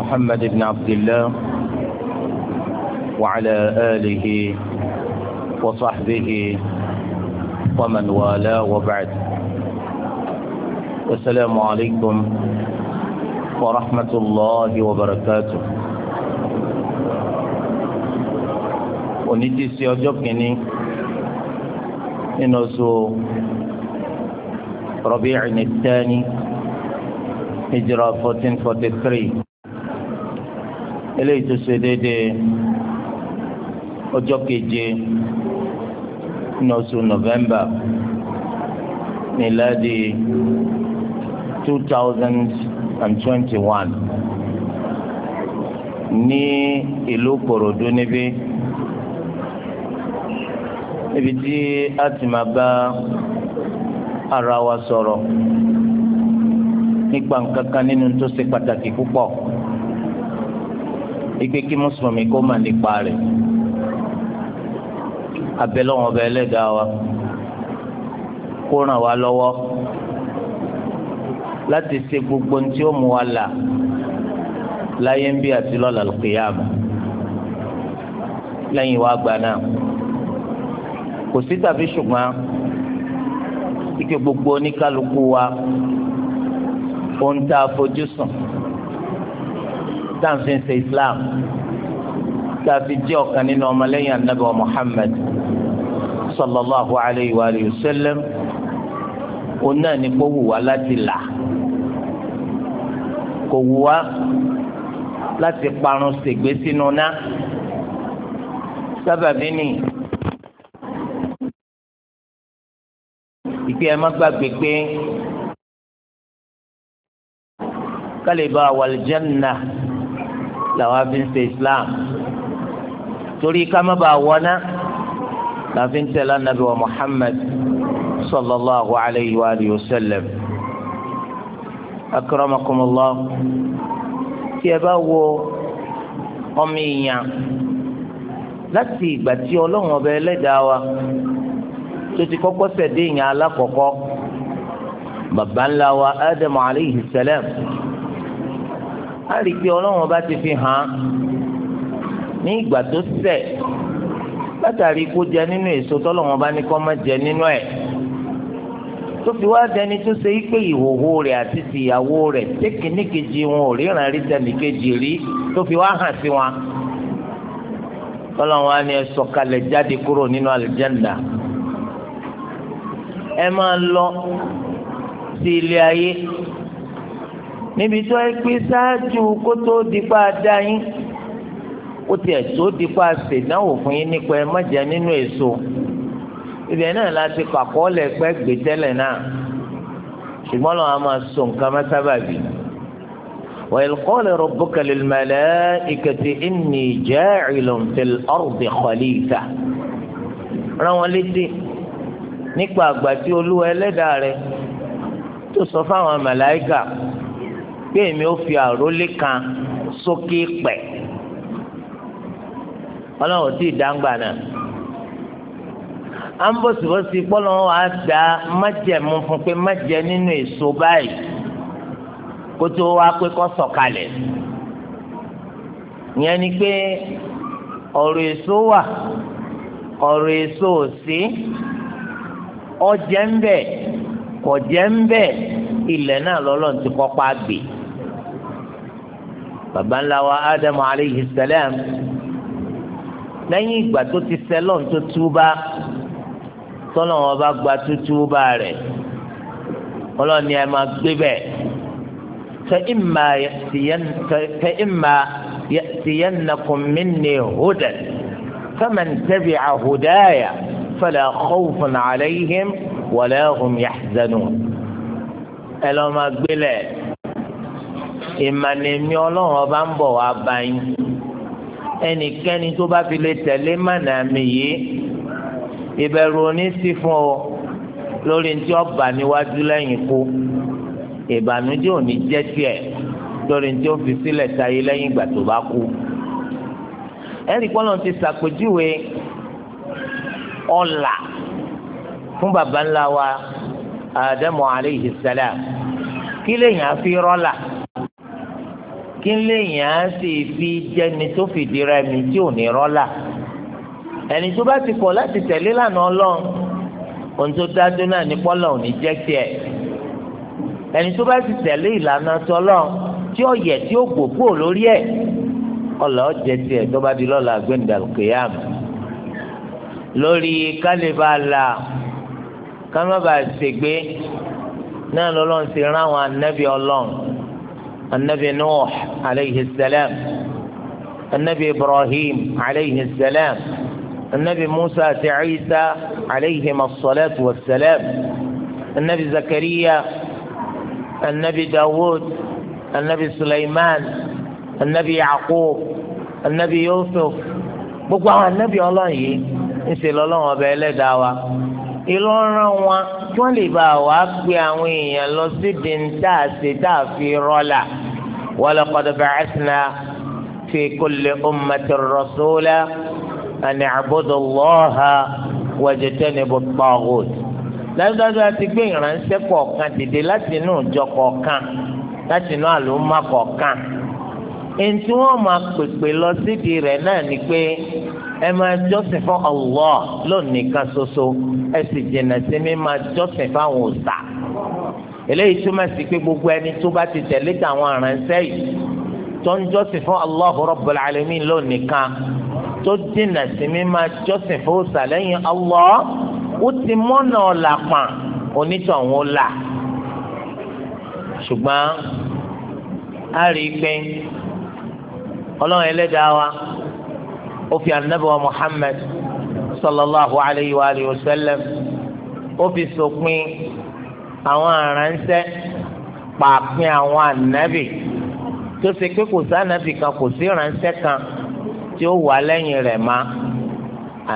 محمد بن عبد الله وعلى آله وصحبه ومن والاه وبعد السلام عليكم ورحمة الله وبركاته òní ti ṣe إنه سو ربيع الثاني هجرة 1443 eléyìí tó ṣe déédéé ọjọ́ keje ní oṣù November nílẹ́ẹ̀dì two 2021 and twenty-one ní ìlú Kòròdú níbí níbi tí a ti máa bá ara wa sọ̀rọ̀ nípa nǹkan kan nínú tó ṣe pàtàkì púpọ̀ igbe kí mùsùlùmí kó mà nípa rẹ̀ abẹ́lẹ́ wọn bẹ ẹlẹ́dàá wa kó ràn wá lọ́wọ́ láti ṣe gbogbo ní tí ó mú wa là láyé ń bí àti lọ́la lùkìyàmù lẹ́yìn wá gba náà kò sí tàbí ṣùgbọ́n ike gbogbo oníkálukú wa ohun tá a fojú táǹfin ṣe islam tàfi jẹ́ ọ̀kan nínú ọmọlẹ́yìn anabi wa muhammad sallallahu alayhi wa sallam òun náà ní kó wù wá láti là kò wù wá láti parun ṣègbè sínú ná sábàbí ni ìpè ẹ má gbàgbé pé kálíbà wàlìjẹ́nà làwa fi ń ṣe islam torí ká má bàa wọná la fi ń tẹ̀lé anabi wa muhammad sallallahu alayhi wa alihi wa sallam akramakumullah tí ẹ bá wo ọmọ èèyàn láti ìgbà tí ọlọ́run ọba ẹlẹ́dàá wa tó ti kọ́kọ́ ṣẹ̀dá èèyàn alákọ̀ọ́kọ́ baba ńlá wa adamu alayhi salam á rí i pé ọlọ́run ọba ti fi hàn án ní ìgbà tó ṣẹ̀ látàrí kó jẹ nínú èso tọ́lọ́run ọba ní kó má jẹ nínú ẹ̀ tó fi wá dẹni tó ṣe pé ìhòòhò rẹ̀ àti tìyàwó rẹ̀ tẹ́kìníkejì wọn ò ríran rí tẹnìkejì rí tó fi wá hàn sí wọn tọ́lọ́run á ní ẹ sọ̀kalẹ̀ jáde kúrò nínú àlùjánnà ẹ máa lọ sí ilé ayé níbi tó ẹ pé ṣáájú kó tó dipa dá yín ó tiẹ̀ tó dipa ṣèdánwò fún yín nípa ẹ má jẹ nínú èso ibẹ̀ náà la ti pàkọ́ lẹ̀ pẹ́ gbé tẹ́lẹ̀ náà ṣùgbọ́n lọ́wọ́ a máa sọ nǹkan má sábàbí. وإذ قال ربك للملائكة إني جاعل في الأرض خليفة rán wọn létí nípa àgbà tí Olúwa Ẹlẹ́dàá rẹ̀ tó sọ fáwọn màláíkà pé èmi ó fi àrólé kan sókè pẹ̀ ọlọ́run tí ì dáńgbà náà à ń bọ̀sibọ́sí wa da májẹ̀mú fún pé májẹ̀ nínú èso báyìí kó tó wá pé sọ̀kalẹ̀ ni pé ọ̀rọ̀ èso wà ọ̀rọ̀ èso ò sí ọjẹ́ ń bẹ̀ kọ̀jẹ́ ń bẹ̀ ilẹ̀ náà ti gbè. baba ńlá wa ádámù aleyhi sẹlẹm lẹ́yìn ìgbà tó ti sẹlọm tó túbá tọ́lọ̀ wọn bá gba tútúbá rẹ̀ ọlọ́ni ẹ máa gbé bẹ́ẹ̀ fa imma ya'tiyannakum minni hudan faman tabi'a hudaya fala khawfun alayhim wala hum yahzanun ẹ lọ́ máa gbé lẹ́ẹ̀ ìmàlẹ́mí ọlọ́run ọba ń bọ̀ wá bá yín ẹnikẹ́ni tó bá fi lè tẹ̀lé mànà mi yìí ìbẹ̀rù òní sí fún ọ lórí ntí ọba níwájú lẹ́yìn kú ìbànújẹ́ òní jẹ́ tiẹ̀ lórí ntí ó fi sílẹ̀ táyé lẹ́yìn ìgbà tó bá kú. ẹ̀rí pọ́nlọ́n ti ṣàpèjúwe ọ̀la fún baba ńlá wa Ádámù alayhi salam kí lèyìn àfi rọ́là kí lèyìn á sì fi jẹni tó fìdí rẹ̀ mi tí ò ní rọ́là ẹni tó bá ti kọ̀ láti tẹ̀lé lànà ọlọ́run ohun tó dájú náà ní pọ́lọ̀ ò ní jẹ́ tiẹ̀ ẹni tó bá ti tẹ̀lé ìlànà tọ́lọ́run tí ó yẹ tí ó gbòpó lórí ẹ̀ ọlọ́ jẹ́ tiẹ̀ tó bá di lọ́la gbẹ̀ndàlùkìyàmù lórí kálíbà la ṣègbè náà lọ́lọ́run ti rán àwọn anábì ọlọ́run. النبي نوح عليه السلام النبي إبراهيم عليه السلام النبي موسى عيسى عليهما الصلاة والسلام النبي زكريا النبي داود النبي سليمان النبي يعقوب النبي يوسف بقى النبي الله ọlọ́run الله وبيلا دعوه ìlú rán wọn kí wọ́n lè bá wa pe àwọn èèyàn lọ síbi ń tà sí tà fi rọ́là walaqad ba'athna fi kulli ummatin rasula an i'budu Allaha wajtanibu at-taghut dájúdájú àti gbé ìránṣẹ́ kọ̀ọ̀kan dìde láti inú ìjọ kọ̀ọ̀kan láti inú àlùmọ́ kọ̀ọ̀kan. èntì wọn máa pèpè lọ síbi rẹ náà ni pé ẹ máa jọ́sìn fún Allah lónìí kan ṣoṣo ẹ sì jìnnà sí mi máa jọ́sìn fáwọn òòṣà eléyìí túmọ̀ gbogbo ẹni tó bá ti tẹ̀lé tàwọn aránṣẹ́ yìí tó ń jọ́sìn fún Allah Rabbul Alamin lónìí kan tó dènà sí mi máa jọ́sìn fún lẹ́yìn Allah ó ti mọ́nà ọ̀la onítọ̀hún ṣùgbọ́n a rí ọlọ́run ẹlẹ́dàá wa ó fi anabiwa muhammed sallallahu alayhi wa alayhi wa sallam ó fi sòpin àwọn aránṣẹ́ pàápín àwọn anabi tó ṣe pé kò sí anabi kan kò sí aránṣẹ́ kan tí ó wà lẹ́yìn rẹ̀ má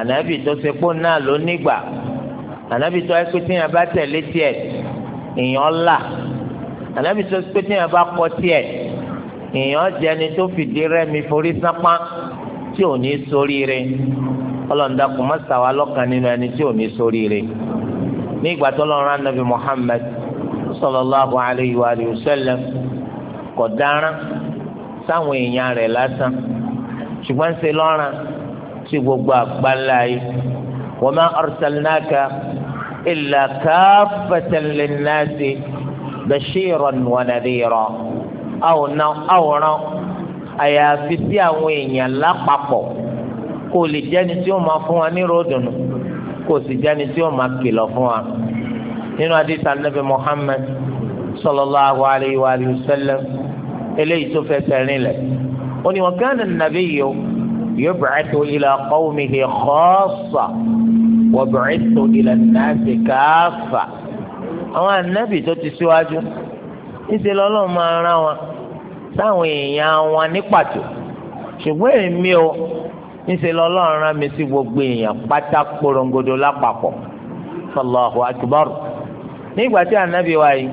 anabi tó ṣe pé náà ló nígbà anabi tó ẹ pé tíyẹn bá tẹ̀lé tiẹ̀ èèyàn là anabi tó ṣe pé tíyẹn bá kọ̀ tiẹ̀ èèyàn jẹni tó fìdí rẹmi forí sápá tí ò ní ṣoríire ọlọ́ọ̀dà kò má sàwá lọ́kàn nínú ẹni tí ò ní ṣoríire ní ìgbà tó lọ́ọ́ rán nàbì Muhammad sallallahu alayhi wa sallam kò dára sáwọn èèyàn rẹ̀ lásán ṣùgbọ́n ṣe lọ́ràn tí gbogbo àgbáńlá yìí wa ma arsalnaka illa kaffatan linnasi bashiran wa nadhira àwòrán àyàfi sí àwọn èèyàn lápapọ̀ kó lè jẹ́ni tí ó máa fún wa ní ròdùnú kó sì jẹ́ni tí ó máa kìlọ̀ fún wa nínú adita nabi Muhammad sallallahu alayhi wa sallam eléyìí tó fẹsẹ̀ rinlẹ̀ ó ní wa kana an-nabiyyu yub'athu ila qawmihi khassa wa bu'ithu ila an-nasi kaffa àwọn ànábì tó ti síwájú níṣẹ́ lọ́lọ́run máa rán wọn sáwọn èèyàn wọn ní pàtó ṣùgbọ́n èmi o níṣẹ́ lọ́lọ́run rán mi sí gbogbo èèyàn pátá korongodo lápapọ̀ sallahu akbar nígbà tí anabi wa yìí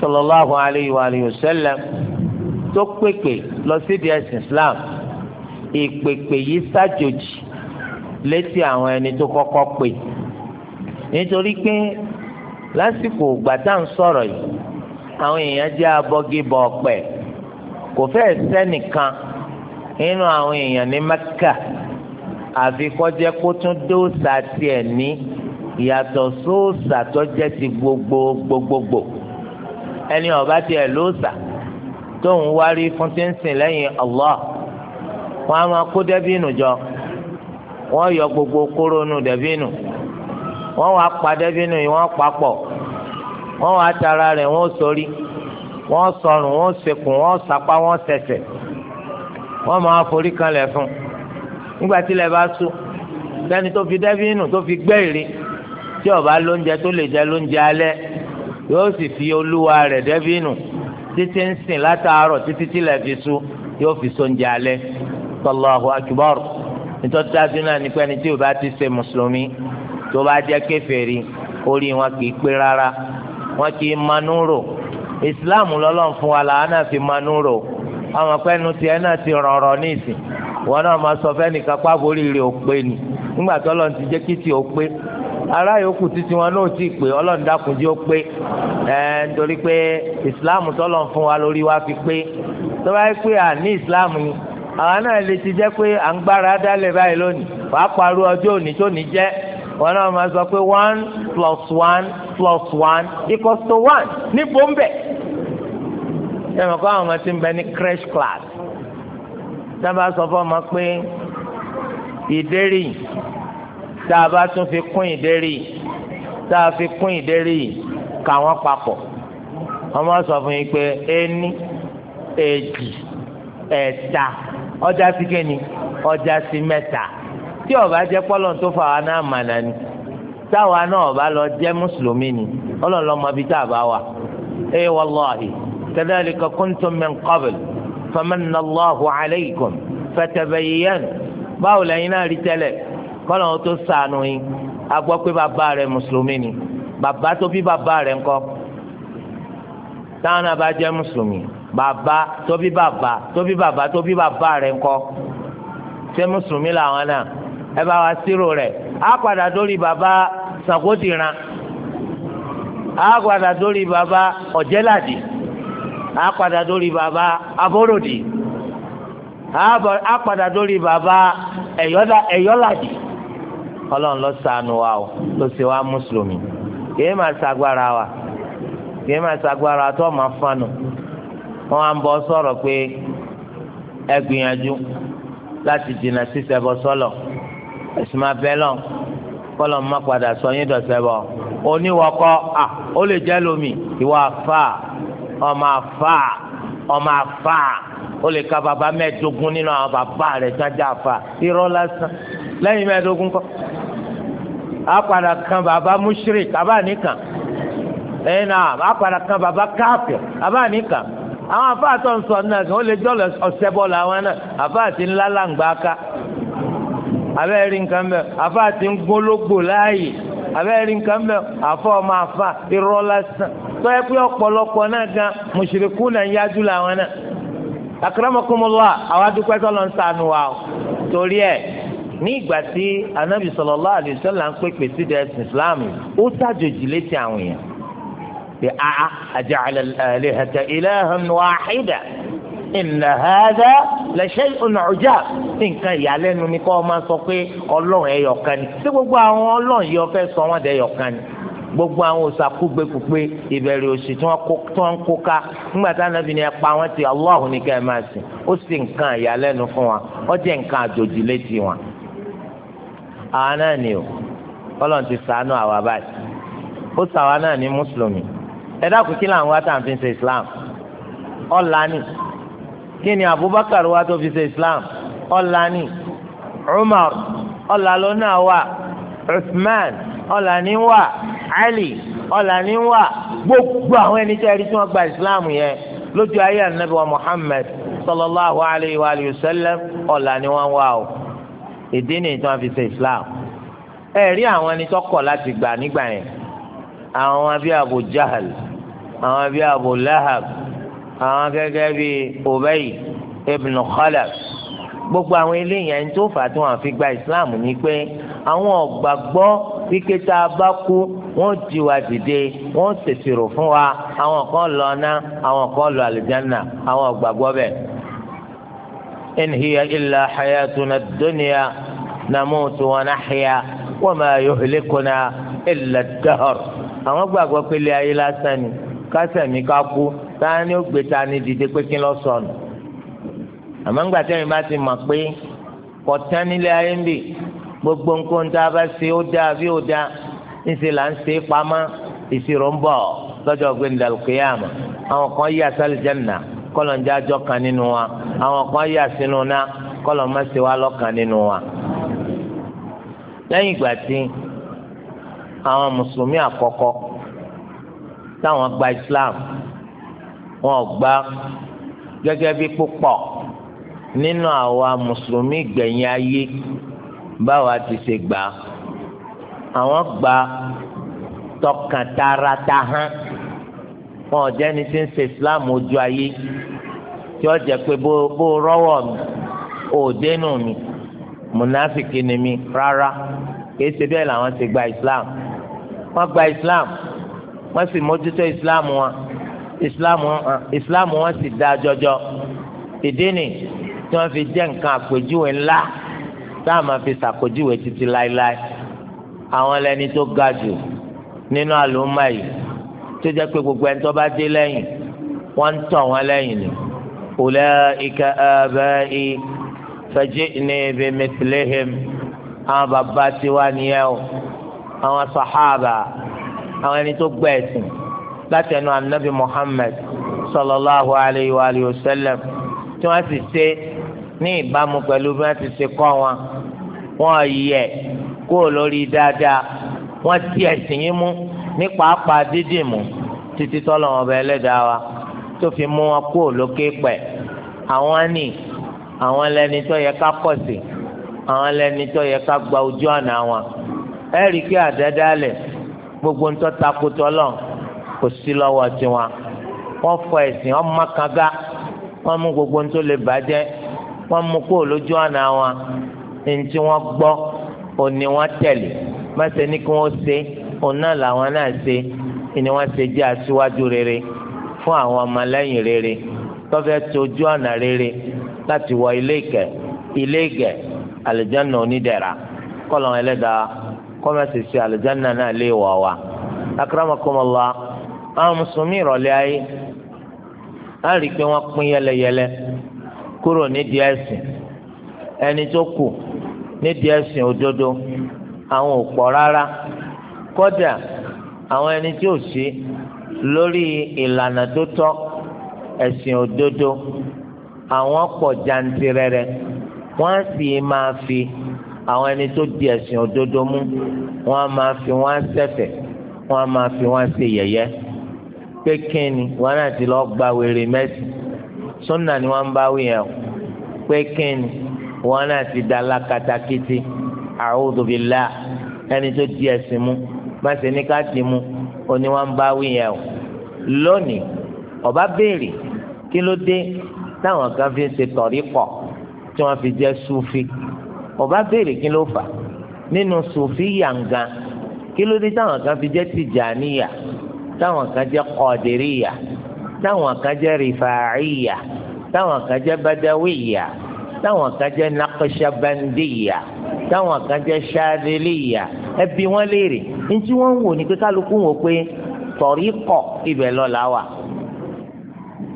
sallallahu alayhi wa alihi wa sallam tó pèpè lọ sí di ẹ̀sìn islam ìpèpè yìí ṣàjòjì létí àwọn ẹni tó kọ́kọ́ pè nítorí pé lásìkò ìgbà tá à ń sọ̀rọ̀ yìí àwọn èèyàn jẹ́ abọ́gibọ̀ ọ̀pẹ̀ kò fẹ́ẹ̀ sẹ́nìkan nínú àwọn èèyàn ní mẹ́kà àfi kọjá kó tún dóòsà tiẹ̀ ní ìyàtọ̀ sóòsà tọ́jẹ́ ti gbogbo gbogbogbò ẹni ọba tiẹ̀ lóòsà tóun wárí fún ti ń sìn lẹ́yìn Allah wọn a máa kó dẹ́bìnù jọ wọn yọ gbogbo kórónù dẹ́bìnù wọn wàá pa dẹ́bìnù yìí wọn papọ̀ wọn wàá tara rẹ̀ wọn sórí. So wọ́n sọrùn wọ́n sekùn wọ́n sapá wọ́n sẹsẹ wọ́n máa forí kanlẹ̀ fún nígbà tí ilẹ̀ bá ṣú sẹ́ni tó fi nù tó fi gbé ìrìn tí ọba lóúnjẹ tó lè jẹ lóúnjẹ alẹ́ yóò sì fi olúwa rẹ̀ dẹ́bínú títí ń sìn látàárọ̀ títí tí ilẹ̀ yóò fi sóúnjẹ nítorí dájú náà tí bá ti ṣe mùsùlùmí ìsìláàmù lọ́lọ́run fún wa làwọn náà fi máa nú rò àwọn pẹ́ẹ́nu tiẹ̀ náà ti rọrọ ní ìsìn wọn náà máa sọ fẹ́ẹ́ nìkan pábórí rẹ̀ ò ni nígbà tó ọlọ́run ti jẹ́ kí tí ò ará títí wọn náà ti pé ọlọ́run dákun jẹ́ ó pé ẹ̀ nítorí pé tọ́lọ̀ fún wa lórí wa fi pé tó ní ni àwọn náà lè ti jẹ́ pé à ń gbára sẹ́mi kọ́ àwọn ọmọ tí ń bẹ ní crash class sábà sọ fún ọmọ pé ìdérí tá a bá tún fi kún ìdérí tá a fi kún ìdérí kà wọ́n papọ̀ ọmọ sọ fún yín pé ení èjì ẹ̀ta ọjà sí kéni ọjà sí mẹ́ta tí ọba jẹ́ pọ́lọ́n tó fà wá náà mànà ni táwa náà ọba lọ jẹ́ mùsùlùmí ni ọlọ́run lọ́mọ bíi tá a bá wà ẹ wallahi. كذلك كنتم من قبل فمن الله عليكم فتبينوا báwo lẹ́yìn náà rí tẹ́lẹ̀ kọ́nà ó tó sànù yín a gbọ́ pé bàbá rẹ̀ mùsùlùmí ni bàbá tó bí bàbá rẹ̀ ńkọ́ táwọn náà bá jẹ́ mùsùlùmí bàbá tó bí bàbá tó bí bàbá tó bí bàbá rẹ̀ ńkọ́ ṣé mùsùlùmí làwọn náà ẹ bá wa sírò rẹ̀ á padà dórí bàbá sàkódìran á padà dórí bàbá ọ̀jẹ́ládì. á padà dórí bàbá abóròdì á dórí bàbá ẹ̀yọ́làdì ọlọ́run ló ṣàánú wa o ló ṣe wá mùsùlùmí kìí wa kìí máa ṣàgbára tó máa fanu wọn á bọ sọ̀rọ̀ pé ẹ gbìyànjú láti sọlọ ẹsìn máa bẹ kọlọ má padà sọ yín dọ̀sẹ̀ bọ̀ à ó lè jẹ́ lómi ìwà fáà. ọmọ àfa ọmọ àfa ó lè ka bàbá mẹ́ẹ̀ẹ́dógún nínú àwọn bàbá rẹ̀ jáde àfa irọ́ lásán lẹ́yìn mẹ́ẹ̀ẹ́dógún kọ́ apàdà kan bàbá mushrik bàbá nìkan lẹ́yìn náà apàdà kan bàbá káfíà bàbá nìkan àwọn afa àtọ̀ ń sọ náà kí wọ́n lè jọ́ ọ̀sẹ̀ bọ́ọ̀lù àwọn náà afa àti ńlá làǹgbà ká abẹ́rẹ́ rí nǹkan mẹ́ afa àti ń gbólógbò láàyè abẹ́rẹ́ rí nǹkan mẹ́ afọ́ ọmọ afa irọ́ lásán tọ́yẹ pé ọ̀pọ̀lọpọ̀ náà gan mùṣírikù náà yájú làwọn náà akramakumullah àwọn adúpẹ́ tọ́lọ́ ń sànù wa o torí ẹ̀ ní ìgbà tí anabi sallallahu alaihi wasallam ń pèpè sí ẹ̀sìn islam ó ṣàjòjì létí àwọn èèyàn pé àá aja'ala al-alihata ilahan wahida inna hadha la shay'un ujab nǹkan ìyàlẹ́nu ni kọ́ ọ máa sọ pé ọlọ́run ẹ̀yọ̀kan ni tí gbogbo àwọn ọlọ́run yìí ọ fẹ́ sọ wọ́n dẹ̀ ẹ̀yọ̀kan ni. gbogbo àwọn osa kúgbekùgbe ìbẹ̀rẹ̀ iberi tí wọ́n ń kó ká nígbà tá ànábì ni ẹ pa wọ́n ti Allah ní ká ẹ máa sìn ó sì nǹkan ìyàlẹ́nu fún wa ó jẹ́ nǹkan àjòjì létí o ọlọ́run ti ṣàánú àwa báyìí ó ṣàwa náà mùsùlùmí ẹ dákun kí Islam ọ̀la ni kí ni Abubakar wá tó fi ṣe Islam ọ̀la ni Umar ọ̀la ló náà wà ọ̀la ali ọ̀làníwà gbogbo àwọn ẹni tí a rí tí wọ́n gba islam yẹn lójú ayé anabi wa muhammed sallallahu alayhi wa sallam ọ̀làníwà wà o ìdí ni tí wọ́n fi ṣe islam ẹ rí àwọn ẹni tó kọ̀ láti gbà nígbà yẹn àwọn bíi abu jahal àwọn bíi abu lahab àwọn gẹ́gẹ́ bíi ubay ibn khalaf gbogbo àwọn eléyìí ẹni tó fà tí wọ́n fi gba islam ní pé àwọn ọ̀gbàgbọ́ wípé tá a bá kú wọ́n jí wa dìde wọ́n ṣèṣirò fún wa àwọn kan lọ ná àwọn kan lọ àlùjáná àwọn ọ̀gbàgbọ́ bẹ́ẹ̀. in hiya illa hayatuna dunya namutu wa nahya wa ma yuhlikuna illa dahr. àwọn gbàgbọ́ pé ayé lásán ni kásẹ̀mí ká kú táwọn ó gbé ta dìde pé kí lọ sọnù. àmọ́ ńgbà tẹ́yìn bá ti mọ̀ pé kọ̀tán ayé ń bì gbogbo nǹkan tá a bá ṣe ó dáa bí ó dáa níṣẹ́ là ń ṣe é pamọ́ ìṣirò ń bọ̀ lọ́jọ́ gbẹ̀ndà lùkìyàmù àwọn kan yà sálìjẹ́nà kọ́lọ̀njá jọ kan nínú wa àwọn kan yà sínú náà kọ́lọ̀mọ́sẹ̀ wa lọ́kan nínú wa. lẹ́yìn ìgbà tí àwọn mùsùlùmí àkọ́kọ́ táwọn gba Islam wọn gba gẹ́gẹ́ bí púpọ̀ nínú àwa mùsùlùmí gbẹ̀yìn ayé báwa ti ṣe gbà àwọn gbà tọkàn tààràtà hàn wọn ò jẹ́ni tí ń ṣe islam ojú ayé tí ó jẹ́ pé bó bó rọ́wọ́ mi ò dénú mi mùnáfìkì ni mi rárá kìí ṣe bẹ́ẹ̀ làwọn ti gba islam wọ́n gba islam wọ́n sì mójútó islam wọn islam wọn islam wọn sì dá jọjọ ìdí ni tí wọ́n fi jẹ́ nǹkan àpèjúwe ńlá tá a máa fi ṣàkójúwe títí láéláé àwọn ẹlẹ́ni tó ga jù nínú àlùmọ́ yìí tó jẹ́ pé gbogbo ẹni tó bá dé lẹ́yìn wọ́n ń tọ̀ wọ́n lẹ́yìn ni ulaika abai fajini bimithlihim àwọn bàbá tiwa nìyẹn o àwọn sàhábà àwọn ẹni tó gbẹ ẹ̀sìn láti ẹnu anabi Muhammad sallallahu alayhi wa sallam tí wọ́n sì ṣe ní ìbámu pẹ̀lú bí wọ́n ti ṣe kọ́ wọn wọ́n yẹ kúrò lórí dáadáa wọ́n ti ẹ̀sìn yín mú ní pàápàá dídì mú títí tọ́lọ̀ wọn bẹ ẹlẹ́dàá wa tó fi mú wọn kúrò lókè pẹ̀ àwọn ni àwọn lẹni tó yẹ ká kọ̀ sí àwọn lẹni tó yẹ ká gba ojú ọ̀nà wọn ẹ̀rí kí àdádálẹ̀ gbogbo ń tọ́ takotọ́ lọ́n kò sí lọ́wọ́ tiwọn wọ́n fọ ẹ̀sìn ọmọ kanga wọ́n mú gbogbo ń tó lè bàjẹ́ wọ́n mú kó lójú ọ̀nà wọn ẹni tí wọ́n gbọ́ òní wọ́n tẹ̀lé mẹsẹ̀ ní kí wọ́n ṣe òun rere làwọn náà ṣe ni ṣe rere fún àwọn ọmọlẹ́yìn rere lati tójú ile rere láti wọ ilé ìkẹ́ ilé ìkẹ́ àlùjáná onídẹ̀ra kọ́lọ̀ ẹlẹ́dàá wa ṣe àlùjáná náà lè wọ̀ wá. akramakumullah àwọn mùsùlùmí ìrọ̀lẹ́ ayé á pé pín yẹlẹyẹlẹ. kúrò nídìí ẹ̀sìn ẹni tó kù nídìí ẹ̀sìn òdodo àwọn ò pọ̀ rárá kódà àwọn ẹni tí ò sí lórí ìlànà tó tọ́ ẹ̀sìn òdodo àwọn pọ̀ jàǹtìrẹrẹ wọ́n sì máa fi àwọn ẹni tó di ẹ̀sìn òdodo mú wọ́n á máa fi wọ́n ṣẹ̀fẹ̀ wọ́n máa fi wọ́n ṣe yẹ̀yẹ́ pé kí ni wọ́n lọ́ọ́ gba wèrè mẹ́sìn sunna ni wọ́n bá wí yẹn o pé kíni wọ́n náà ti da lákatakítí a'udhu billah ẹni tó di ẹ̀sìn mú má ṣe ní ká ti mú oní wọ́n bá wí yẹn o lónìí ọba béèrè kí ló dé táwọn kan fi ń ṣe tọ̀rí pọ̀ tí wọ́n fi jẹ́ sufi ọba béèrè kí ló fà nínú sufi yàngàn kí ló dé táwọn kan fi jẹ́ tìjàníyà táwọn kan jẹ́ kọ̀ọ̀dẹ̀ríyà táwọn kan jẹ́ rìfàáyà táwọn kan jẹ́ badawiya táwọn kan jẹ́ naqshabandiya táwọn kan jẹ́ ṣadiliya ẹbí wọn léèrè ntí wọ́n ń wò ní pé kálukú wò pé tọ̀rí kọ̀ ibẹ̀ lọ́la wà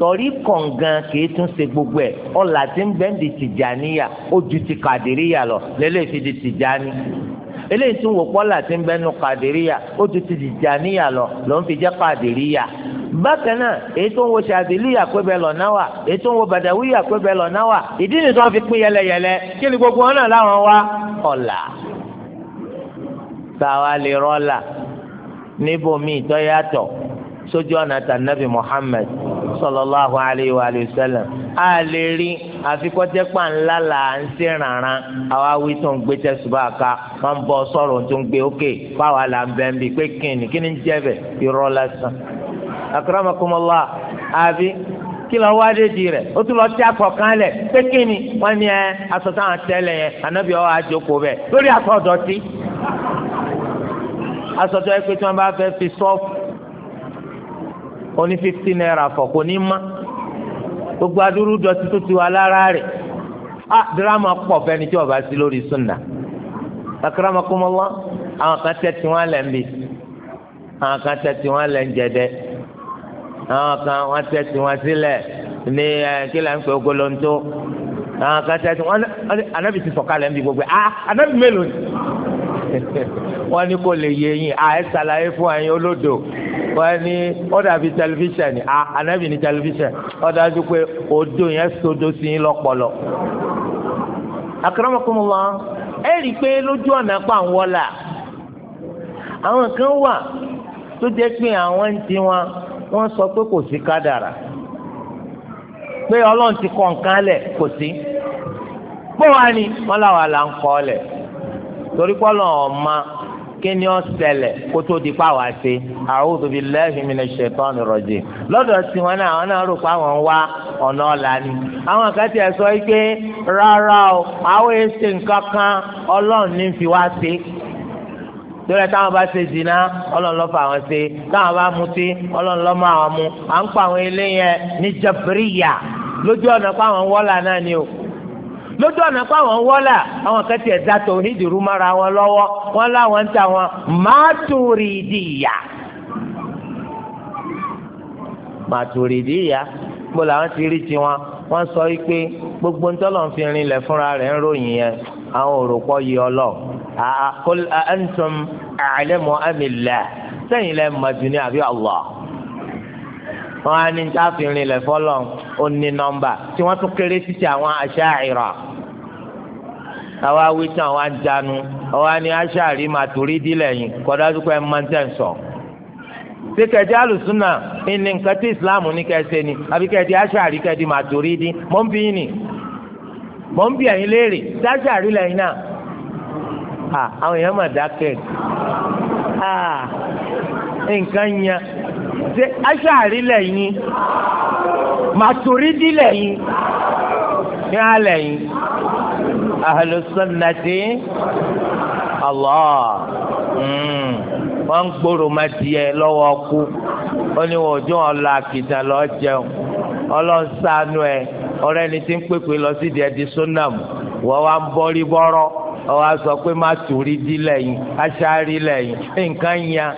tọ̀rí kọ̀ǹgan kìí tún ṣe gbogbo ẹ̀ ọ̀là tí ń bẹ́ẹ̀ di tìjàníyà ó ju ti kàdíríyà lọ lélẹ́yìí fi di tìjàní eléyìí tún wò pọ́là tí ń bẹ́ẹ̀ nu kàdíríyà ó ju ti tìjàníyà lọ ló fi jẹ́ kàdíríyà bákan náà èyí tó ń wo ṣàdìlì àpébẹ lọ́nà wà èyí tó ń wo fi pín yẹlẹyẹlẹ kí ni gbogbo na la wá ọ̀la táwa lè rọ́ọ̀la níbòmí ìtọ́yàtọ̀ sójú ọ̀nà tànàbì Muhammad sallallahu alayhi wa sallam a lè rí àfikọ́jẹ́ pàǹlá là ń ṣe rànran àwa wí tó ń gbé tẹ̀sùbà ká wọ́n bọ́ sọ̀rọ̀ tó ń gbé ókè là ń pé ń akramakumullah àbí kí lọ wá dé di rẹ o tún lọ tí akọkan lẹ pékin ni wọn ni ẹ aṣọ táwọn tẹlẹ yẹn ànábì ọwọ àjòkó bẹ lórí aṣọ ọdọtí aṣọ tó yẹ pé tí wọn bá fẹ́ fi sọfù oní fifty naira fọ kò ní má gbogbo adúrú dọtí tó ti wà lára rẹ a dírámà pọ̀ fẹ́ni tí ọba sí lórí sunna akramakumullah àwọn kan tẹ tiwọn lẹ ń àwọn kan tẹ tiwọn lẹ ń jẹ àwọn kan wọ́n tẹ̀sí wọn sílẹ̀ ní kí là ń pè ogolonto àwọn kan tẹ̀sí wọn anábì ti sọ̀kalẹ̀ níbi gbogbo ah anábì mélòó ni wọ́n ní kò lè yé yín à ah, ẹ ṣàlàyé fún ẹ̀yin olódò wọ́n ní ó dàbí tẹlifíṣàn ni ah, à anábì ní tẹlifíṣàn ó dájú pé odò yẹn sodo sí yín lọ́pọlọ. akramakumullah ẹ rí i pé lójú ọ̀nà pa àwọn wọ́lá àwọn kan wà tó jẹ́ pé àwọn ń tiwọn wọ́n sọ pé kò sí kádàrà pé ọlọ́run ti kọ nǹkan lẹ̀ kò sí bó wá ní wọ́n làwọn là ń kọ́ lẹ̀ torí pọ́lọ́ ọ̀ma kó tó di pa wá sí lọ́dọ̀ sí wọn náà náà rò pé ni àwọn ẹ̀ sọ pé rárá o àwọn èsì nǹkan kan ọlọ́run fi wá torí táwọn bá ṣe zina ọlọ́run ló fà wọ́n ṣe táwọn bá mutí ọlọ́run ló ọmụ àwọn mu à ń pa àwọn ní lójú ọ̀nà àwọn wọ́là náà ni o lójú ọ̀nà àwọn wọ́là àwọn wọn lọ́wọ́ wọn láwọn ń ta wọn wọn sọ wípé gbogbo rinlẹ̀ fúnra rẹ̀ ń ròyìn yẹn àwọn òròpọ̀ àkọl àǹtọ̀m àlẹ́mọ̀ àmìlá sẹ́yìn lẹ́ mọ̀jú ní àbí Allah wọn á ní táàfìrin lẹ fọlọ ó ní nọ́mbà tí wọn tún kéré títí àwọn aṣáàìrà àwa wí tán àwa ń dànù àwa ní aṣáàrí máa torí dílẹ̀ yìí kọ́dá tó kọ́ ẹ máa ń tẹ̀ sọ. ṣé kẹ̀dí àlùsùnà ní nǹkan tí ìsìláàmù ní kẹsẹ̀ ni àbí kẹ̀dí aṣáàrí kẹ̀dí máa torí dín mọ́ ń bí yín ni mọ́ ń bí ẹ̀yin léèrè tí aṣáàrí lẹ́yìn náà àwọn èèyàn mà dákẹ́ nǹkan yan ṣe aṣáàrí lẹ́yìn màtòrídì lẹ́yìn ní alẹ́yìn ahlùsọ̀nàdì Allah hmm. wọ́n ń gbòòrò má tiẹ̀ lọ́wọ́ kú ó ní wọ́n ojú ọ̀la àkìtàn lọ́ọ́ jẹun ọlọ́run ṣàánú ẹ̀ ọ̀rẹ́ ni ti ń pèpè lọ sí ìdí ẹ̀dí sọ́nàmù wọ́n wá ń bọ́rí bọ́rọ́. ọwọ́ sọ pé má torí dí lẹ́yìn aṣáárí lẹ́yìn nǹkan yan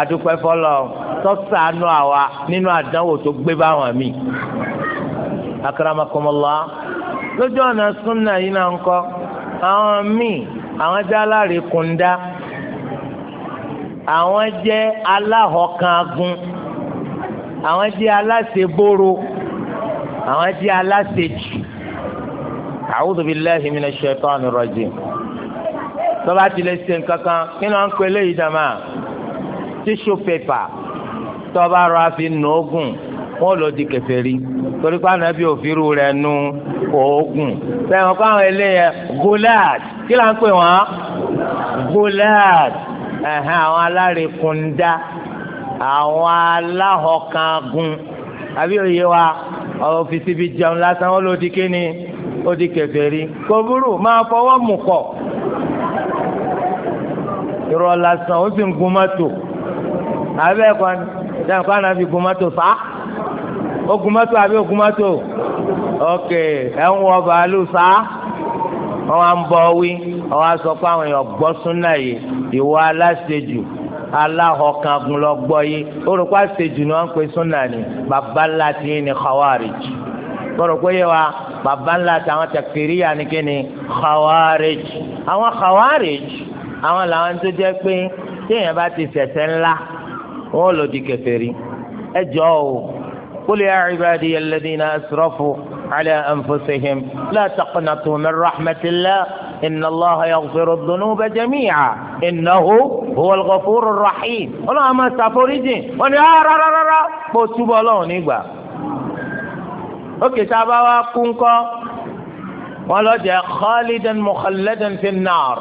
adúpẹ́ fọlọ́ tọ́sánú àwa nínú àdánwò tó gbé báwọn mi. akaramakomola lójú ọ̀nà súnà yìí náà ń kọ́ àwọn míì àwọn jẹ́ alárèkúndá àwọn jẹ́ aláhọ̀kangun àwọn jẹ́ aláṣeboro àwọn jẹ́ aláṣejù. a'udhu billahi minash shaitani rajim tọ́ba ti lè ṣe nǹkan kan kí ni wọ́n ń pè léyìí dàmà tíṣù pépà tọ́ba rọ àfi nùgùn wọ́n lò di kèfèrí torí pé ànábì òfìrú rẹ̀ nu oògùn sẹ́wọ̀n kó àwọn eléyẹ gulat kí là ń pè wọ́n gulat ẹ̀hẹ́n àwọn alárekunda àwọn aláhọ̀kangun àbí òye wa ọ̀fíìsì bíi jẹun lásán wọ́n lò di kíni ó di kèfèrí kò burú máa fọwọ́ mú kọ̀ irọ́ lásán ó sì ń gun mọ́tò àbẹ́ ẹ̀kọ́ ni ìdáhùn kan náà fi gun mọ́tò fà á ó gun mọ́tò àbí ó gun mọ́tò ok ẹ̀ ń wọ bàálù fà á wọn á ń bọ wí wọn á sọ pé àwọn èèyàn gbọ́ súnà yìí ìwọ aláṣejù aláhọkàngun lọ gbọ́ yìí ó rò pé àṣejù ni wọ́n ń pe súnà ni bàbá ńlá ti yín ni khawarij ó rò pé yẹ wa bàbá ńlá ti àwọn tẹkìrìyà ni kí ni khawarij àwọn khawarij àwọn làwọn tó jẹ́ pé tí èèyàn bá ti ṣẹ̀ṣẹ̀ ńlá wọn ò lò di kèfèrí ẹ jọ o qul ya ibadiya alladhina asrafu ala anfusihim la taqnatu min rahmatillah inna allaha yaghfiru dhunuba jami'a innahu huwal ghafurur rahim ọlọ́run máa ṣàforíjì wọn ni ah, rárárárá kó túbọ̀ ọlọ́run nígbà ókè tá a bá wá kú ńkọ́ wọn lọ jẹ khalidan mukhalladan fin nar.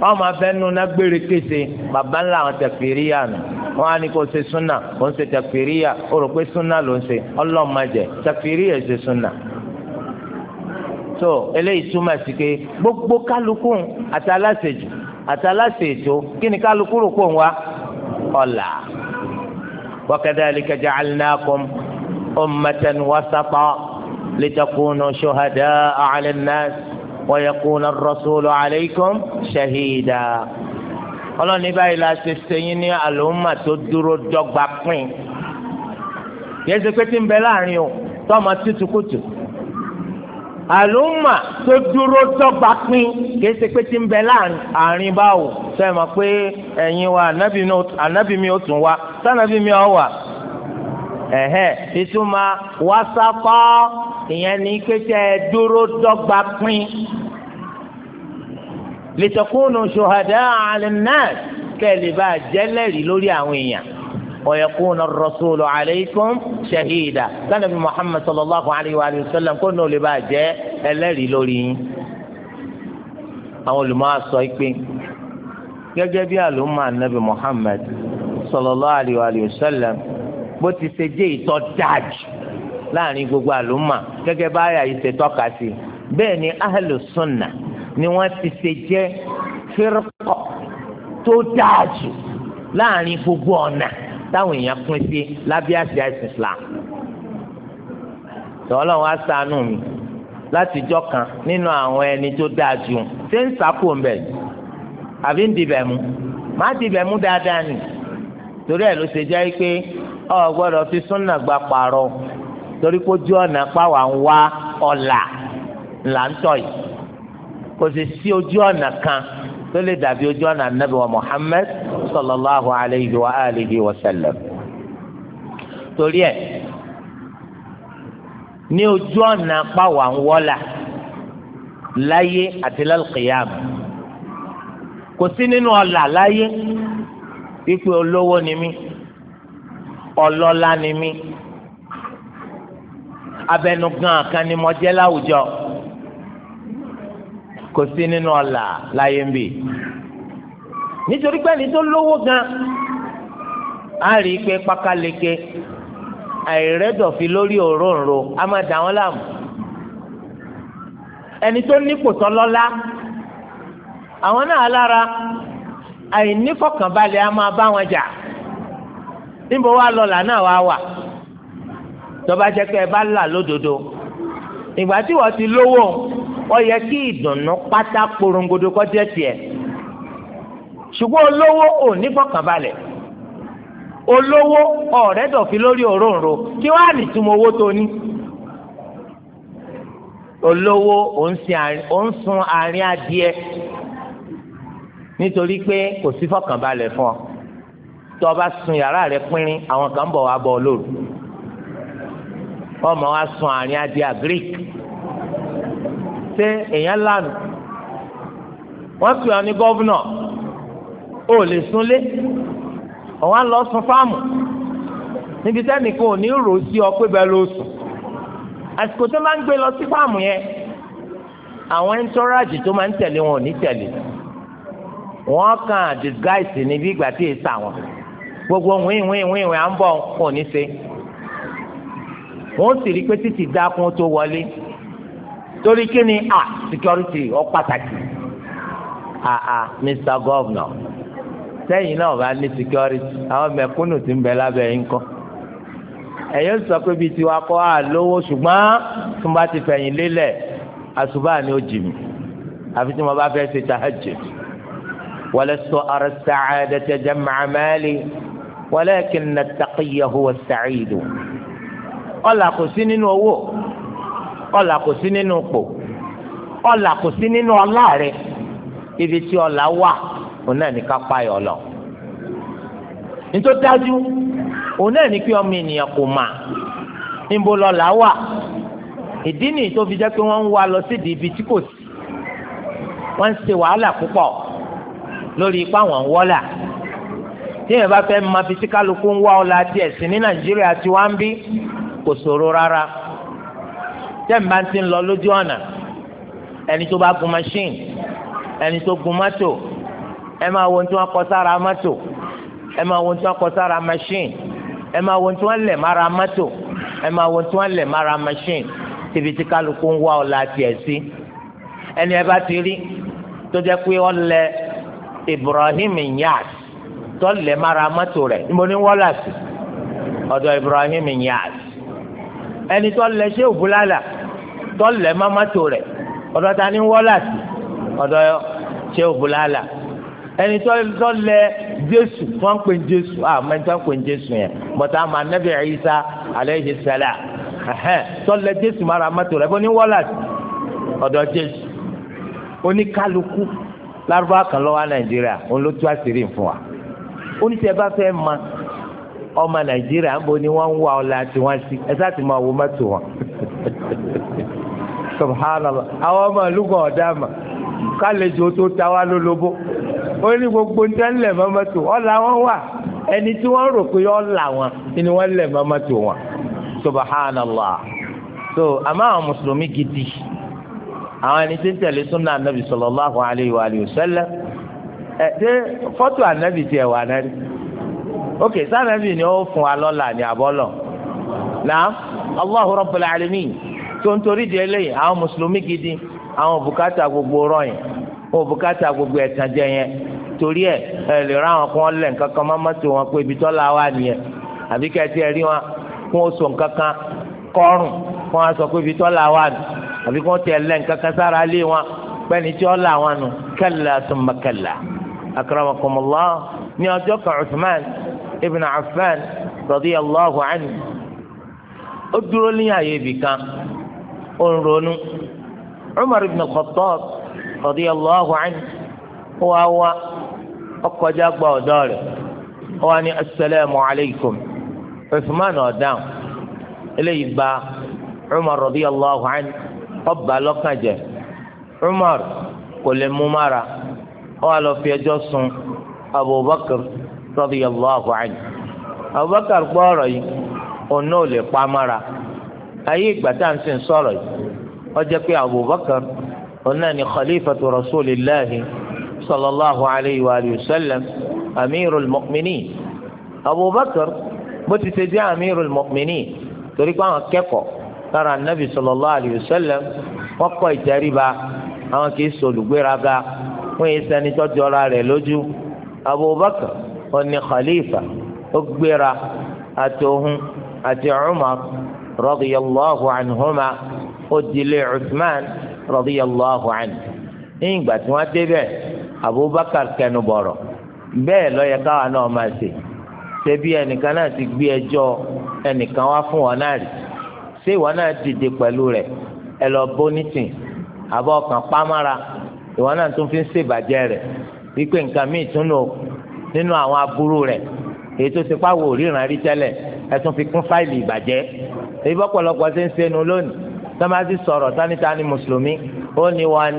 wọn máa fẹ́ nu ná gbére kése bàbá ńlá àwọn tẹ̀fìríyà nù wọn á ní kó ṣe súnà ó ń ṣe tẹ̀fìríyà ó rò pé súnà ló ń ṣe ọlọ́mọdé tẹ̀fìríyà ṣe súnà. tó eléyìí túmọ̀ sí pé gbogbo kálukú àti aláṣejù àti aláṣejò kí ni kálukú rò pò ń wá ọ̀là. wa kadhalika ja'alnakum ummatan wasata litakunu shuhada'a 'ala ويكون الرسول عليكم شهيدا ọlọ́ni báyìí la ṣe ṣẹyìn ní àlùmọ́ tó dúró dọ́gba pín yẹn ṣe pé tí ń bẹ láàrin o tọ́mọ àlùmọ́ tó dúró dọ́gba pín kìí ṣe pé tí ń bẹ láàrin báwo sẹ́yìn mọ̀ pé ẹ̀yin wa ànábì mi ò tún wa sànábì mi ò wà ẹ̀hẹ́ ìtumọ̀ ìyẹn ní pété dúró dọ́gba pín lìtẹ̀kùnù ṣòhàdá àlìnáà kẹ́lẹ́ bá jẹ́lẹ́rìí lórí àwọn èèyàn wọ̀yẹ̀kùnù rọ̀ṣùlù àlẹ́kùn ṣẹ̀hídà sanabi muhammad sallallahu alayhi wa sallam kó náà lè bá jẹ́ ẹlẹ́rìí lórí yín. àwọn olùmọ̀ àṣọ ìpín gẹ́gẹ́ bí àlùmọ̀ anabi muhammad sallallahu alayhi wa sallam bó ti ṣe jẹ́ ìtọ́ dájú láàrin gbogbo àlùmà gẹ́gẹ́ báyà yìí ṣe tọ́ka sí bẹ́ẹ̀ ni ahlu sunna ni wọ́n ti ṣe jẹ́ fírkọ̀ tó dáa jù láàrin gbogbo ọ̀nà táwọn èèyàn pín sí lábẹ́ àṣẹ islam tọ́lọ́ wa ṣàánú mi láti jọ́ kan nínú àwọn ẹni tó dáa jù ṣé ń sàkó ń bẹ̀ àbí ń dibẹ̀ mú má dibẹ̀ mú dáadáa nì torí ẹ̀ ló ṣe jẹ́ pé o gbọ́dọ̀ fi súnà gba pààrọ̀ torí kó jẹ́ ọ̀nà páwa ń wá ọ̀là là ń tọ̀ yìí kò sì sí ojú ọ̀nà kan tó lè dàbí ojú ọ̀nà Ànábì wa Muhammad sallallahu alayhi wa alihi wa sallam torí ẹ̀ ní ojú ọ̀nà páwa ń wọ́là láyé àti lálùkìyàm kò sí nínú ọ̀là láyé wípé olówó ni mí ọlọ́lá ni mí abẹnugan kan ni mo jẹ́ láwùjọ kò sí nínú ọ̀la láyé ń bì nítorí pé ẹni tó lówó gan á rí i pé pákáleke fi lórí òróǹro á máa dà wọ́n láàmú ẹni tó nípò tọ́lọ́lá àwọn náà lára àìnífọ̀kànbalẹ̀ á máa bá wọn jà níbo wá lọ́la náà wá wà. Wa tọ́ba jẹ́ pé ẹ bá là lódodo ìgbà tí wọ́n ti lówó ó yẹ kí ìdùnnú pátá porongodo kó jẹ́ tiẹ̀ ṣùgbọ́n olówó ò ní fọkànbalẹ̀ olówó ọ̀rẹ́ dọ̀fi lórí òróǹro kí wọ́n á ní túmọ̀ owó tó ní olówó ò ń sun àárín adìẹ nítorí pé kò sí fọkànbalẹ̀ fún ọ tọ́ba sun yàrá rẹ pínrín àwọn kan bọ̀ wá bọ̀ lóru wọ́n máa wá sun àárín adìẹ greek ṣé èèyàn lánàá wọ́n pè ọ́ ní gọ́vnọ̀ ó lè súnlé ọ̀wá lọ sun fáàmù níbi sẹ́nìkan ò ní rò ó sí ọ pé bẹ́ẹ̀ ló sùn àsìkò tó máa ń gbé lọ sí fáàmù yẹn àwọn ẹ̀ńtọ́rájì tó máa ń tẹ̀lé wọn ò ní tẹ̀lé wọ́n kàn disguise níbi ìgbà tí èsà wọn gbogbo wíwíwíwí à ń bọ̀ kò ní ṣe wọ́n sì rí pé títì dá kún tó wọlé torí kí ni a security ọ pàtàkì a a Mr. Governor sẹ́yìn náà bá ní security àwọn mẹ̀kúnnù ti ń bẹ lábẹ́ yín kọ́ ẹ̀yẹ́ sọ pé bíi tiwa kọ́ a lówó ṣùgbọ́n tó bá ti fẹ̀yìn lélẹ̀ àṣùbà ni ó jì mí àfi tí mo bá fẹ́ ṣe tahajjud walastu ara as-sa'adata jam'a mali walakinna at-taqiyya huwa as-sa'idu. ọlà kò sí nínú owó ọlà kò sí nínú ipò ọlà kò sí nínú ọlá rẹ ibi tí ọlà wà òun náà ní ká payọ lọ nítorí dájú òun náà ní kí ọmọ ènìyàn kò mà níbo lọlà wà ìdí nìyí tó fi jẹ́ pé wọ́n ń wá lọ sídìí ibi tí kò sí wọ́n ń ṣe wàhálà púpọ̀ lórí ipá wọn wọ́là tí èèyàn bá fẹ́ máa fi tí ń wá ọ̀la tiẹ̀ sí ní nàìjíríà tí wọ́n ń bí kò ṣòro rárá tẹ́ǹbà ti ń lọ lójú ẹni tó bá gun machine ẹni tó gun mọ́tò ẹ máa wo ohun tí ẹ máa wo ohun tí wọ́n machine ẹ máa wo ohun tí wọ́n lẹ̀ ẹ máa wo ohun tí wọ́n machine tìbí tí kálukú ń wá la tiẹ̀ sí ẹni ẹ bá ti rí tó jẹ́ pé Ibrahim lẹ̀ mára mọ́tò rẹ̀ ni wọ́n là ẹni tó lẹ ṣé òbúlàlà tó lẹ mọ́mọ́tò rẹ̀ ọ̀dọ̀ ta ni wọ́lá sí ọ̀dọ̀ ṣé òbúlàlà ẹni tó tó lẹ jésù tó ń pè jésù à mẹ tó ń jésù yẹn bọ́tà máa nẹ́bí ẹ̀yíṣà alayhi salam tó lẹ jésù mara mọ́tò rẹ̀ bó ní wọ́lá sí ọ̀dọ̀ jésù oníkálukú lárúbá kan lọ́wọ́ nàìjíríà òun ló tú àṣírí fún wa oníṣẹ́ bá fẹ́ máa ọmọ nàìjíríà ń bo ni wọ́n ń wá ọlá tí sí ẹ ti máa wọn. subhanallah àwọn ọmọ ìlúgbọ̀n ọ̀dà mà kálejò tó ta wá lólobó ó ní gbogbo ń tẹ́ ń lẹ̀ wọn wà ẹni tí wọn rò pé ọ̀là wọn ni wọ́n wọn subhanallah so àmọ́ anabi anabi ok sanabi ni ó fún wa lọ́la ní abọ́lọ̀ naam allahu rabbil alamin tó ń torí di eléyìí àwọn mùsùlùmí gidi àwọn bùkátà gbogbo rọyìn wọn bùkátà gbogbo ẹ̀tàn jẹ yẹn torí ẹ ẹ lè ra àwọn kan lẹ̀ nǹkan kan má mọ́tò wọn pé ibi tọ́lá wà nìyẹn àbí kẹ́tí ẹ rí wọn kó o sọ nǹkan kọrùn kó wọn sọ pé ibi tọ́lá wà nù àbí kó tẹ lẹ̀ nǹkan sára lé wọn pẹ́ni tí ó là wọn nù kalla thumma kalla akramakumullah ní ọjọ́ kan Usman ibn Affan radiyallahu anhu ó dúró ní àyè ibì kan ó ń ronú Umar ibn Khattab radiyallahu anhu ó wá wá ó kọjá gba ọ̀dọ̀ rẹ̀ ó wá ní asalaamu alaykum Uthman ọ̀dáhùn eléyìí gba Umar radiyallahu anhu ó bà lọ́kàn Umar kò lè mú mára ó wá lọ fi ẹjọ́ sùn Abubakar radiyallahu anhu Abubakar gbọ́ ọ̀rọ̀ yìí òun náà lè pa mára ayé ìgbà tá à ń sìn sọ̀rọ̀ yìí ó jẹ́ pé Abubakar òun náà ni khalifatu rasulillahi sallallahu alayhi wa sallam amirul mu'minin Abubakar bó ti ṣe jẹ́ amirul mu'minin torí pé àwọn kẹ́kọ̀ọ́ lára anabi sallallahu alayhi wa sallam wọ́n kọ́ ìtẹríba àwọn kì í ṣolùgbéraga wọ́n yẹ sẹ́ni tọ́jú ọ̀la rẹ̀ lójú Abubakar. oní khalifa ó gbéra àtòhun àti Umar radiyallahu anhuma ó dilé Uthman radiyallahu anhu ní ìgbà tí wọ́n débẹ̀ Abubakar kẹnu bọ̀rọ̀ bẹ́ẹ̀ lọ́yẹ káwa náà máa ṣe ṣebí ẹnìkan náà ti gbé ẹjọ́ ẹnìkan wá fún wọn náà rí ṣé ìwọ náà dìde pẹ̀lú rẹ̀ ẹ lọ bónítìn àbọ̀ ọkàn pamara ìwọ náà tún fi ń ṣèbàjẹ́ rẹ̀ wípé nǹkan míì tún lò nínú àwọn aburú rẹ̀ èyí tó ti pàwọ̀ òríran rí tẹ́lẹ̀ ẹ̀sùn fi kún fáìlì ìbàjẹ́ èyí bọ́pọ̀lọpọ̀ ṣe ń sẹ́nu lónìí tọ́ba ti sọ̀rọ̀ tánítàní mùsùlùmí ó ní wọn ni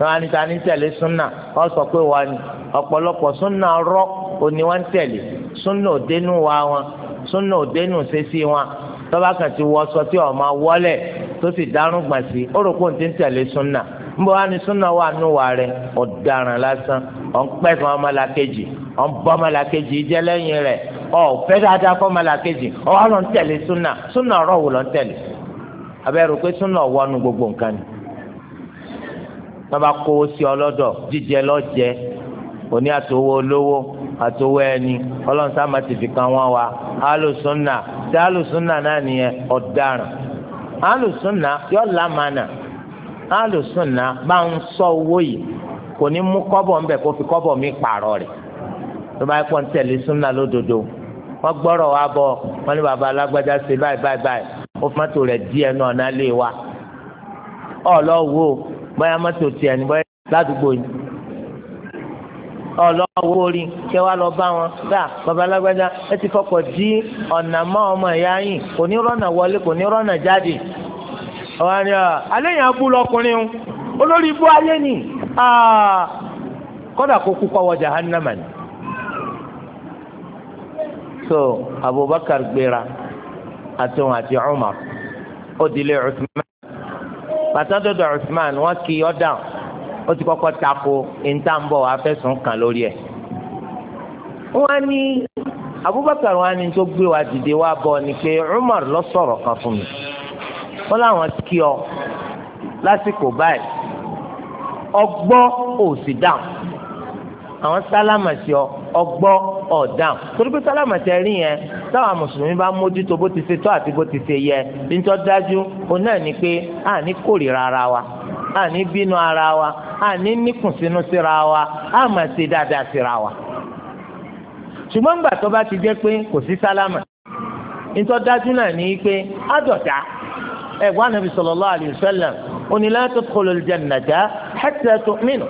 tánítàní tẹ̀lé súnà ó sọ pé wọn ni ọ̀pọ̀lọpọ̀ súnà rọ́ ó ní wọn tẹ̀lé súnà òdenu wa wọn súnà òdenu ṣẹ́sí wọn tọ́ba kan ti wọ sọ tí ọ̀ máa wọlé tó sì dárúgbà sí ó rò pé òun ti ń tẹ̀lé súnà nbọ wa ni súnà wà nù rẹ lásán ọ̀npẹ̀sán ọmọlàkejì ọ̀nbọ ọmọlàkejì ọ rẹ ọ̀fẹ́ dáadáa fún ń tẹ̀lé súnà súnà ọrọ wò lọ ń tẹ̀lé abẹ́rù pé súnà gbogbo nǹkan ni kó o sí jíjẹ òní olówó ẹni ti fi wa alùsùnà tí alùsùnà náà nìyẹn ọ̀daràn alùsùnà làmánà alùsùnà bá ń sọ owó yìí kò ní mú kọ́bọ̀ ńbẹ̀ kó fi kọ́bọ̀ mi pààrọ̀ rẹ̀ tó bá tẹ̀lé súnà lódodo wọ́n gbọ́rọ̀ bọ̀ wọ́n baba alágbájá ṣe báyìí báyìí báyìí ó fi mọ́tò rẹ̀ díẹ̀ wa ọlọ́wọ́ bóyá mọ́tò tiẹ̀ ní bóyá ládùúgbò yìí ọlọ́wọ́ orí kẹ́ wá baba alágbájá ẹ ti fọkọ̀ dí ọmọ ìyá yìí kò ní rọ́nà wọlé kò ọ̀hán ni àléyàn ah, bú lọkùnrin o olórí ni ah, kọ́dà kó kú kọ́wọ́ jahannama ni. so Abubakar gbéra àti òun àti Umar ó dilé Usman pàtàkì Usman wọn kì í ọ̀dà ó ti kọ́kọ́ tako ìntànbọ̀ afẹ́sùn kan lórí ẹ̀. wọ́n ní Abubakar wọn ni tó gbé wa dìde wa bọ̀ ni pé Umar lọ sọ̀rọ̀ kan fún mi wọ́n láwọn kí ọ lásìkò báyìí ọgbọ́ ò sì dáhùn àwọn sálámà sí ọ ọgbọ́ ọ̀dáhùn torí pé sálámà tẹ rí yẹn táwọn mùsùlùmí bá mójútó bó ti ṣe tọ́ àti bó ti ṣe yẹ bí dájú òun náà ni pé a ní kórìíra ara wa a ní bínú ara wa a ní níkùnsínú síra wa a máa ṣe dáadáa síra wa ṣùgbọ́n gbà tó bá ti jẹ́ pé kò sí sálámà n tọ́ dájú náà ni pé á dọ̀tá ẹ̀gbọ́n anabi sallallahu alayhi wa sallam ó ní la tadkhulul jannata hatta tu'minu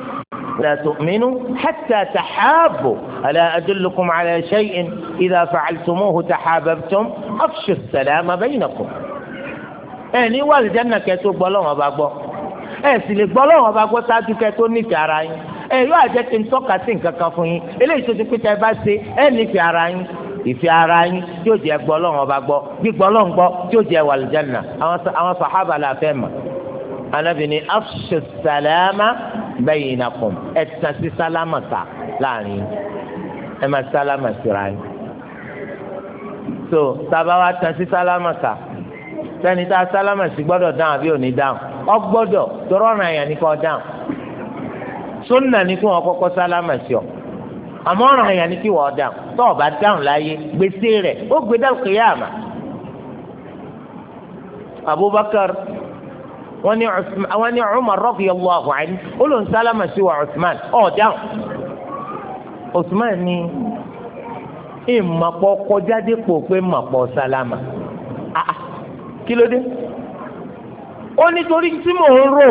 la tu'minu hatta tahabbu ala adullukum ala shay'in idha fa'altumuhu tahabbtum afshu as-salama baynakum. ẹ ní wà lìjánà kẹ́ tó gbọ́ lọ́wọ́ bá gbọ́ ẹ sì lè gbọ́ lọ́wọ́ bá gbọ́ sáájú kẹ́ tó nífẹ̀ẹ́ ara yín ẹ yóò àjẹkí ń tọ́ka sí ìfẹ́ ara yín tí ó jẹ́ gbọ́ ọlọ́run ọba gbọ́ gbígbọ́ ọlọ́run gbọ́ tí ó jẹ́ wàlìjánà àwọn sàhábà la fẹ́ mọ̀ anábìíní afṣe sàlámà bẹ́yìn nàkùn ẹ̀ tàn sí sálámà ta láàrin ẹ̀ máa sálámà síra yín so tàbá wa tàn sí sálámà ta sẹ́ni tá a sálámà sí gbọ́dọ̀ dáhùn àbí òní dáhùn ọ gbọ́dọ̀ tọrọ ọ̀ràn àyàn ní kò dáhùn sunna ní kí wọ́n kọ́kọ́ sálámà sí ọ. àmọ́ ọ̀ràn ni kí wọ́n dáhùn tó o bá dáhùn láyé gbèsè rẹ̀ ó gbé dáhùn kéyàmà. Abubakar wọ́n ní àwọn ní Umar radiyallahu anhu sálámà sí wa Usman ọ̀ dáhùn. Usman ní ìmọ̀pọ̀ kọjá dépò pé mọ̀pọ̀ sálámà ah, ah, kí ló dé? ó tí mò ń rò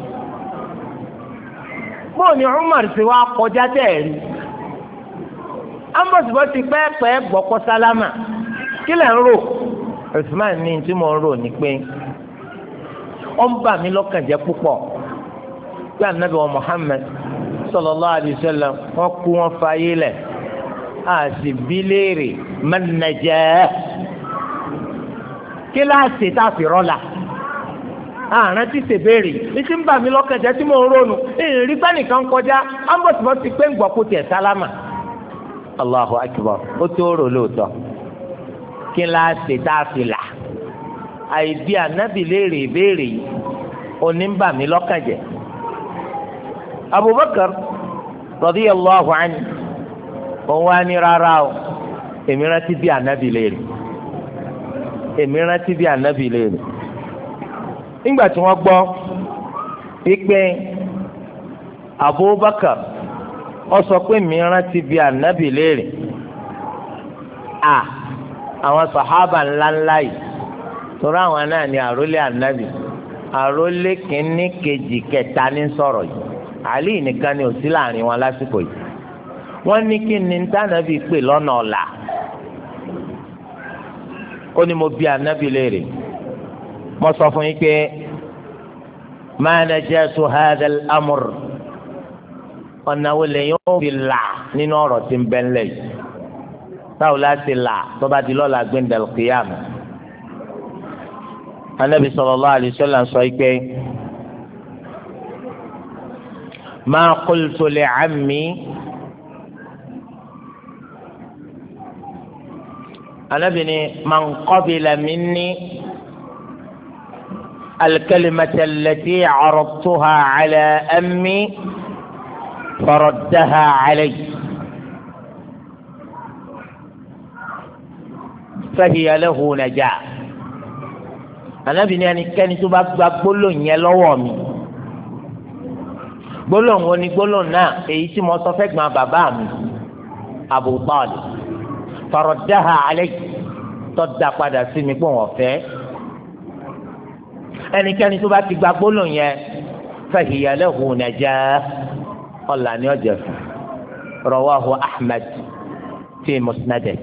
bóò ni Umar ṣe wá kọjá tẹ̀rí ambosibo ti pẹ́ẹ́pẹ́ gbọ́kọ́ sálámà kí lẹ̀ ń rò Usman ní tí mo ń rò ní pé ó ń bà mí lọ́kàn jẹ́ púpọ̀ pé anabi wa Muhammad sallallahu alaihi wasallam wọn kú wọn fa ayé lẹ̀ a sì bí léèrè man kí láàṣì tá a fi rọ́lá. a ti ṣèbéèrè ní ń bà mí lọ́kàn tí mò ń ronú ìrírí kọjá ti pé ń gbọ́ kó tiẹ̀ sálámà. Allahu akbar ó tó rò lóòótọ́ kí la a fi là ànábì léèrè yìí Abubakar radiyallahu anhu òun wá ní rárá o èmi rántí bí ànábì léèrè èmi nígbà tí wọ́n gbọ́ wípé Abubakar ó sọ pé mìíràn ti bi ànábì léèrè à àwọn sàhábà ńláńlá yìí torí àwọn náà ni àrólé ànábì àrólé kìíní kejì kẹta ní sọ̀rọ̀ yìí àlì nìkan ni ò sí láàrin wọn lásìkò yìí wọ́n ní kí ni tànàbì pè lọ́nà ọ̀la ó ní mo bi ànábì léèrè. mo sọ fún yín pé máa lè jẹ́ sọ hàdà amúr ọ̀nà wo lè yóò fi là nínú ọ̀rọ̀ tí ń bẹ ńlẹ̀ yìí táwọn láti là tó bá di lọ́la gbẹ̀ndẹ̀lù kìyàmù. anabi sallallahu alaihi wasallam sọ yìí pé máa qultu li ammi. anabi ni man qabila minni. الكلمة التي عرضتها على أمي فردها علي فهي له نجاة alábìnrin ẹnikẹ́ni tó bá gba gbólóhùn yẹn lọ́wọ́ mi gbólóhùn wo ni gbólóhùn náà èyí tí mo sọ fẹ́ gbọ́n bàbá mi Abu Talib faraddaha alayhi tó dá padà sí mi pé wọ́n fẹ́ ẹnikẹ́ni tó bá ti gba gbólóhùn yẹn fahiya lahu najah ọ̀là ni ọ̀jẹ̀ fún rawahu ahmed fi musnadẹ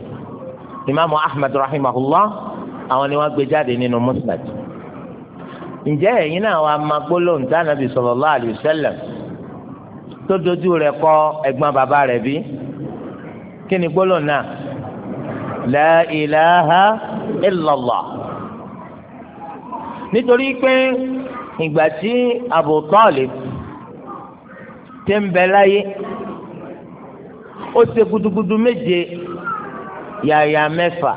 imaamu ahmed rahimahullah àwọn ni wọ́n gbé jáde nínú musnad ǹjẹ́ ẹ̀yin náà wàá ma gbólóhùn tí Ànábì sallallahu alayhi tó dojú rẹ̀ kọ ẹ̀gbọ́n bàbá rẹ̀ bí kí ni gbólóhùn náà la ilaha illallah nítorí pé ìgbà tí Abu Talib ti ń bẹ láyé ó ṣe gudugudu méje yàyà mẹ́fà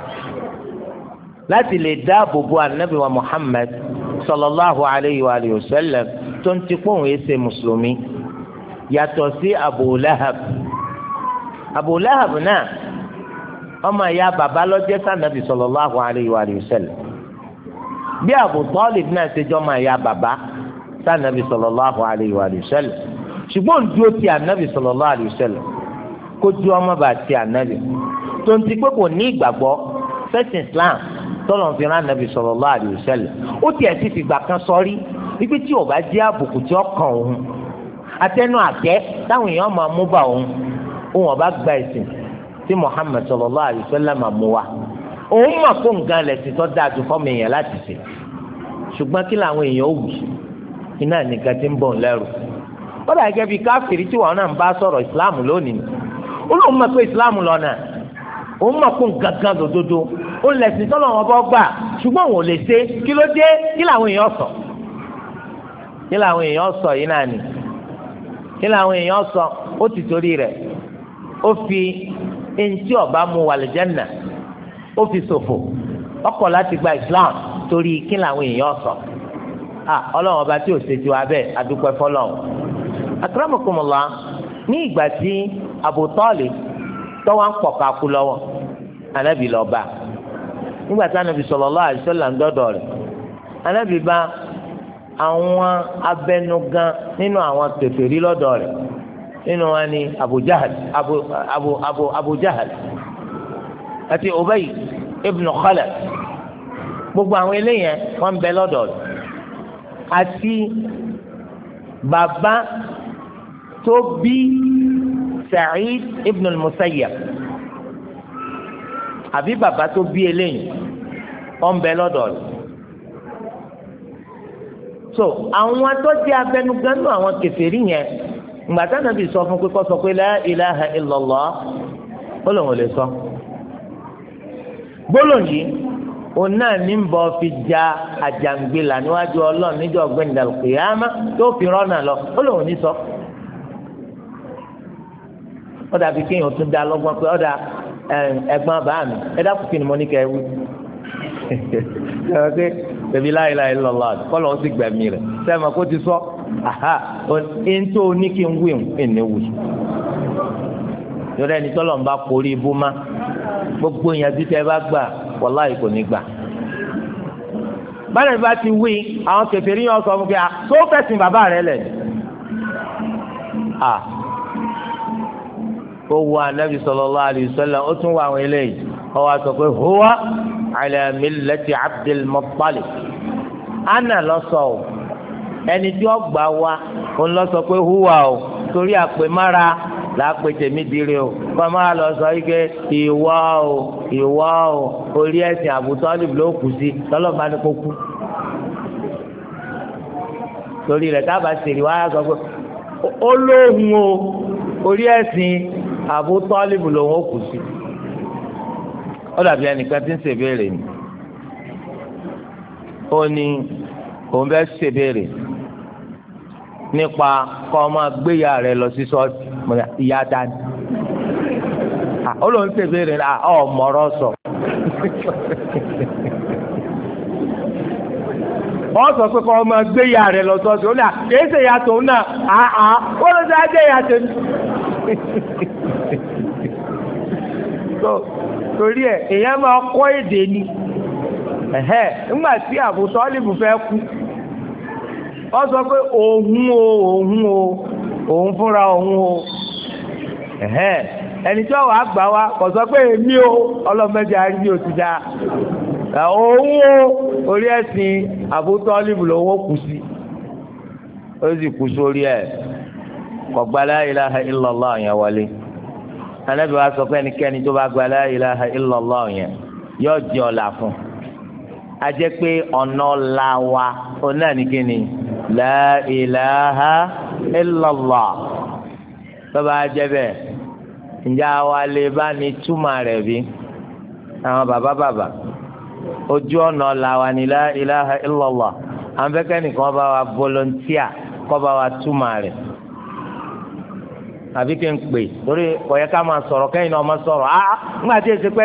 láti lè dáàbò bo anabi wa Muhammad sallallahu alayhi wa alihi wa sallam tó ń ti pọ́n òun ṣe mùsùlùmí yàtọ̀ sí Abu Lahab Abu Lahab náà ọmọ ìyá bàbá ló sànàbì sallallahu alayhi wa wa sallam bí Abu Talib náà ṣe jọ máa ya bàbá tá ànábì sallallahu alayhi wa sallam ṣùgbọ́n ń dúró ti ànábì sallallahu alayhi wa sallam kó dúró ọmọ bá ti ànábì tó ń ti pé kò ní ìgbàgbọ́ fẹ́sìn Islam tọ́lọ̀ fi rán ànábì sallallahu alayhi wa sallam ó tiẹ̀ ti fìgbà kan sọrí wípé tí ò bá jẹ́ àbùkù tí ó kàn òun atẹnu àtẹ táwọn èèyàn o mọ̀ fún nǹkan lẹ́sìn tó dáa ju fọ́ọ̀mù èèyàn láti ṣe ṣùgbọ́n kí làwọn èèyàn ò wù iná nìkan ti ń bọ̀ lẹ́rù ó dà gẹ́gẹ́ bí káfíìrì tí wọn náà ń bá sọ̀rọ̀ islam lónìí ó lóun mọ̀ pé islam lọ́nà òun mọ̀ fún gangan lódodo ó lẹ̀sìn tọ́lọ̀ wọn bọ́ gbà ṣùgbọ́n òun ò lè ṣe kí ló dé kí làwọn èèyàn sọ kí làwọn èèyàn sọ yìí náà ni kí làwọn sọ ó ti torí fi eŋti ọba mu ó fi ṣòfò ọkọ̀ láti gba islam torí kí làwọn èèyàn sọ ọlọ́run ọba tí ò ṣètò abẹ́ adúpẹ́ fọlọ́run akramakumullah ní ìgbà tí Abu Talib tọ́wọ́ ń pọ̀ka kú lọ́wọ́ anábì lọ bá nígbà tí anábì sallallahu alaihi wasallam ń dọ́dọ̀ rẹ̀ anábì bá àwọn abẹnugan nínú àwọn kèfèrí lọ́dọ̀ rẹ̀ nínú wọn ni Abu Jahal Abu Abu Abu Abu, Abu àti Ubay ibn Khalaf gbogbo àwọn eléyẹn wọ́n ń bẹ lọ́dọ̀ rẹ̀ àti bàbá tó bí Sa'id ibn al-Musayyab àbí bàbá tó bí eléyìí wọ́n ń bẹ lọ́dọ̀ rẹ̀ so àwọn atọ́jú abẹnugánú àwọn kèfèrí yẹn ngbàtà nàbì sọ fún pé sọ pé la ilaha ó lòun ò lè sọ. So gbólóhùn yìí òun náà ní ń bọ fi ja àjàngbìlà níwájú ọlọ́run níjọ́ ọ̀gbẹ́ni dàlùkìyàmá tó fi rọ́nà lọ ó lòun ní sọ. ó dàbí kéèyàn tún lọ́gbọ́n pé ọ̀dà ẹ̀gbọ́n bàá mi ẹ dákun kí ni mo ní kẹ́ ẹ torí ẹni tọ́lọ̀ ń bá korí ibú má gbogbo ìyànjú tẹ́ bá gbà wàláhì kò ní gbà. báyìí bá ti wí àwọn kẹfẹ́rí yẹn sọ fún pé tó fẹ̀sìn bàbá rẹ lẹ̀. ó wọ anabi sallallahu alaihi wasallam ó tún wọ àwọn eléyìí ó wá sọ pé huwa ala millati Abdul Muttalib ana lọ o ẹni tí ó gbà wá òun lọ sọ pé huwa o torí àpè mára lápẹtẹ mi dire o kọ́má lọ sọ wípé ìwọ o ìwọ o orí ẹ̀sìn àbùtọ́ níbi ló kù sí lọ́lọ́ba ni kò kú torí rẹ̀ dábàá sèrè wáyà sọ pé ó o orí ẹ̀sìn àbùtọ́ níbi lòun ó kù sí ó dàbí ẹnìkan tí ń ṣèbéèrè ni ó ní òun fẹ́ ṣèbéèrè nípa kọ́ ọ máa gbéyà rẹ lọ sí ṣọ́ọ̀ṣì ìyá dání ó ṣe béèrè rà ọ mọ̀rọ̀ sọ. ọ sọ pé kọ́ ọmọ gbé ìyá rẹ̀ lọ́sọ̀ọ̀sẹ̀ ó ní à kìí ṣe ìyá tòun náà àá ó ló ṣe ajé ìyá tèmi. torí ẹ èèyàn máa kọ́ èdè ni nígbà tí àbùsọ̀ ọ́lìbù fẹ́ kú ọ sọ pé o o. òun fúnra òun o ẹni tí ọwọ́ àgbà wa kò sọ pé èmi o o ti dáa òun o orí ẹ̀sìn àbútọ́lìbù lówó kù sí ó sì kù sórí ẹ̀ kò gba ilaha yẹn wọlé anábì wa sọ pé ẹnikẹ́ni tó bá gba yẹn yóò ọ̀la fún a pé ọ̀nà wa illallah bàbá jẹ́bẹ̀ ǹjẹ́ àwa lè bá ní túmọ̀ rẹ̀ bí àwọn bàbá bàbá ojú ọ̀nà ọ̀la wa ní la ilaha illallah àwọn fẹ́kẹ́ nìkan bá wa volunteer kọ́ bá wa túmọ̀ rẹ̀ àbí kí n pè torí ọ̀yẹ́ ká máa sọ̀rọ̀ kẹ́yìn náà máa sọ̀rọ̀ ńgbà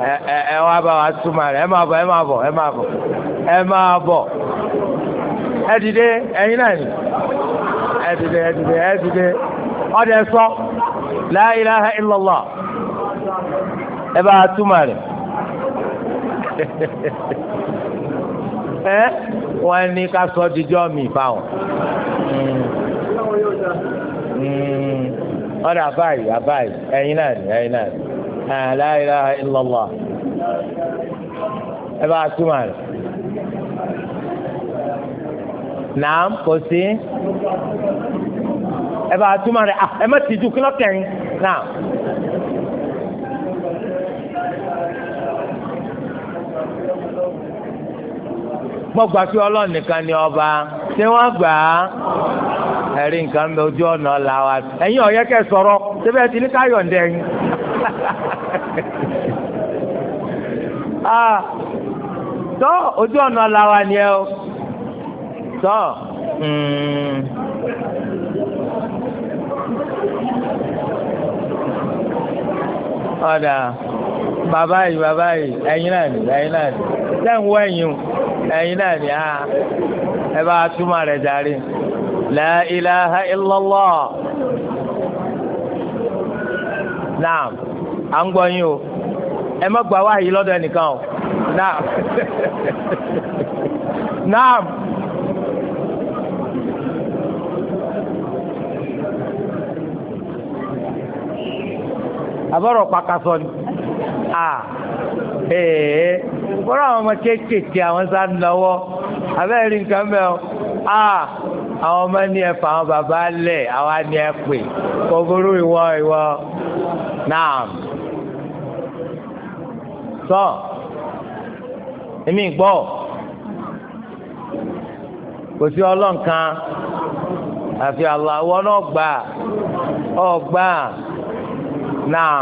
ẹ ẹ wá bá wa túmọ̀ rẹ̀ ẹ máa bọ̀ ẹ máa bọ̀ ẹ máa bọ̀ ẹ máa bọ̀ ẹ dìde ẹ̀yin náà ni ẹ dìde ẹ dìde ẹ dìde ọdẹ sọ la ilaha ẹ bá wa túmọ̀ rẹ̀ ẹ ní ká sọ mi ọdẹ àbáyé àbáyé náà ni náà ni. la ilaha illallah ẹ bá a túmọ̀ rẹ̀ naam kò sí ẹ bá a túmọ̀ rẹ̀ ah, ẹ má tìjú kí lọ́kẹ́rin naam. gbọ́gbà kí ọlọ́run nìkan ni ọba ṣé wọ́n gbà á ẹ̀rí nǹkan bẹ ojú ọ̀nà ọ̀la ẹ̀yin ọ̀yẹ́kẹ́ sọ̀rọ̀ síbẹ̀ tí ní ká yọ̀ǹdẹ̀ yín. Ah, tọ́ ojú ọ̀nà làwa ni ẹ o tọ́ hmm. ọ̀dà bàbá yìí bàbá yìí ẹ̀yin náà ni ẹ̀yin náà ni tẹ́ ń wọ ẹ̀yin ẹ̀yin náà ni ah. ẹ bá túmọ̀ rẹ̀ járe la ilaha illallah naam. à ń gbọ́ yín o ẹ má gbà wáyé lọ́dọ̀ ẹnìkan o naam naam. àbọ̀rọ̀ pàkàsọ ni ee wọ́n àwọn ọmọ kéékèèké àwọn sá ń lọ́wọ́ abẹ́rẹ́ nǹkan mẹ́ o àwọn ọmọ ní ẹ̀fọ́ àwọn bàbá lẹ̀ ní kò burú ìwọ ìwọ naam. sọ èmi gbọ́ kò sí ọlọ́nkan àfi Allah àwọn náà gbà ọgbà náà.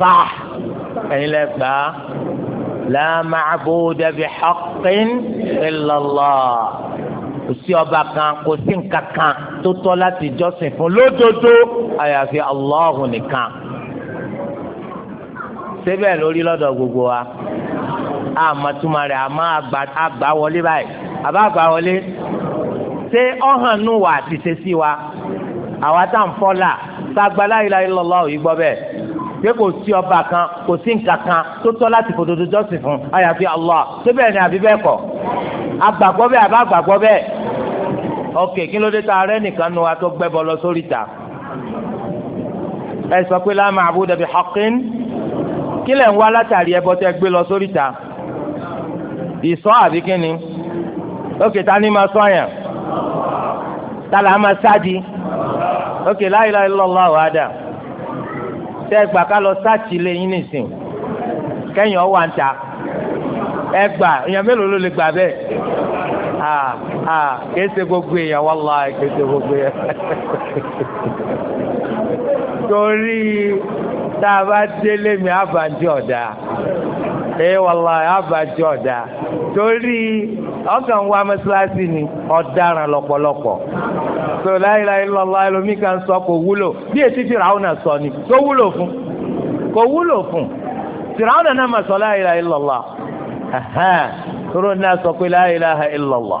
صح إلى با لا معبود بحق إلا الله kò sí ọba kan kò sí nǹkan tó tọ́ láti jọ́sìn fún lódodo àyàfi Allahu nìkan síbẹ̀ lórí lọ́dọ̀ gbogbo wa àmọ́túmọ̀ rẹ̀ àmọ́ àgbà wọlé báyìí àbá àgbà wọlé ṣé ọ̀hàn nù wà àti ṣe sí wa àwa tá à ń fọ́lá sàgbà la ilaha illallah yìí gbọ́ bẹ́ẹ̀ pé kò sí ọba kan kò sí nǹkan kan tó tọ́ láti fòdodo jọ́sìn fún àyàfi Allah síbẹ̀ ni àbí bẹ́ẹ̀ kọ́ àgbàgbọ́ bẹ́ẹ̀ àbá àgbàgbọ́ bẹ́ẹ̀ ok kí ló dé tá a rẹ́ nìkan nu wa tó gbẹ́bọ lọ sórí ta ẹ sọ pé la ma'buda bi haqqin kí lẹ̀ ń wá látàrí ẹbọ tẹ gbé lọ sórí ta ìsọ àbí kíni ok ta ni máa sọ yẹn ta là máa sáàdì ok la ilaha illallah wahda tẹ ẹ gbà ká lọ sáàtì lẹ́yìn nìsín kẹ́yìn ọ̀ wá ń ta ẹ gbà èèyàn mélòó ló lè gbà bẹ́ẹ̀ ah ah kéésì gbogbo èèyàn wallahi kéésì gbogbo èèyàn torí tá délé mi àbájọ ọ̀dà ee wallahi àbájọ ọ̀dà torí ọkàn wa mẹsàlásì ni ọ̀daràn lọ́pọ̀lọpọ̀ sọ láyìláyìí lọ́lá ẹlòmíì kan sọ kò wúlò bí etí fìràwọ̀nà sọ ni tó wúlò fún kò wúlò fún fìràwọ̀nà náà mà sọ láyìláyìí lọ́lá tóró náà sọ pé láyìláyìí lọ́lá.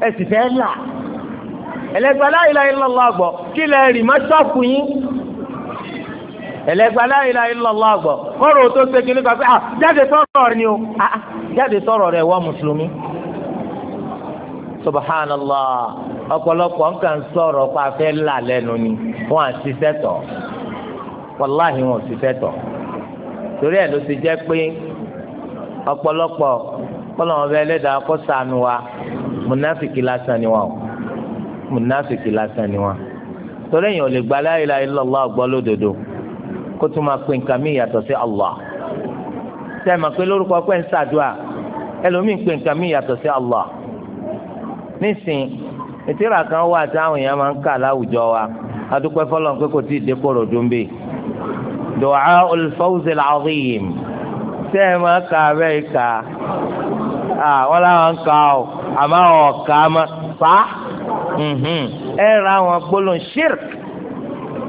ẹ fẹ́ là la ilaha illallah kí lẹ rì má sọkù yín ẹlẹgba la ilaha illallah gbọ́ tó ṣe kí ni kọfí à jáde sọ̀rọ̀ rẹ ni o ah, ah, jáde sọ̀rọ̀ rẹ mùsùlùmí subhanallah ọ̀pọ̀lọpọ̀ nǹkan sọ̀rọ̀ a fẹ́ là lẹ́nu ni wọn à ti sẹtọ wàláhì wọn ò ti sẹtọ torí ẹ̀ ló ti jẹ́ pé ọ̀pọ̀lọpọ̀ kọlọmọbẹ munafiki lásán ni wọn o munafiki lásán ni wọn torí èèyàn ò lè gba la ilaha illallah gbọ́ lódodo kó tún máa pe nǹkan míì yàtọ̀ sí Allah sẹ́ẹ̀ máa pe lórúkọ pé ń ṣàdúrà ẹlòmíì pe nǹkan míì yàtọ̀ sí Allah nísìn ìtìrà kan wà táwọn èèyàn máa ń kà láwùjọ wa adúpẹ́ fọlọ́n pé kò tí ì dé kóró dúnbé du'aul fawzil azim sẹ́ẹ̀ máa kà bẹ́ẹ̀ kà wọ́n láwọn ń kà ó. àmọ́ àwọn ọ̀ka ma fa mhm. ẹ ra àwọn shirk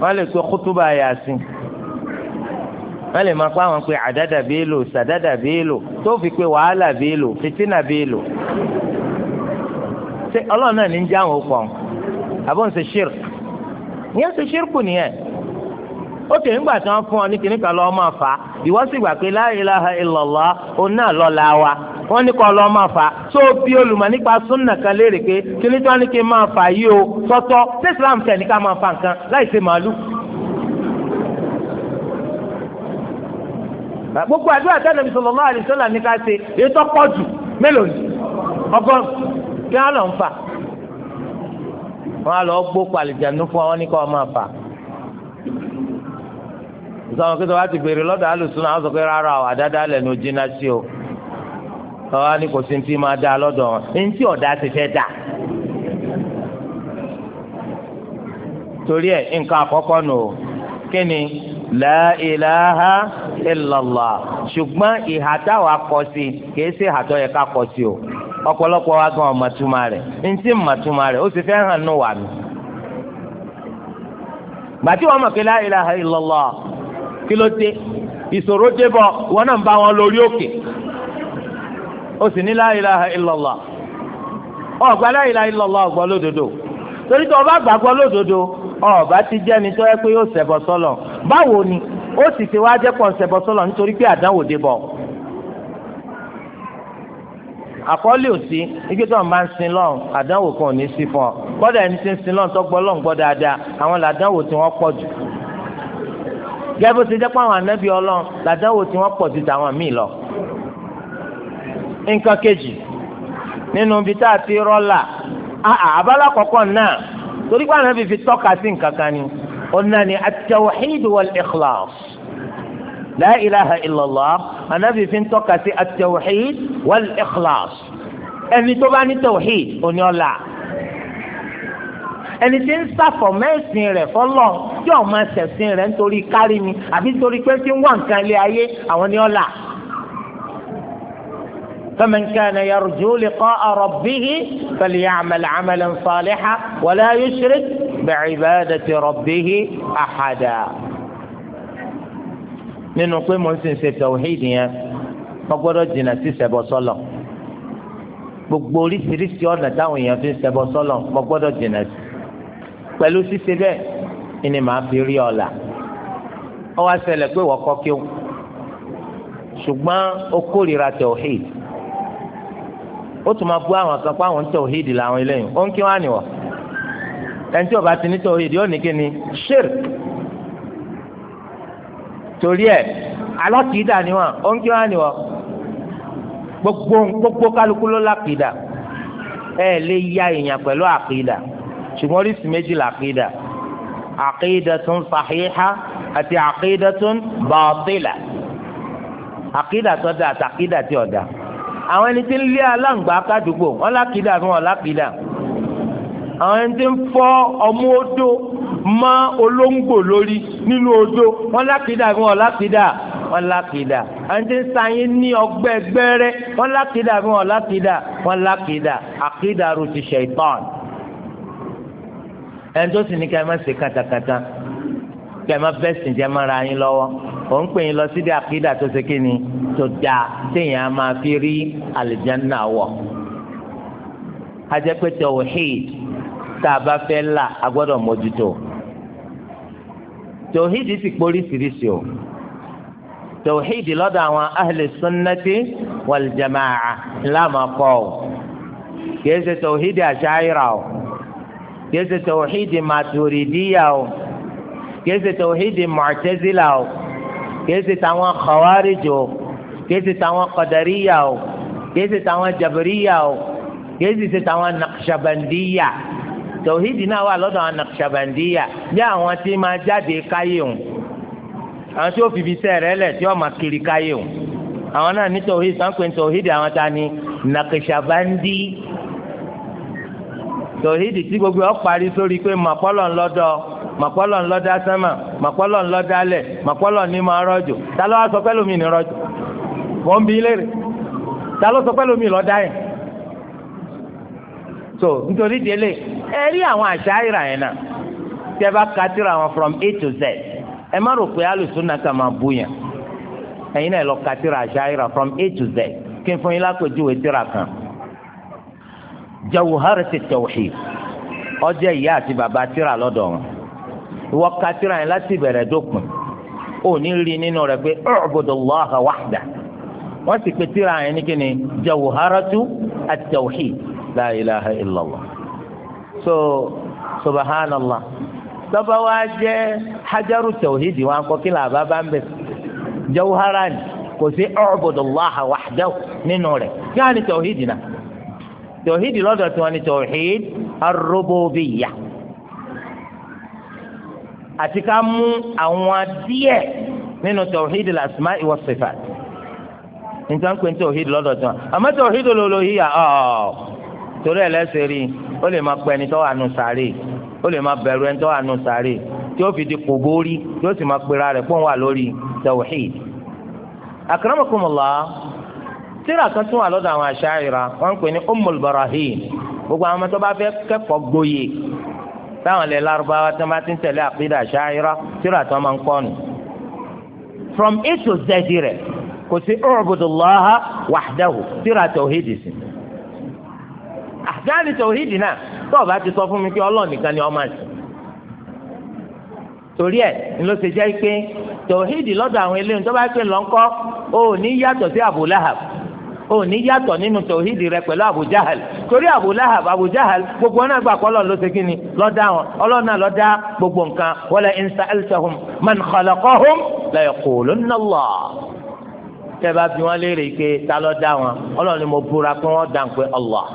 wọ́n lè pe kútúbà yasin wọ́n lè máa pa àwọn pé àdádà bíélò sàdádà bíélò tó fi pé wàhálà bíélò fìtínà bíélò ṣe ọlọ́run náà ní ń já àwọn òkò àbọ̀ ń ṣe shirk ìyẹn ṣe nìyẹn ó kè tí wọ́n fún ọ ní kíníkà máa ìwọ́sìgbà pé òun náà wọ́n ní kọ́ lọ́ọ́ máa fà á tó o bí olùmọ̀ nípa súnà kan léèrè pé kíní ní kí n máa fà o Islam ní ká máa fà nǹkan láì ṣe màálù. gbogbo àdúrà tẹ́lẹ̀ mi sọ̀rọ̀ máa ní ká ṣe èyí tó pọ̀ jù mélòó ni kí wọ́n lọ ń fà wọ́n á lọ gbó pàlìjànú fún wọn ní kọ́ ọ máa fà ìsọ̀rọ̀ kí sọ wá ti lọ́dọ̀ àlùsùn náà wọ́n sọ pé rárá o sí o. wọn á ní kò sí ti máa dá lọ́dọ̀ wọn ní tí ọ̀dà ti fẹ́ dà. torí ẹ nǹkan àkọ́kọ́ nù o kí ni la ilaha illallah ṣùgbọ́n ìhà táwa kọ sí kìí ṣe ìhà tó yẹ ká kọ sí o ọ̀pọ̀lọpọ̀ wa gan ọ̀mọ̀túnmá rẹ̀ ntí mọ̀túnmá rẹ̀ ó sì fẹ́ hàn nù wà mí. gbàtí wọn mọ̀ pé la ilaha illallah kí ló dé ìṣòro dé bọ̀ wọn náà ń bá wọn lórí òkè o sì ní la ilaha illallah ọ̀gbá la ilaha illallah ọ̀gbọ́ lódodo torí tó o bá gbàgbọ́ lódodo ọ̀bá ti jẹ́ ni tó yẹ pé yóò ṣẹbọ sọ́lọ̀ báwo ni ó sì ti wá jẹ́ pọ̀ ṣẹbọ sọ́lọ̀ nítorí pé àdánwò dé bọ̀ àkọọ́lẹ̀ òsì igi tó ń bá ń sin lọ́n àdánwò kan ò ní sí fún ọ gbọ́dọ̀ ẹni tí ń sin lọ́n tó gbọ́ lọ́n gbọ́ dáadáa àwọn làdánwò tí wọ́n pọ̀ jù gẹ́gẹ́ bó ti jẹ́ pé àwọn ànábì ọlọ́n làdánwò tí wọ́n pọ̀ ju tàwọn míì lọ nǹkan kejì nínú ibi tá a ti rọ́là abala kọ̀ọ̀kan náà torí pé ànábì fi tọ́ka sí nǹkan kan ni ọ̀nà ni at-tawhid wal-ikhlas la ilaha illallah ànábì fi tọ́ka sí at-tawhid wal-ikhlas ẹni tó bá ní tawhid òní ọ̀la ẹni tí ń sàfọ̀ mẹ́sìn rẹ̀ fọlọ́ yóò máa ṣẹ̀sìn rẹ̀ nítorí kárí mi àbí nítorí pé tí ń wà nǹkan ilé ayé àwọn ní ọ̀la. فمن كان يرجو لقاء ربه فليعمل عملا صالحا ولا يشرك بعبادة ربه أحدا nínú pé mo ń sin ṣe tawhid yẹn wọn gbọ́dọ̀ jìnnà sí ṣẹbọ sọlọ gbogbo oríṣiríṣi ọ̀nà táwọn èèyàn fi ń ṣẹbọ sọlọ wọn gbọ́dọ̀ jìnnà sí pẹ̀lú ṣíṣe bẹ́ẹ̀ ni màá fi rí ọ̀la ó wá ṣẹlẹ̀ pé wọ́n kọ́ kí o ṣùgbọ́n ó kórìíra tawhid ó tún máa bú àwọn kan pé àwọn ń tọ̀hídì làwọn eléyìí ó ń kí wọ́n á nìwọ̀ ẹni tí ó bá ti ní tọ̀hídì ó ní kí ni ṣírk torí ẹ̀ alákìídà ni wọ́n ó ń kí wọ́n á nìwọ̀ gbogbo gbogbo kálukú ló lákìídà ẹ lè ya èèyàn pẹ̀lú àkìídà ṣùgbọ́n oríṣi méjì làkìídà àkìídàtún sàhíhá àti àkìídàtún bàtílà àkìídà tó dáa àti àkìídà tí ò dáa àwọn ẹni tí ń lé aláǹgbá kádùúgbò wọn lákìdá ni wọn lákìdá àwọn ẹni tí ń fọ́ ọmú odó mọ olóńgbò lórí nínú odó wọn lákìdá ni wọn lákìdá wọn lákìdá àwọn ẹni tí ń sáyìn ní ọgbẹ́ gbẹ́rẹ́ wọn lákìdá ni wọn lákìdá wọn lákìdá àkìdá ru ti ṣaitan ẹni tó sì ní kí ẹ má ṣe kàtàkàtà kí ẹ má bẹ́sìn jẹ́ mọ́ra yín lọ́wọ́ ò ń pè yín lọ síbi àkídà tó ṣe kí ni tó dáa téèyàn á máa fi rí àlìjáná wọ̀ ajẹ́ pé tawhid tá a bá fẹ́ là a gbọ́dọ̀ mójútó tawhid sì póríṣiríṣi o tawhid lọ́dọ̀ àwọn ahli sunnati wal jamaa o kìí ṣe tawhid àṣàyíra o kìí ṣe tawhid màtúrídíyà o kìí ṣe tawhid mu'tazila o kìí ṣe tàwọn khawarij o kìí ṣe tàwọn qadariya o kìí ṣe tàwọn jabiriya o kìí ṣe ṣe tàwọn naqshabandiya tòhídìí náà wà lọ́dọ̀ àwọn naqshabandiya bí àwọn tí máa jáde káyé o àwọn tí ó fi fi sẹ́ rẹ̀ lẹ̀ tí ó máa kiri káyé o àwọn náà ní tòhídìí sáńpé tòhídìí àwọn ta ni naqshabandi tòhídìí tí gbogbo ọ parí sórí pé màkọ́lọ̀ ńlọ́dọ̀ọ́ màkọ́lọ̀ ńlọ́dá sánmà màkọ́lọ̀ ńlọ́dá lẹ̀ màkọ́lọ̀ ní máa rọ̀jò ta ló wá sọ pé lómi ní rọ̀jò wọ́n bí léèrè ta sọ pé lómi lọ́dá yẹn so nítorí délé ẹ rí àwọn àṣà yẹn náà tí ẹ bá ka wọn from a to ka àṣà from a to z kí n fún yín ìwọ ka tírà yẹn láti bẹ̀rẹ̀ dópin ó ní rí nínú rẹ̀ pé u'budullaha wahda wọ́n sì pe tírà yẹn ní kíni jawharatu at-tawhid la ilaha illallah so subhanallah tọ́ba wa jẹ́ hajaru tawhid wọn kọ́ kí làbá bá ń bẹ̀ jawharan kò sí u'budullaha wahdahu nínú rẹ̀ kí wọ́n ní tawhid náà tawhid lọ́dọ̀ tí wọ́n ní tawhid ar-rububiyyah àti ká mú àwọn díẹ̀ nínú tawhid al-asma wa sifat níta ń pè ní tawhid lọ́dọ̀ tán àmọ́ tawhid al-uluhiyya ọ̀ torí ẹ̀ lẹ́sẹ̀ rí ó lè máa pẹ́ ẹni tó wà nù sáré ó lè máa bẹ̀rù ẹni tó wà nù sáré tí ó fi di kòbórí tí ó sì máa pera rẹ̀ pọ́n wà lórí tawhid. akramakumullah tíra kan tún wà lọ́dọ̀ àwọn àṣàyíra wọ́n ń pè ní ummul barahin gbogbo àwọn ọmọ tó bá fẹ́ kẹ́kọ̀ọ́ táwọn ilẹ̀ Lárúbáwá tó máa ti ń tẹ̀lé àkídà Ṣáírà tíra tó máa ń kọ́ nù. from A to Z rẹ̀ kò sí ọ̀rọ̀bùdùláhà wàhdáhù tíra tòhídì sí. àdáni tòhídì náà tó o bá ti sọ fún mi pé Ọlọ́run nìkan ni ọmọ àti. torí ẹ̀ ni ló ṣe jẹ́ pé tòhídì lọ́dọ̀ àwọn eléyìí tó bá pè lọ́ńkọ́ ò ní yàtọ̀ sí Abu ò ní yàtọ̀ nínú tòhídì rẹ pẹ̀lú Abu Jahal torí Abu Lahab Abu Jahal gbogbo náà gbà kọ́ lọ́n ló ṣe kíni lọ́dá wọn ọlọ́run náà lọ́dá gbogbo nǹkan wala in sa'altahum man khalaqahum la yaqulunna Allah tẹ́ bá bí wọ́n léèrè pé ta ló dá wọn ọlọ́run ni mo búra pé wọ́n dà pé Allah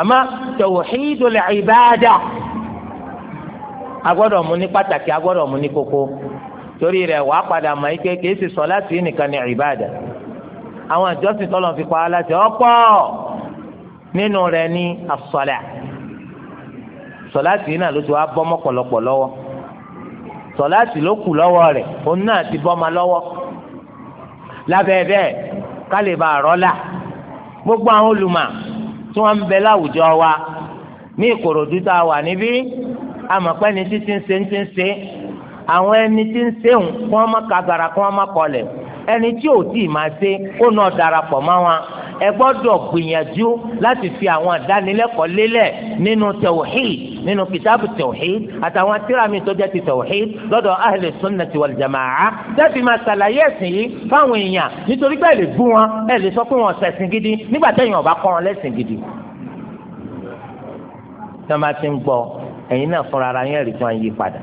àmọ́ tòhídùl ìbáàdà agbọ́dọ̀ mú ní pàtàkì agbọ́dọ̀ mú ní kókó torí rẹ̀ wàá padà mọ̀ ike àwọn àjọsìn tọ́lọ̀ fi pa á láti ọ̀pọ̀ nínú rẹ̀ ní as-salat sọláàtì náà ló ti wá bọ́ mọ́pọ̀lọpọ̀ lọ́wọ́ sọláàtì ló kù lọ́wọ́ rẹ̀ òun náà ti bọ́ ma lọ́wọ́ lábẹ́ bẹ́ẹ̀ ká gbogbo àwọn olùmọ̀ tí wọ́n ń bẹ láwùjọ wa ní ìkòròdú tá a wà níbí àmọ̀pẹ́ ni títí ń ṣe ń ti ń ṣe àwọn ẹni tí ń ṣe kí wọ́n má kagara kí wọ́n má kọlẹ̀ ẹni tí ò tí ì máa ṣe kó náà darapọ̀ mọ́ wọn ẹ gbọ́dọ̀ gbìyànjú láti fi àwọn àdánilẹ́kọ̀ọ́ lélẹ̀ nínú tawhid nínú kìtàbù tawhid àtàwọn tíramì tó jẹ́ ti tawhid lọ́dọ̀ ahli sunnati wal jamaa dẹ́bi máa ṣàlàyé ẹ̀sìn yìí fáwọn èèyàn nítorí pé ẹ lè bú wọn ẹ lè sọ pé wọn ṣẹ̀sìn gidi nígbà tẹ̀yìn ọ̀bá kọ́ wọn lẹ́sìn gidi. tí wọ́n bá ti ń gbọ́ ẹ̀yin náà fúnra ara yẹn rí fún ayé padà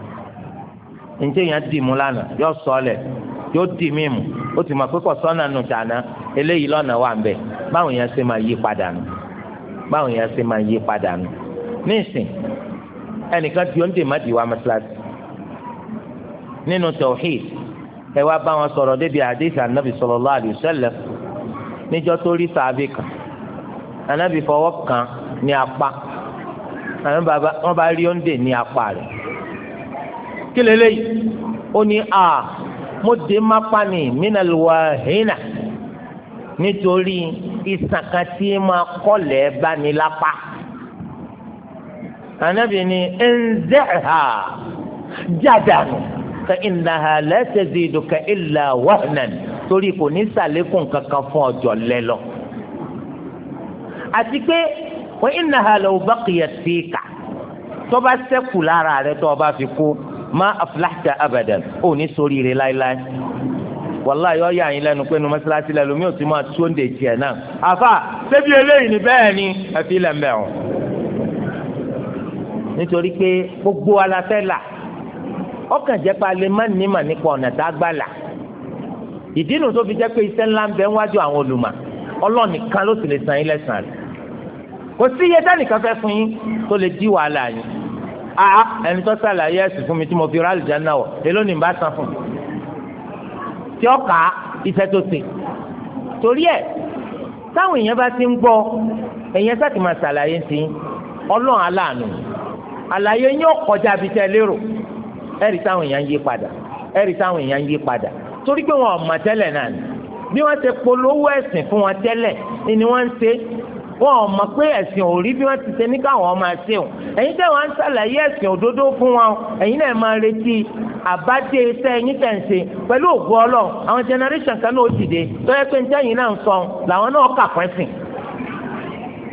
ǹjẹ́ yẹn dì mú lánàá yọ yóò dì mí mu ó ti mọ̀ pé kò sọ́nà nù tàná eléyìí lọ́nà wà ń bẹ̀ báwọn yẹn ṣe máa yí padà nù báwọn yẹn ṣe máa yí padà nù nísìn ẹnìkan tí ó ń dè má dìwà mọ́sálásí nínú tawhid ẹ wá bá wọn sọ̀rọ̀ débi àdéhìí ànábì sallallahu alaihi wasallam níjọ́ tó rí sàábì kan ànábì fọwọ́ kan ní apá àwọn bàbá wọn bá rí oúnjẹ ní apá rẹ̀ kí lélẹ́yìí ó ní a. Ah, mo dé má pani minal wahina nítorí ìsàkàtì máa kọ́lẹ̀ bá ní lápá anabi ni ẹnzẹ́ha jádàánù ka ìnáha lẹ́sẹ̀dì ìdùkà ìlà wahnan torí kò ní sàlékún kankan fún ọjọ́ lẹ́lọ. àti pé wọ́n ìnáha law baqiyat fika tó bá sẹ́kù lára rẹ̀ tó bá fi kú. Ma aflahta abadan ò ní sórí rẹ láéláé wàláyé ọ yà yín lẹ́nu pé nu mọ́sálásí lẹ́nu mi ò ti máa tó de tiẹ̀ náà àfà ṣebí eléyìí ni bẹ́ẹ̀ ni ẹ fi lẹ̀ mbẹ́ o nítorí pé gbogbo aláfẹ́ là ọkàn jẹ́ pé alẹ́ má ní mà nípa ọ̀nà tá a gbà là ìdí nu tó fi jẹ́ pé iṣẹ́ ńlá ń bẹ wájú àwọn olùmọ̀ Ọlọ́run nìkan ló sì lè san yín lẹ́sàn-án kò sí iye tẹ́nìkan fẹ́ fún yín tó lè dí wàhálà yín àá ah, ẹni tó sàlàyé ẹ̀sìn fún mi tí mo fi rálì jẹ́ náà wọ̀ èló ni bá san fún tí ó kà á iṣẹ́ tó ṣe torí ẹ̀ táwọn èèyàn bá ti ń gbọ́ èèyàn sá máa sàlàyé sí ọlọ́run aláàánú àlàyé yín ọ̀kọjá bíi tẹ́ lérò ẹ̀rí táwọn èèyàn ń yí padà ẹ̀rí táwọn èèyàn ń yí padà torí pé wọn ò mọ̀ tẹ́lẹ̀ náà ni bí wọ́n ṣe polówó ẹ̀sìn fún wọn tẹ́lẹ̀ ni wọ́n ń ṣe wọn ò mọ̀ pé ẹ̀sìn ò rí bí ti ṣe ní káwọn ọmọ o ń ṣàlàyé fún wọn náà máa retí ṣe ọlọ, àwọn generation kan náà dìde tó yẹ pé njẹ́ náà ń sọ làwọn náà kà pẹ́ sìn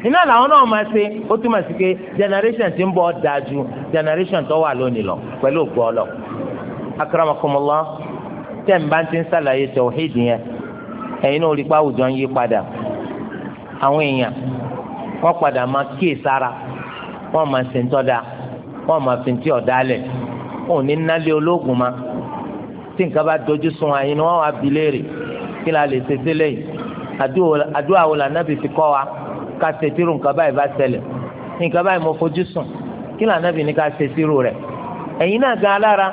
iná làwọn náà máa ṣe ó túmọ̀ sí pé generation ti ń bọ̀ dáa ju generation tó wà lónìí lọ pẹ̀lú ti àwọn èèyàn wọn padà máa kíyè sára wọn máa ṣe ń tọ́da wọ́n máa fi ti ọ̀dà lẹ̀ wọn ò ní nálé ológun ma tí nǹkan bá dojú sun àyìn ni wọ́n wá léèrè kí la lè ṣe fi kọ́ wa ká ṣe nǹkan báyìí bá ṣẹlẹ̀ nǹkan báyìí mo fojú sùn kí lànàbì ní ká ṣe rẹ̀ náà alára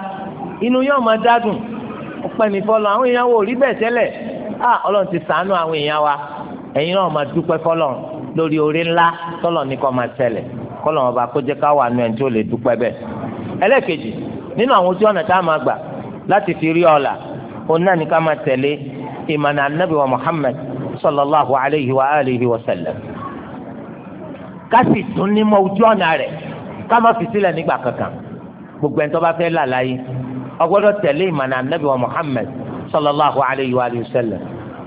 inú yóò máa dádùn àwọn èèyàn rí bẹ́ẹ̀ ah, ti àwọn èèyàn wa ẹ̀yin náà máa dúpẹ́ fọlọ́ lórí orí ńlá tọ́lọ̀ ní kọ́ máa ṣẹlẹ̀ kọ́lọ̀ ọba kó jẹ́ ká wà nù ẹni tí ó lè dúpẹ́ bẹ́ẹ̀. ẹlẹ́ẹ̀kejì nínú àwọn ojú ọ̀nà tá a máa gbà láti fi rí ọ̀la òun náà ní ká máa tẹ̀lé ìmọ̀nà anábì wa Muhammad sallallahu alayhi wa alihi wa sallam. ká sì tún ní mọ ojú ọ̀nà rẹ̀ ká má fi sílẹ̀ nígbà kankan gbogbo ẹni tó bá fẹ́ là láyé tẹ̀lé ìmọ̀nà anábì wa Muhammad sallallahu alayhi wa alihi wa sallam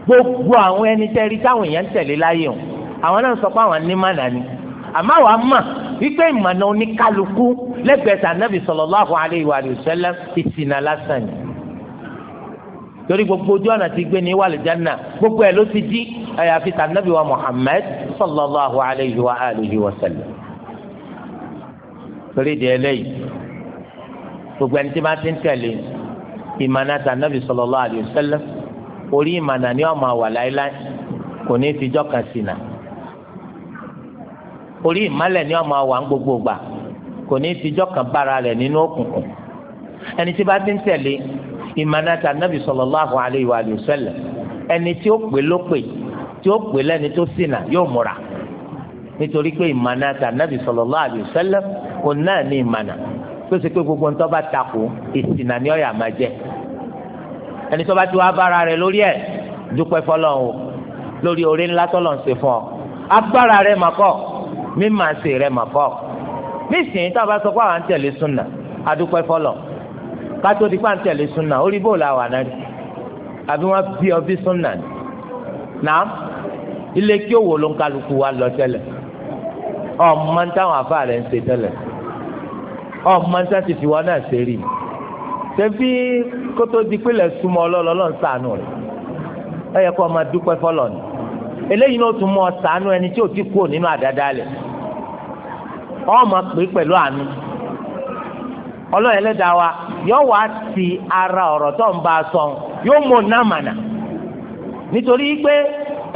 gbogbo àwọn ẹni tẹ́rí táwọn èèyàn ń tẹ̀lé láyé o àwọn náà sọ pé àwọn nímànà ni àmọ́ àwa mọ̀ wípé ìmọ̀nà oníkálukú lẹ́gbẹ̀ẹ́sà nàbì sallallahu alaihi wa sallam ìsìnà lásán ni torí gbogbo ojú ọ̀nà ti gbé ní wàlẹ̀ jẹ́nà gbogbo ẹ̀ ló ti dí àyàfi tànàbí wa Muhammad sallallahu alayhi wa alihi wa sallam. torí di eléyìí gbogbo ẹni tí wọ́n ti ń tẹ̀lé ìmọ̀nà tànàbí sallallahu alayhi wa sallam orí ìmànà ni ọmọ wà láéláé kò ní fi jọ́kan ṣìnà orí ìmálẹ̀ ni ọmọ wà ń gbogbo gbà kò ní fi jọ́kan bára rẹ̀ nínú òkùnkùn ẹni tí bá ti ń tẹ̀lé ìmànà tà nàbì sallallahu alaihi wa sallam ẹni tí ó pè lópè tí ó pè lẹ́ni tó ṣìnà yóò múra nítorí pé ìmànà tà nàbì sallallahu alaihi wa sallam òun náà ní ìmànà tó ṣe pé gbogbo ń tọ́ bá takò ìṣìnà ni ọ̀yà ẹni tó bá ti wá bára rẹ̀ lórí ẹ̀ dúpẹ́ fọlọ́n o lórí orí ńlá tọ́lọ̀ ń ṣe fún ọ agbára rẹ̀ mà kọ́ mímà ṣe rẹ̀ mà kọ́ nísìnyí tá a bá sọ pé àwọn ń tẹ̀lé súnà adúpẹ́ fọlọ́ kátó di pé à ń tẹ̀lé súnà orí bò la wà náà àbí wọ́n bí ọ bí súnà ni náà ilé kí òwò ló ń kálukú wa lọ tẹ́lẹ̀ ọmọ ń táwọn afá rẹ̀ ń ṣe tẹ́lẹ̀ ọmọ ń tẹ́ ti fi wọn náà ṣe ṣebí koto dikpe le ọlọ́lọ́lọ́ ń lọ n'sanu ẹ yẹ kó ọmọ dúpẹ́ fọlọ́ ni eléyìí náà tún mọ sànù ẹni tí ò ti kú nínú àdáda lẹ̀ ọmọ pè pẹ̀lú àánú ọlọ́run ẹlẹ́dàá wa yóò wá ti ara ọrọ tó ń bá a sọ yóò mọ náà mànà nítorí pé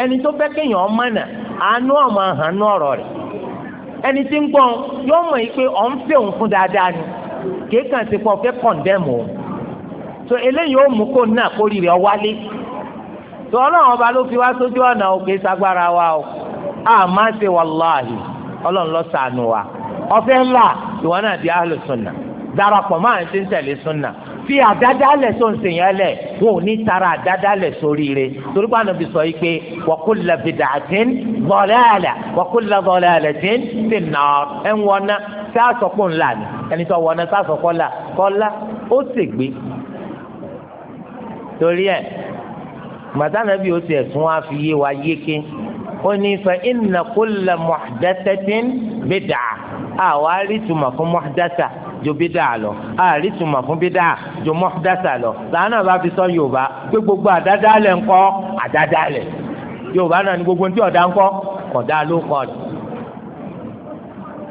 ẹni tó fẹ́ kéèyàn ọmọ nà àánú ọmọ àhánú ọrọ rẹ̀ ẹni tí ń gbọ́n yóò mọ̀ yìí pé ọ̀ ń fẹ́ òun fún dáadáa ni. kì í kàn sí pé o so eléyìí ó mú kó náà kórì rẹ̀ wálé tó ọlọ́run ọba ló fi wá sójú ọ̀nà òkè sagbára wa o a máa ṣe wàláhì ọlọ́run lọ sànù wa ọ̀fẹ́ ńlá ìwọ náà di ahlùsùnà darapọ̀ máa ń ṣe ń tẹ̀lé sùnà fi àdádálẹ̀ tó ń sèyàn lẹ̀ wọn ò ní tara àdádálẹ̀ sórí rẹ̀ torí pé ànábi sọ yìí pé wa kullu bid'atin dalalah wa kullu dalalatin fin-nar ẹ̀ ń wọ́n ná sáàsọ̀kọ̀ ńlá ni ẹni tó wọ́n ná sáàsọ̀kọ̀ ńlá kọ́lá ó ṣègbé torí ẹ̀ màtánàbí ó ti ẹ̀sùn wa fi yé wa yéké ó ní fa inna kulla muhdathatin ju bídà lọ àárí tùmọ̀ fún bídà ju lọ làwọn bá fi sọ yorùbá pé gbogbo àdádálẹ̀ ńkọ́ àdádálẹ̀ yorùbá náà ni gbogbo ní ọ̀dà ńkọ́ kọ̀dá ló kọ́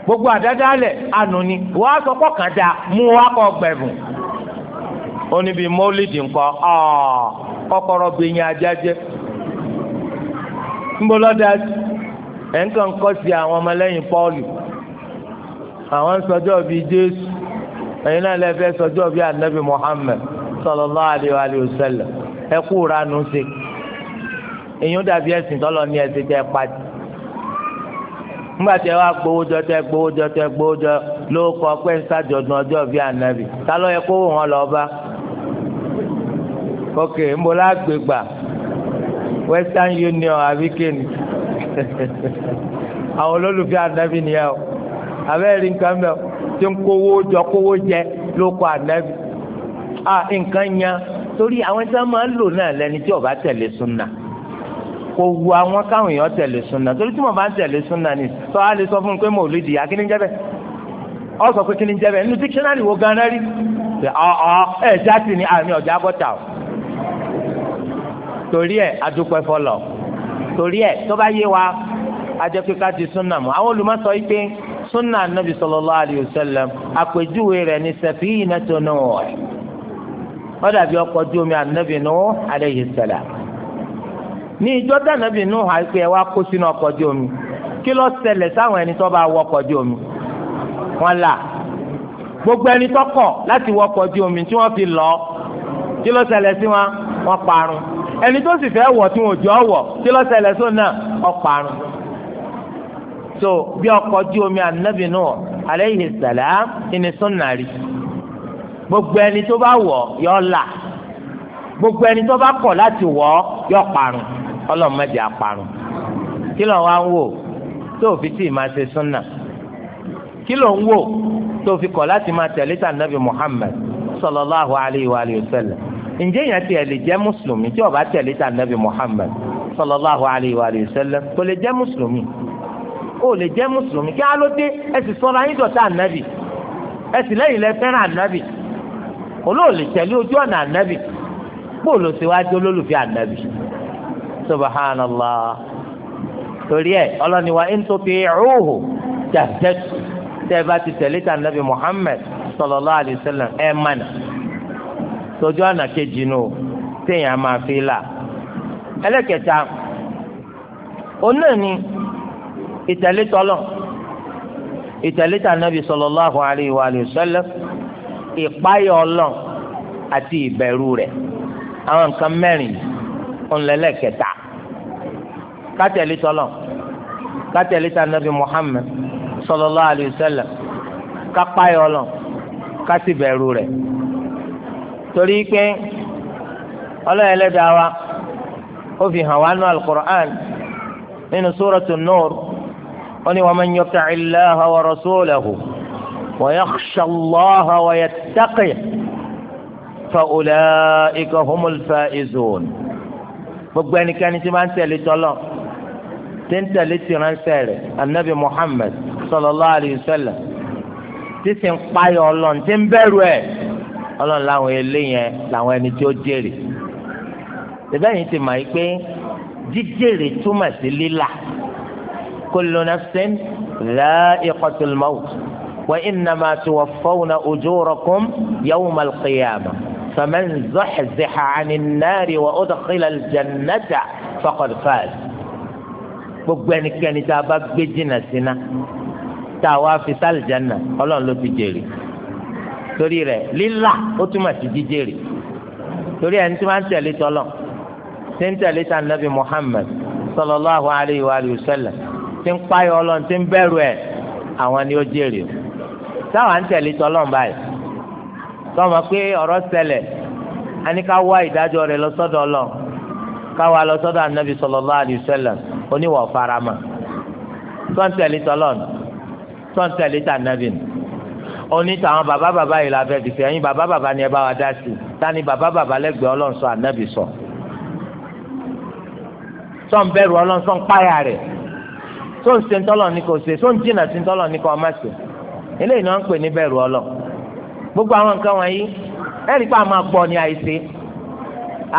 gbogbo àdádálẹ̀ ànú ni wọ́n á sọ pọ̀ kàn dá mú wa kọ́ gbẹ̀bùn ó ní bíi kọ́kọ́rọ́ ẹ̀ ẹ̀yin náà lè fẹ́ sọjọ́ anabi Muhammad sallallahu alaihi wa alihi wasallam ẹ kú ranú sí èyí ó dàbí ẹ̀sìn ní pàdé ẹ wá gbowó jọ tẹ gbowó jọ tẹ gbowó jọ ló kọ pé ń ta kó wọn lọ ok gbà Western Union àbí kéènì àwọn nìyẹn o abẹ́rẹ́ nǹkan mẹ́wọ́. tí ń kówó jọ kówó jẹ ló kọ ànábì à nǹkan yan torí àwọn tí wọn máa ń lò náà lẹni tí ó bá súnà kò wu àwọn káwọn èèyàn tẹ̀lé súnà torí tí mo bá ń tẹ̀lé súnà ni sọ á lè sọ fún mi pé mo lè dìyà kí ni jẹ́ bẹ́ẹ̀ ọ sọ pé kí ni jẹ́ bẹ́ẹ̀ nínú dictionary wo gan-an rí ọ̀ ọ̀ ẹ̀ jáde ní àmì ọ̀já bọ́tà o torí ẹ̀ adúpẹ́ fọlọ̀ torí ẹ̀ tó bá yé wa ajẹ́ pé súnà mọ́ àwọn olùmọ̀ sọ yìí pé sunna anabi sallallahu alayhi wa sallam àpèjúwe rẹ̀ ní safinatu Nuh ó dàbí ọkọ̀ ojú omi anabi Nuh alayhi salam ní ìjọ dànàbì Nuh àìpé ẹ wá kó sínú ọkọ̀ ojú omi kí ló ṣẹlẹ̀ sáwọn ẹni tó bá wọ ọkọ̀ ojú omi wọn là gbogbo ẹni tó kọ̀ láti wọ ọkọ̀ ojú omi tí wọ́n fi lọ kí ló ṣẹlẹ̀ sí wọn wọ́n parun ẹni tó sì fẹ́ wọ̀ tí wọn ò jọ wọ̀ kí ló ṣẹlẹ̀ sóun náà ó parun so bí ọkọ̀ ojú omi anabi nù aleyhi salam ìní sunnari gbogbo ẹni tó bá wọ̀ yọ là gbogbo ẹni tó bá kọ̀ láti wọ̀ yọ parun ọlọ́mọdé àparun kí ló wá ń wò tó fi tì máa ṣe sunna kí ló ń wò tó fi kọ̀ láti máa tẹ̀lé tà nàbì Muhammad sallallahu alayhi wa alihi wa sallam ǹjẹ́ yẹn tiẹ̀ lè jẹ́ mùsùlùmí tí ó tẹ̀lé tà nàbì Muhammad sallallahu alayhi wa alihi wa sallam kò lè jẹ́ mùsùlùmí. o lè jẹ́ mùsùlùmí kí á ló dé ẹ sì sọra yín dọ̀tá ànábì ẹ sì lẹ́yìn lẹ fẹ́ràn ànábì olóò tẹ̀lé ojú ọ̀nà ànábì bóòlù sí olólùfẹ́ ànábì subhanallah torí ẹ ọlọ́ni wa ń jàdẹ́tù tẹ́ ẹ bá ti tẹ̀lé alaihi wasallam ẹ mànà ọ̀nà kejì nù ni. ìtẹ̀lé tọ́lọ̀ ìtẹ̀lé tànàbì sallallahu alaihi wa sallam ìpáyọ̀ ọlọ́ àti ìbẹ̀rù rẹ̀ àwọn nǹkan mẹ́rin ńlẹ́lẹ́kẹta kátẹ̀lé tọ́lọ̀ kátẹ̀lé tànàbì Muhammad sallallahu alaihi wa sallam kápáyọ̀ ọlọ́ kásì bẹ̀rù rẹ̀ torí pé ọlọ́yẹ̀lẹ́dàá wa ó fi hàn wá nù al-Qur'an nínú Suratu Nur wọ́n ní ومن يطع الله ورسوله ويخشى الله ويتقي فأولئك هم الفائزون gbogbo ẹnikẹ́ni tí máa ń tẹ̀lé tọ́lọ̀ tí ń tẹ̀lé tìránṣẹ́ rẹ̀ anabi muhammed sallallahu alayhi wa sallam tí sì ń payọ̀ ọlọ́run tí ń bẹ̀rù ẹ̀ ọlọ́run láwọn eléyẹn làwọn ẹni tí ó jèrè ìbẹ́yìn ti mọ̀ yìí pé jíjèrè túmọ̀ sí lílà. كل نفس ذائقة الموت، وإنما توفون أجوركم يوم القيامة. فمن faman zahziha 'anil nari wa udkhila al-jannata faqad faz gbogbo ẹnikẹ́ni tá a bá gbé jìnnà síná tá a wá fi sálì jẹ́nà ọlọ́run ló ti jèrè torí rẹ̀ lílà ó túmọ̀ sí jíjèrè torí ẹni tí wọ́n tẹ̀lé tọ́lọ̀ tí ń tẹ̀lé tà nàbì Muhammad sallallahu alayhi wa tí ń páyọ ọlọ́run tí ń bẹ̀rù ẹ̀ àwọn ni ó jèrè o táwọn ń tẹ̀lé tọ́lọ́run báyìí tọ́mọ pé ọ̀rọ̀ ṣẹlẹ̀ a ní ká wá ìdájọ́ rẹ̀ lọ sọ́dọ̀ ọlọ́run ká lọ sọ́dọ̀ ànábì sallallahu alaihi wasallam oníwọ̀ farama tọ́n tẹ̀lé tọ́lọ́run tọ́n tẹ̀lé tànábì oní tàwọn bàbá bàbá yìí la fẹ́ fi fẹ́ yín bàbá bàbá ni ẹ bá wa dá sí tani bàbá bàbá lẹ́gbẹ̀ẹ́ ọlọ́run sọ ànábì sọ tọ́n bẹ̀rù ọlọ́run sọ́n páyà rẹ̀ tó ń ṣe ńtọ́lọ̀ ní kò ṣe tó ń jìnnà sí ńtọ́lọ̀ ní kò ọmọ ṣe eléyìí ni wọ́n ń pè ní bẹ̀rù ọlọ gbogbo àwọn nǹkan wọ̀nyí ẹ̀rí pé a máa gbọ́ ní àìsí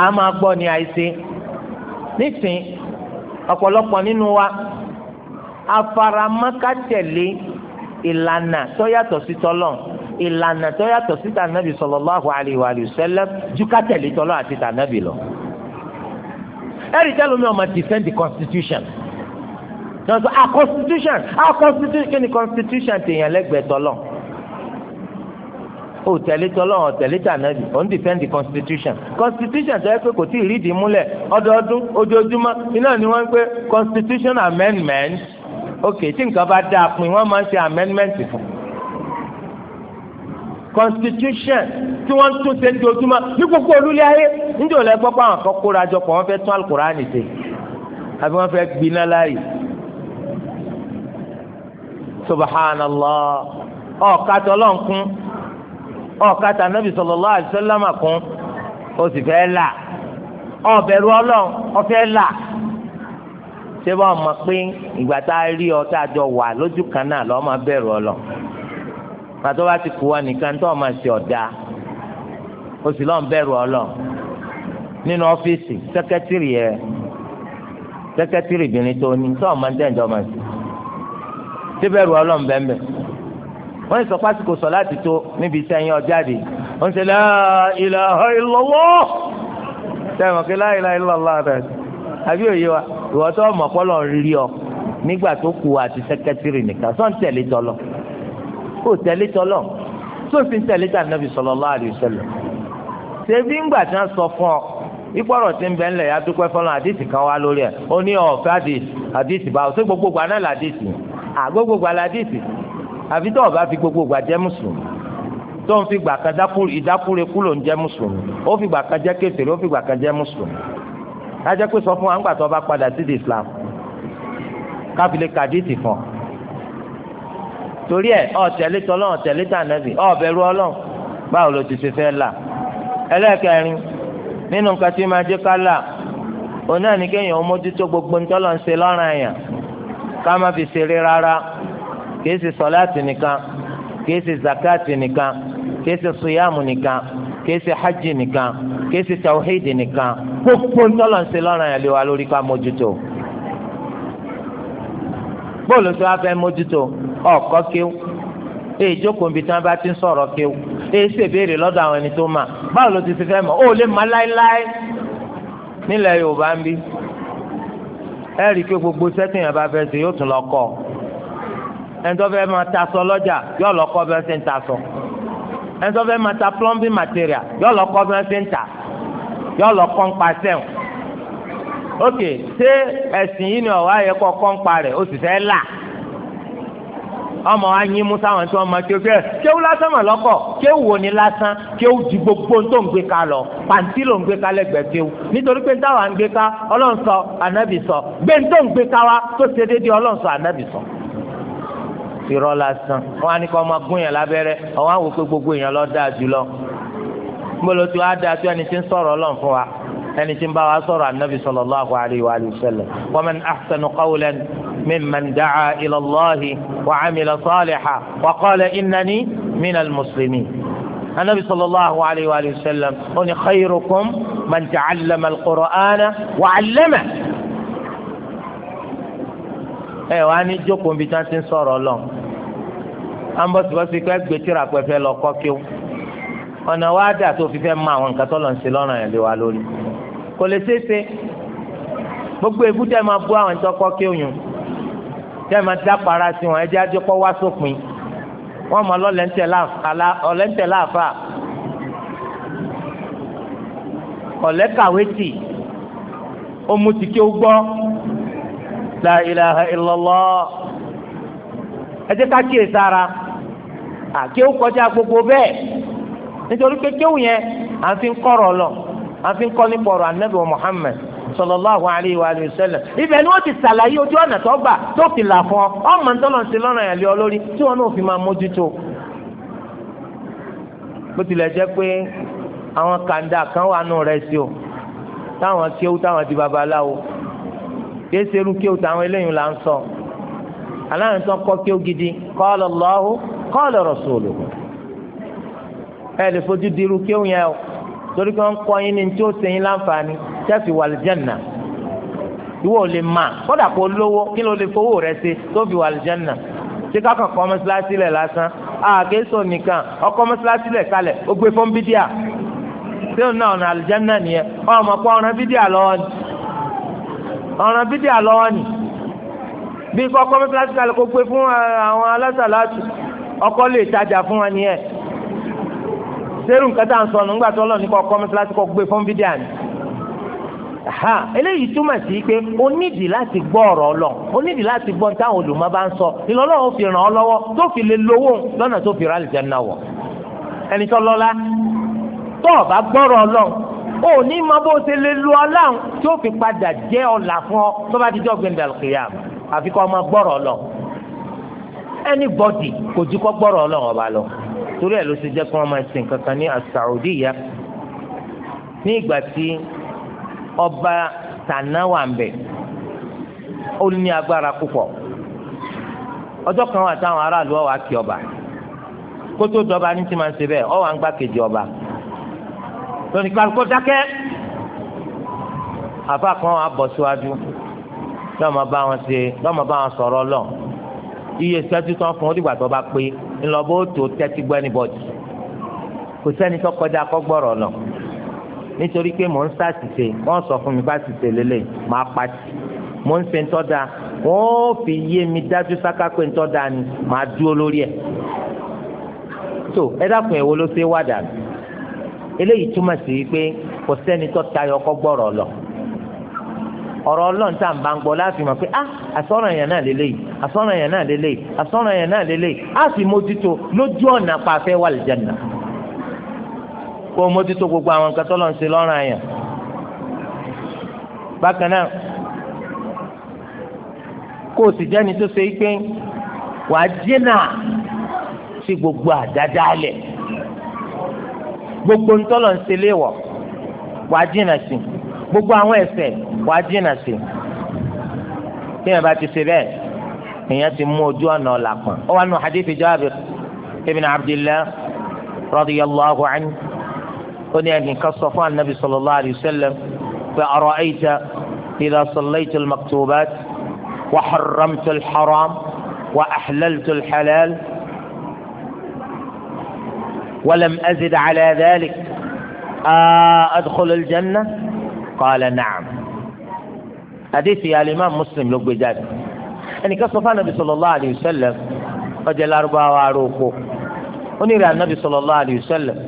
a máa gbọ́ ní àìsí nísìn ọ̀pọ̀lọpọ̀ nínú wa afaramákàtẹ̀lé ìlànà tó yàtọ̀ sí tọ́lọ̀ ìlànà tó yàtọ̀ sí tànàbì sallallahu alaihi wa sallam ju kátẹ̀lé tọ́lọ̀ àti tànàbì lọ ẹ̀rí tẹ́lómi ọmọ ti send the constitution náà sọ constitution ah constitution kí ni constitution tèèyàn lẹ́gbẹ̀ẹ́ tọ́lọ̀ o tẹ̀lé tọ́lọ̀ ọ̀ tẹ̀lé tànàbì ò ń defend the constitution constitution tó yẹ pé kò tí ì rídìí múlẹ̀ ọdọọdún ojoojúmọ́ iná ni wọ́n ń pè constitution amendment ok tí nǹkan bá dáa pin wọ́n máa ń ṣe amendment fún constitution tí wọ́n tún ṣe ń dojúmọ́ ní gbogbo olúlé ayé níjọ́ lẹ́gbọ́pọ̀ àwọn kan kóra jọ pọ̀ wọ́n fẹ́ tún alukur'ani ṣe àbí wọ́n fẹ́ gbiná láàyè. subhanallah ọ̀kàtà ọlọ́nkún ọ̀kàtà nabi sallallahu alaihi kún ó sì fẹ́ là ọ̀bẹ̀rù ọlọ́run ọ̀fẹ́ là ṣé bá ọmọ pé ìgbà tá a rí ọ tá a jọ wà lójú kan náà lọ́ọ́ máa bẹ̀rù ọlọ́run pàtó bá ti kú wa nìkan tó ọmọ ṣe ọ̀dà ó sì bẹ̀rù nínú ọ́fíìsì sẹ́kẹ́tìrì yẹ sẹ́kẹ́tìrì tó ní tó ń ṣe síbẹ̀rù ọlọ́run bẹ́ẹ̀ wọ́n sọ pásítọ̀ sọ láti tó níbi iṣẹ́ yẹn ọjáde wọ́n sọ la ilaha illallah sẹ́wọ̀n kí la ilaha illallah rẹ̀ àbí òye wa ìwọ́n tó mọ̀ pọ́lọ̀ rírí ọ nígbà tó kù àti sẹ́kẹ́tìrì nìkan sọ́n tẹ̀lé tọ́lọ̀ ó tẹ̀lé tọ́lọ̀ tó fi ń tẹ̀lé tà nàbì sallallahu alaihi wasallam ṣebí ńgbà tí wọ́n sọ fún ọ ìgbọ́rọ̀ tí ń bẹ ńlẹ̀ yá dúpẹ́ fọlọ́n àdìsí kan wá lórí ẹ̀ ó ní ọ̀fẹ́ àdìsí àdìsí báwo ṣé gbogbo gbà náà làdìsí àgbógbò aladidi àfi tó o bá fi gbogbo gbà mùsùlùmí tó fi gbà kan ìdákúre kúlò ń jẹ́ mùsùlùmí ó fi gbà kan jẹ́ ó fi gbà kan mùsùlùmí lájẹ́ pé sọ fún Islam fún ọ torí ẹ ọ ọ ọ báwo ló ti ṣe là nínú nǹkan tí ká là òun náà ká má fi ṣeré rárá kìí ṣe sọláàtì nìkan kìí ṣe zakati nìkan kìí ṣe suyamu nìkan kìí ṣe hajj nìkan kìí ṣe tawhidi nìkan gbogbo ńlọrọ ṣe lọ́rọ̀ yẹn lé wa lórí ká mójútó bóòlù tó wá fẹ́ mójútó ọ̀kọ́ kíw èyí jókòó nbí tí wọ́n bá ti ń sọ̀rọ̀ kíw èyí ṣèbéèrè lọ́dọ̀ àwọn ẹni tó mà báwo ló ti ṣe fẹ́ mọ̀ ó lè má láéláé nílẹ̀ Yorùbá ń bí ẹ rí i pé gbogbo sẹ́tìn yẹn bá fẹ́ ṣe yóò tún lọ kọ́ ẹni tó fẹ́ máa tasọ lọ́jà yóò lọ kọ́ bí wọ́n ṣe ń tasọ ẹni tó fẹ́ máa ta plumbing material yóò lọ kọ́ bí ṣe ń tà yóò lọ kọ́ ń pa sẹ́wọ̀n ok ṣé ẹ̀sìn yìí ni ọ̀wá yẹ kọ́ kọ́ ń pa rẹ̀ ó sì fẹ́ là ọmọ wa yín musa wọn tí wọn máa kéwù kéwù kéwù lásán mà lọkọ kéwù wo ni lásán kéwù ju gbogbo tó ń gbé ka lọ pàǹtí ló ń gbé ka lẹ́gbẹ̀ẹ́ kéwù nítorí pé táwa ń gbé ka ọlọ́run sọ ànábì sọ gbé tó ń gbé ka wa tó ṣe déédéé ọlọ́run sọ ànábì sọ irọ́ lásán wọn á ní kó ọmọ gún yẹn lábẹ́rẹ́ ọ̀hún àwọn pé gbogbo èèyàn lọ dáa jùlọ gbọ́dọ̀ tí wàá dáa tó ẹni tí ń sọ̀rọ̀ ọlọ́run fún wa ẹni tí ń bá wa sọ̀rọ̀ ànábì sallallahu alaihi wa sallam wa man ahsanu qawlan ممن دعا إلى الله وعمل صالحا وقال إنني من المسلمين النبي صلى الله عليه وآله وسلم أن خيركم من تعلم القرآن وعلمه ẹ wàá ní jókòó níbi tí wọn ti ń sọ̀rọ̀ lọ à ń bọ sí bọsí pé gbẹtìrà pẹfẹ lọ kọ kí ó ọ̀nà wa dà tó fi fẹ́ mọ àwọn nǹkan tó lọ ń ṣe lọ́rùn ẹ̀ lé wa lórí kò lè ṣeé ṣe gbogbo èbúté máa bú àwọn ìtọ́kọ́ kí ó yùn tẹ́ ẹ máa dá para sí wọn ẹjẹ́ adékọ́ wá sópin wọ́n mọ ọlẹ́ńtẹ̀ láàfà ọ̀lẹ́kàwé tì ó gbọ́ la ilaha illallah ẹjẹ́ ká kíyè sára àkí ó kọjá gbogbo bẹ́ẹ̀ nítorí pé kéwù yẹn à ń fi kọ́rọ̀ lọ à ń fi kọ́ nípa ọ̀rọ̀ Muhammad. sallallahu alayhi wa sallam ibẹ̀ ni wọ́n ti sàlàyé ojú ọ̀nà tó gbà tó fi là fún ọ ọmọ ntọ́lọ̀ ti lọ́nà yẹn lé ọ lórí tí wọn náà fi máa mójútó. bó tilẹ̀ jẹ́ pé àwọn kàńdà kan wà nù rẹ̀ sí o táwọn kéwú táwọn di babaláwo kí ẹsẹ̀ irú kéwú táwọn eléyìí là ń sọ aláwọn tó kọ́ kéwú gidi qala Allahu qala rasuluhu ẹ̀ lè fojú di irú kéwú yẹn o torí pé wọ́n kọ́ yín ní tí ó ṣe láǹfààní tẹ́sí wàlìjẹ́nà ìwọ ò lè mà kódà kó lówó kí ló lè fowó rẹ ṣe tó fi wàlìjẹ́nà ṣé kákan kọ́ mọ́sálásí lẹ̀ lásán àkẹ́sọ̀ nìkan ọkọ́ mọ́sálásí lẹ̀ kalẹ̀ ó gbé fún bídíà ṣé òun náà ọ̀nà àlìjẹ́nà nìyẹn ọmọ pé ọ̀ràn bídíà lọ́wọ́ ni ọ̀ràn bídíà lọ́wọ́ ni bí kọ́kọ́ mọ́sálásí kalẹ̀ kó gbé fún àwọn alásàlátù ọkọ́ lè tajà fún wọn nìyẹn sẹ́rù nǹkan tá à ń sọ nígbà tó lọ́ọ̀ ní kọ́kọ́ mọ́sálásí kó gbé fún bídíà ni ha eléyìí túmọ̀ sí pé o nídìí láti gbọ́ ọ̀rọ̀ lọ o nídìí láti gbọ́ táwọn olùmọ̀ bá ń sọ ìlọ́lọ́wọ́ fi ràn ọ́ lọ́wọ́ tó fi lè lówó lọ́nà tó fi rà lè jẹun náà wọ̀ ẹni tó lọ́lá tó o bá gbọ́rọ̀ lọ o ní mọ bó ṣe lè lu ọlá tó fi padà jẹ́ ọ̀là fún ọ tó bá ti jọ́ gbẹ̀ndẹ̀ kìyàm àfi kọ́ ọmọ gbọ́rọ̀ lọ anybody kò ju kọ́ gbọ́rọ̀ ọlọ́run ọba lọ torí ẹ̀ ló ṣe jẹ́ kí wọ́n máa ṣe nǹkan kan ní Saudiya ní ìgbà tí ọba tànà wà ń bẹ ó ní agbára púpọ̀ ọjọ́ kan wà táwọn aráàlú ọ̀wá kí ọba kótó dọba ní ti máa ń ṣe bẹ́ẹ̀ ọ̀wá ń gbá kejì ọba lónìí kálukó dákẹ́ àfa kan wà bọ̀ síwájú lọ́mọ bá wọn ṣe lọ́mọ bá wọn sọ̀rọ̀ lọ iye sẹ́tú tán fún onígbà tó bá pé ńlọ bó tó tẹ́tí gbẹ́ni bọ́ọ̀dì kò sẹ́ni tó kọjá kọ́ gbọ́rọ̀ lọ nítorí pé mò ń ṣàṣìṣe wọ́n sọ fún mi bá ṣìṣe lélẹ̀ máa pàṣẹ mò ń ṣe ńtọ́ da wọ́n ó fi yé mi dájú sáká pé ńtọ́ da ni màá dúró lórí ẹ̀ tó ẹ dákun ẹ̀wọ́ ló ṣe wà dàbí eléyìí túmọ̀ sí pé kò sẹ́ni tó tayọ kọ́ gbọ́rọ̀ lọ ọ̀rọ̀ ọlọ́run tá à bá ń gbọ́ láti mọ̀ pé ah àsọ̀rọ̀ yẹn náà lélẹ́yìí àsọ̀rọ̀ yẹn náà lélẹ́yìí àsọ̀rọ̀ yẹn náà lélẹ́yìí á sì mójútó lójú ọ̀nà pàfẹ́ wà lìjẹ́ náà kó o mójútó gbogbo àwọn nǹkan tọ́lọ̀ ń ṣe lọ́rùn àyàn bákan náà kó o sì jẹ́ni tó ṣe pé wà á jìnnà sí gbogbo àdádálẹ̀ gbogbo ntọ́lọ̀ ń ṣe léèwọ̀ wà á jìnnà sí gbogbo àwọn ẹ̀ṣẹ̀ wà á jìnnà sí tí yẹn bá ti ṣe bẹ́ẹ̀ èèyàn ti mú ojú ọ̀nà ọ̀la kan ó wà nù hadith Jabir ibn Abdillah radiyallahu anhu. قني أن كصفان النبي صلى الله عليه وسلم فأرأيت إذا صليت المكتوبات وحرمت الحرام وأحللت الحلال ولم أزد على ذلك آه، أدخل الجنة قال نعم حديث يا الإمام مسلم لو بجد أني كصفان النبي صلى الله عليه وسلم فجل أربعة وعروقه ونرى النبي صلى الله عليه وسلم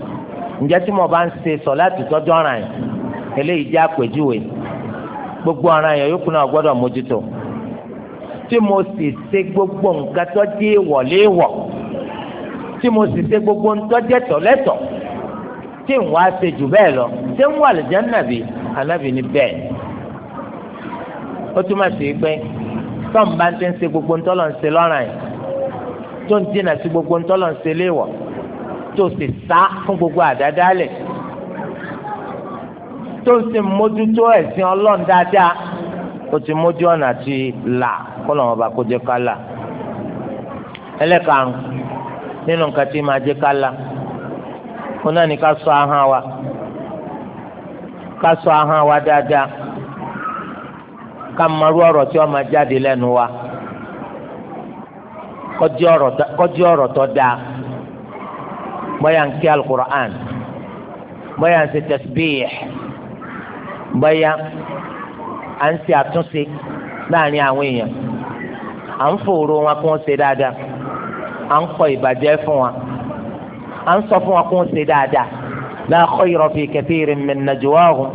ǹjẹ́ tí mo bá ń ṣe sọ̀láàtì tọ́jú ọ̀ràn yẹn eléyìí jẹ́ àpèjúwe gbogbo ọ̀ràn yẹn yókù náà gbọ́dọ̀ mójútó tí mo sì ṣe gbogbo nǹkan tó dé wọ̀léwọ̀ tí mo sì se gbogbo nǹkan jẹ́ tọ̀lẹ́tọ̀ tí ń wá ṣe jù bẹ́ẹ̀ lọ tí ń wà lẹ́jẹ̀ nàbì ànábì ní bẹ́ẹ̀ ó túmọ̀ sí pé tọ́ǹba ti ń ṣe gbogbo nǹkan tó lọ́n ṣe lọ́ràn yẹn tó ń dínà sí gbogbo nǹkan tó lọ́n ṣe léwọ̀ tó sì sá fún gbogbo àdádálẹ̀ tó sì mójútó ẹ̀sìn ọlọ́run dáadáa ó ti mójú ọ̀nà àti là kọ́lọ́mọ bá kó jẹ́ ká là ẹlẹ́karùn nínú nǹkan tí máa jẹ́ ká là náà ní ká ahọ́n wa ká ṣọ́ ahọ́n wa dáadáa ká marú ọ̀rọ̀ tí wọ́n máa jáde lẹ́nu wa kọjú ọ̀rọ̀ tó dáa. بيان كي القرآن بيان سي تسبيح بيان أنسي أتنسي داني أوينيا أنفورو ما كون سيدادا أنقوي بجيفوا أنصفوا ما كون سيدادا لا خير في كثير من نجواهم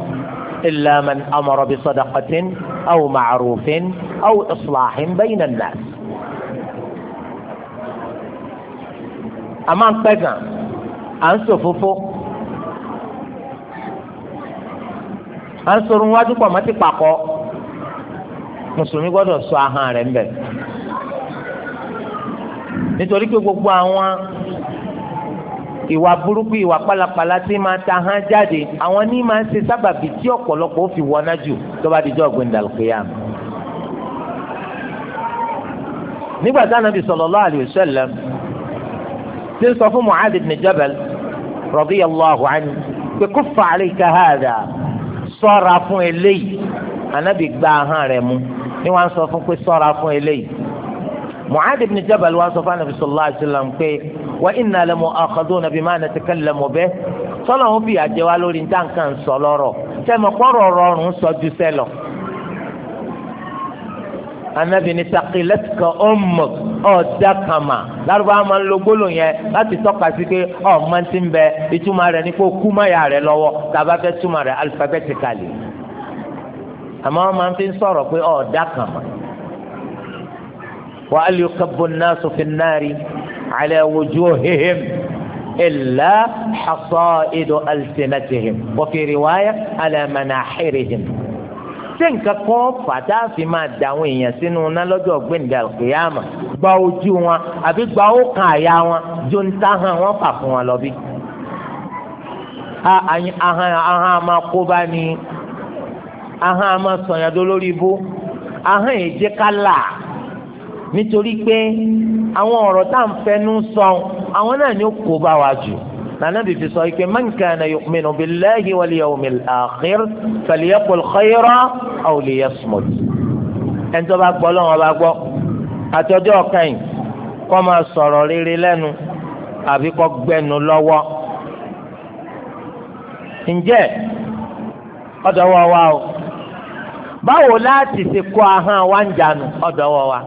إلا من أمر بصدقة أو معروف أو إصلاح بين الناس أمام بيان A ń ṣòfófó a ń sorun wájú pọ̀ mọ́tì pàkọ́ mùsùlùmí gbọ́dọ̀ ṣọ́ ahọ́n rẹ̀ ńbẹ̀ nítorí pé gbogbo àwọn ìwà burúkú ìwà pálapàla tí máa ta hán jáde àwọn ní máa ń ṣe sábàbí tí ọ̀pọ̀lọpọ̀ ó fi wọná jù tó bá dijọ́ gbẹ̀ndàlùkìyàm. nígbà tí Ànábì sallallahu ti sọ fún Mu'adh ibn Jabal radiyallahu anhu pé kuffa alayka hadha ṣọ́ra fún eléyìí anabi gba ahọ́n rẹ̀ mú ni wọ́n sọ fún pé ṣọ́ra fún eléyìí Mu'adh ibn Jabal wọ́n sọ fún anabi sallallahu alayhi wa sallam pé wa inna lamu'akhadhuna bima natakallamu bih sọlọ́wọ́n fìyà jẹ wá lórí nǹkan kan sọ lọ́rọ̀ tẹ́mọ̀ kọ́rọ̀ rọrùn sọ ju sẹ́lọ̀ anabi ni sakilatika ọmọ ọdakama lárúbá máa ń lo gbólóhùn yẹn láti tọ́ka sí pé ọmọ ti ń bẹ ìtumọ̀ rẹ̀ ní kó kú mọ́yà rẹ̀ lọ́wọ́ tàbá fẹ́ túmọ̀ rẹ̀ alifabẹ́tìkàlì àmọ́ wọn máa ń fi sọ̀rọ̀ pé ọdakama wa aliyukabu naasu fi naari ala wujuhihim illa hasaidu alsinatihim wa fi riwaya ala manahirihim ṣé nǹkan kan fàtà fi máa da àwọn èèyàn sínú iná lọ́jọ́ gbẹ̀ǹdà kìyàmà gba ojú wọn àbí gba ọkàn àyà wọn jó ń ta hàn wọ́n fà fún wọn lọ bí. ahàn ahàn máa kó bá ní ahàn máa sọ̀yàn dó lórí ibú ahàn yìí jẹ́ ká nítorí pé àwọn ọ̀rọ̀ tá à ń fẹnu sọ àwọn náà ni ó kó bá wa jù nànàbì fi sọ ike man kana yu'minu billahi wal yawmil akhir falyaqul khayra aw liyasmut ẹni tó bá gbọ́ lọ́wọ́ bá gbọ́ àtọ́jọ́ ọ̀kan yìí kó máa sọ̀rọ̀ rere lẹ́nu àbí kó gbẹnu lọ́wọ́ ǹjẹ́ ọ̀dọ̀ wọ̀ o báwo láti ṣe kó ahọ́n wa ń jànú ọ̀dọ̀ wọ̀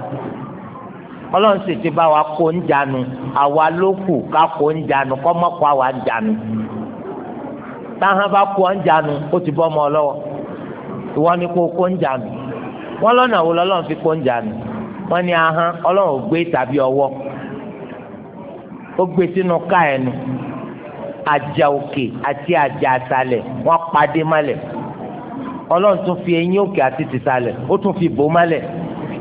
ọlọ́run sì ti bá wa kó ń janu àwa ló kù ká kó ń janu kọ́ mọ́ àwa ń janu bá kó ń janu ó ti bọ́ ọmọ ọlọ́wọ́ ìwọ ni kó kó ń janu wọ́n lọ́nà wo lọ́lọ́run fi kó ń janu wọ́n ní ahọ́n ọlọ́run ò gbé tàbí ọwọ́ ó gbé sínú ẹnu àjà òkè àti àjà pàdé ọlọ́run tún fi eyín òkè àti tìsàlẹ̀ ó tún fi bò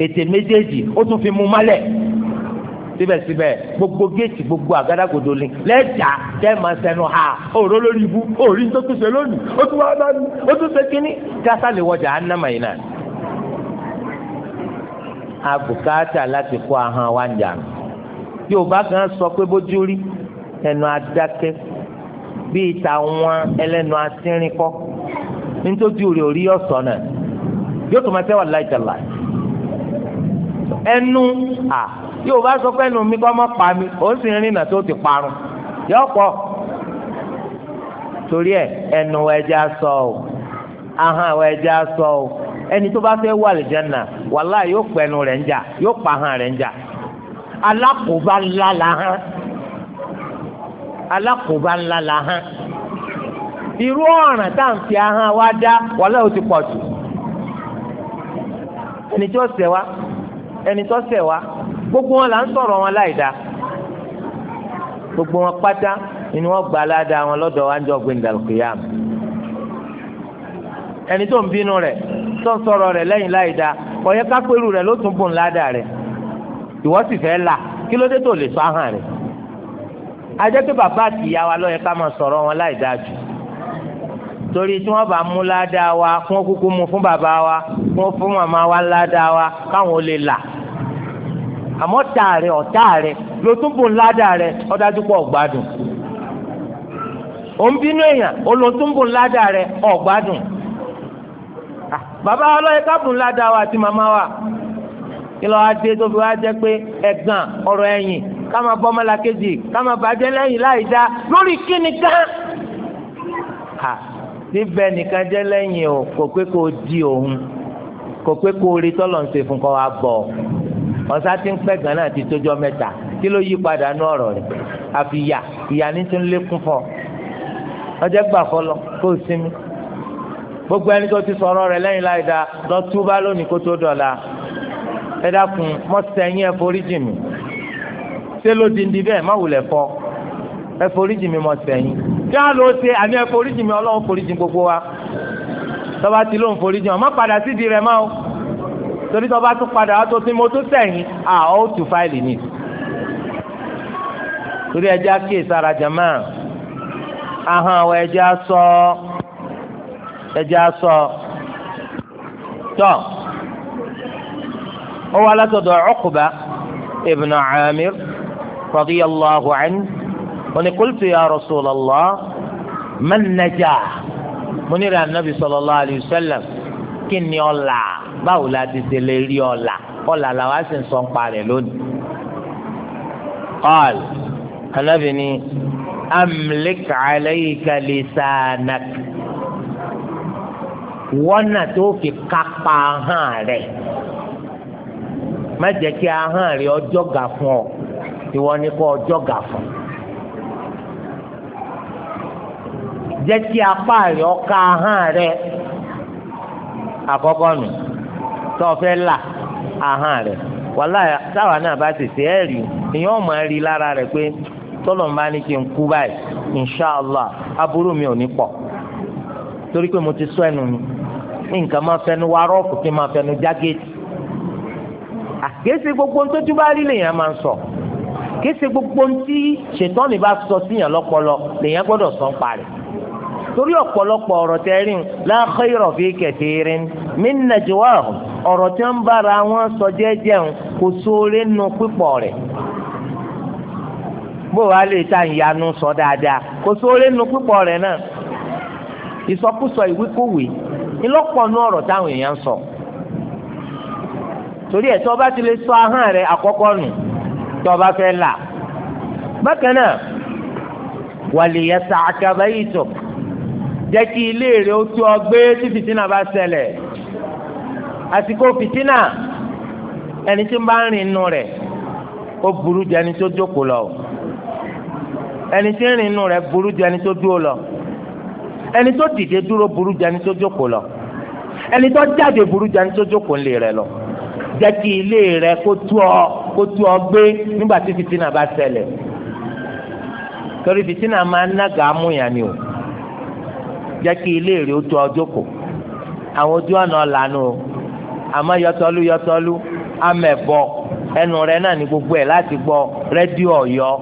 ètè méjèèjì ó tún fi mú málẹ̀ síbẹ̀síbẹ̀ gbogbo géètì gbogbo àgádágodo ni lẹ́jà tẹ́ máa ha òró lórí ibu òrí tó tún ṣe lónìí ó tún wá bá mi ó tún ṣe kínní gásà lè wọjà ánámà yìí náà. àbùkátà láti kó ahọ́n wa ń jà Yorùbá kan sọ pé bójú rí ẹnu adákẹ́ bíi tàwọn ẹlẹ́nu asínrín kọ́ nítorí orí ọ̀sán náà yóò tó máa tẹ́wà láìjà láì ẹnu à yóò bá sọ pé ẹnu mi kọ́ mọ́ pa mi òun sì ń rìnà ti parun yọ pọ̀ torí ẹ ẹnu ẹja sọ o ahọ́n àwọn ẹja sọ o ẹni tó bá fẹ́ wà lìjánà wàhálà yóò pẹnu rẹ̀ ń jà yóò pa ahọ́n rẹ̀ ń jà alákòóbá ńlá la hàn alákòóbá ńlá la ha, irú ọ̀ràn tá à ń fi wa dá wàhálà ó ti pọ̀ jù ẹni tí ẹni tó ṣẹ̀ wá gbogbo wọn là ń sọ̀rọ̀ wọn láì dáa gbogbo wọn pátá ni wọn gba aládàá wọn lọ́dọ̀ wa ń jọ gbẹndàlùkìyàm ẹni tó ń bínú rẹ̀ tó ń sọ̀rọ̀ rẹ̀ lẹ́yìn láì dáa ọyẹ kápẹ́rù rẹ̀ ló tún bùn ládàá rẹ̀ ìwọ sì fẹ́ là kí ló dé tó lè sọ ahọ́n rẹ̀ ajẹ́ pé bàbá àti ìyá wa lọ́yẹ ká máa sọ̀rọ̀ wọn láì dáa jù torí tí wọ́n bá mú ládàá wa kí kúkú mú fún bàbá wa kí fún màmá wa ládàá wa káwọn ó lè là àmọ́ tà rẹ ọ̀tá rẹ ló tún bò ńládà rẹ ọ̀dájú pọ̀ ọ̀gbádùn òǹbínú èèyàn ló tún bò ńládà rẹ ọ̀gbádùn ah, bàbá ọlọ́yẹ kábùn ńládà wa àti màmá wa kí lọ́wọ́ adé tó fi wá jẹ́ pé ẹ̀gàn ọ̀rọ̀ ẹ̀yìn ká máa bọ́ ọmọlàkejì ká máa bàjẹ́ lẹ́yìn láì dá lórí nìkan jẹ́ lẹ́yìn o kò pé kó di òun kò pé kó rí tọ́lọ̀ ń ṣe fún kọ́ wa bọ̀ ọ̀sá tí ń pẹ́ gan náà ti tójọ́ mẹ́ta kí ló yí padà nú ọ̀rọ̀ rẹ̀ àfi ìyà ni ní tún lékún fọ ọjọ́ gbà fọlọ kó o sinmi gbogbo ẹni tó ti sọ̀rọ̀ rẹ̀ lẹ́yìn láì da lọ túbá lónìí kó tó dọ̀la ẹ dákun mọ́sẹ̀yìn ẹ forí jì mí ṣé ló dindi bẹ́ẹ̀ má wulẹ̀ fọ ẹ forí jì mí mọ́sẹ̀yìn kí á lọ ṣe àní ẹ forí jì mí ọlọ́run forí jì gbogbo wa tọ́ba ti lóun forí jì wọn má padà sídìí rẹ̀ máa o torí tó bá tún padà wá tó sí mo tún sẹ́yìn à ó tù fáìlì ni torí ẹjẹ́ àkíyè sára jama ahọ́n àwọn ẹjẹ́ asọ ẹjẹ́ asọ tọ́ ó wá látọ̀dọ̀ Uqba ibn Amir radiyallahu anhu wọ́n kultu ya rasulallah man najah mo ní anabi sallallahu alayhi wa sallam kí ni ọ̀la báwo la ti ṣe lè rí ọ̀la ọ̀la làwa sì ń sọ ń parẹ̀ lónìí. qal anabi ni amlik alayka lisanak wọ́nà tó fi kápá ahọ́n rẹ̀ má jẹ́ kí ahọ́n rẹ̀ ọjọ́ gà fún ọ ìwọ ni kó ọjọ́ gà fún jẹ́ kí apá rẹ̀ ọka ahọ́n rẹ̀ àkọ́kọ́ nù. tó fẹ́ là ahọ́n rẹ̀ wàláhì táwa náà bá tètè ẹ̀ rí ìyẹn ò máa lára rẹ̀ pé tọ́lọ̀ ń bá ní kí n kú báyìí inshàlá aburú mi ò ní pọ̀ torí pé mo ti sọ ẹnu mi nǹkan máa fẹnu wa rọ́ọ̀kù kí n máa fẹnu jágéètì gbogbo ohun bá rí lèèyàn máa ń sọ gbogbo ohun tí bá sọ síyàn lọ́pọlọ lèèyàn gbọ́dọ̀ sọ ń parẹ́ torí ọ̀pọ̀lọpọ̀ ọ̀rọ̀ ọ̀rọ̀ tí wọ́n ń bára wọn sọ jẹ́jẹun kò sóore nu pípọ̀ rẹ̀ bó wàá lè ta ìyanu sọ dáadáa kò sóore nu pípọ̀ rẹ̀ náà ìsọkúsọ ìwíkúwì ńlọ́pọ̀nù ọ̀rọ̀ táwọn èèyàn sọ torí ẹ̀ tí wọ́n bá ti lè sọ ahọ́n rẹ̀ àkọ́kọ́ nù tí wọ́n bá fẹ́ là bákan náà wàlìyẹ sàkàbẹ́yìí tó jẹ́ kí ilé rẹ̀ ó ọ gbé títí tí náà bá ṣẹlẹ̀. àsìkò fìtínà ẹni tí ń bá ń rìn inú rẹ̀ ó burú ju ẹni tó jókòó lọ ẹni tí ń rìn inú rẹ̀ burú ju ẹni tó dúró lọ ẹni tó dìde dúró burú ju ẹni tó jókòó lọ ẹni tó jáde burú ju ẹni tó jókòó lé rẹ̀ lọ jẹ́ kí ilé rẹ̀ kó tú ọ kó tú ọ gbé nígbà tí fìtínà bá ṣẹlẹ̀ torí fìtínà máa ń nága amúyàn ni o jẹ́ kí ilé rẹ̀ ó tú ọ jókòó àwọn ojú ọ̀nà ọ̀lànà o àmọ́ yọtọlú yọtọlú amẹ̀bọ ẹnu rẹ náà ní gbogbo ẹ̀ láti gbọ́ rédíò ọ̀yọ́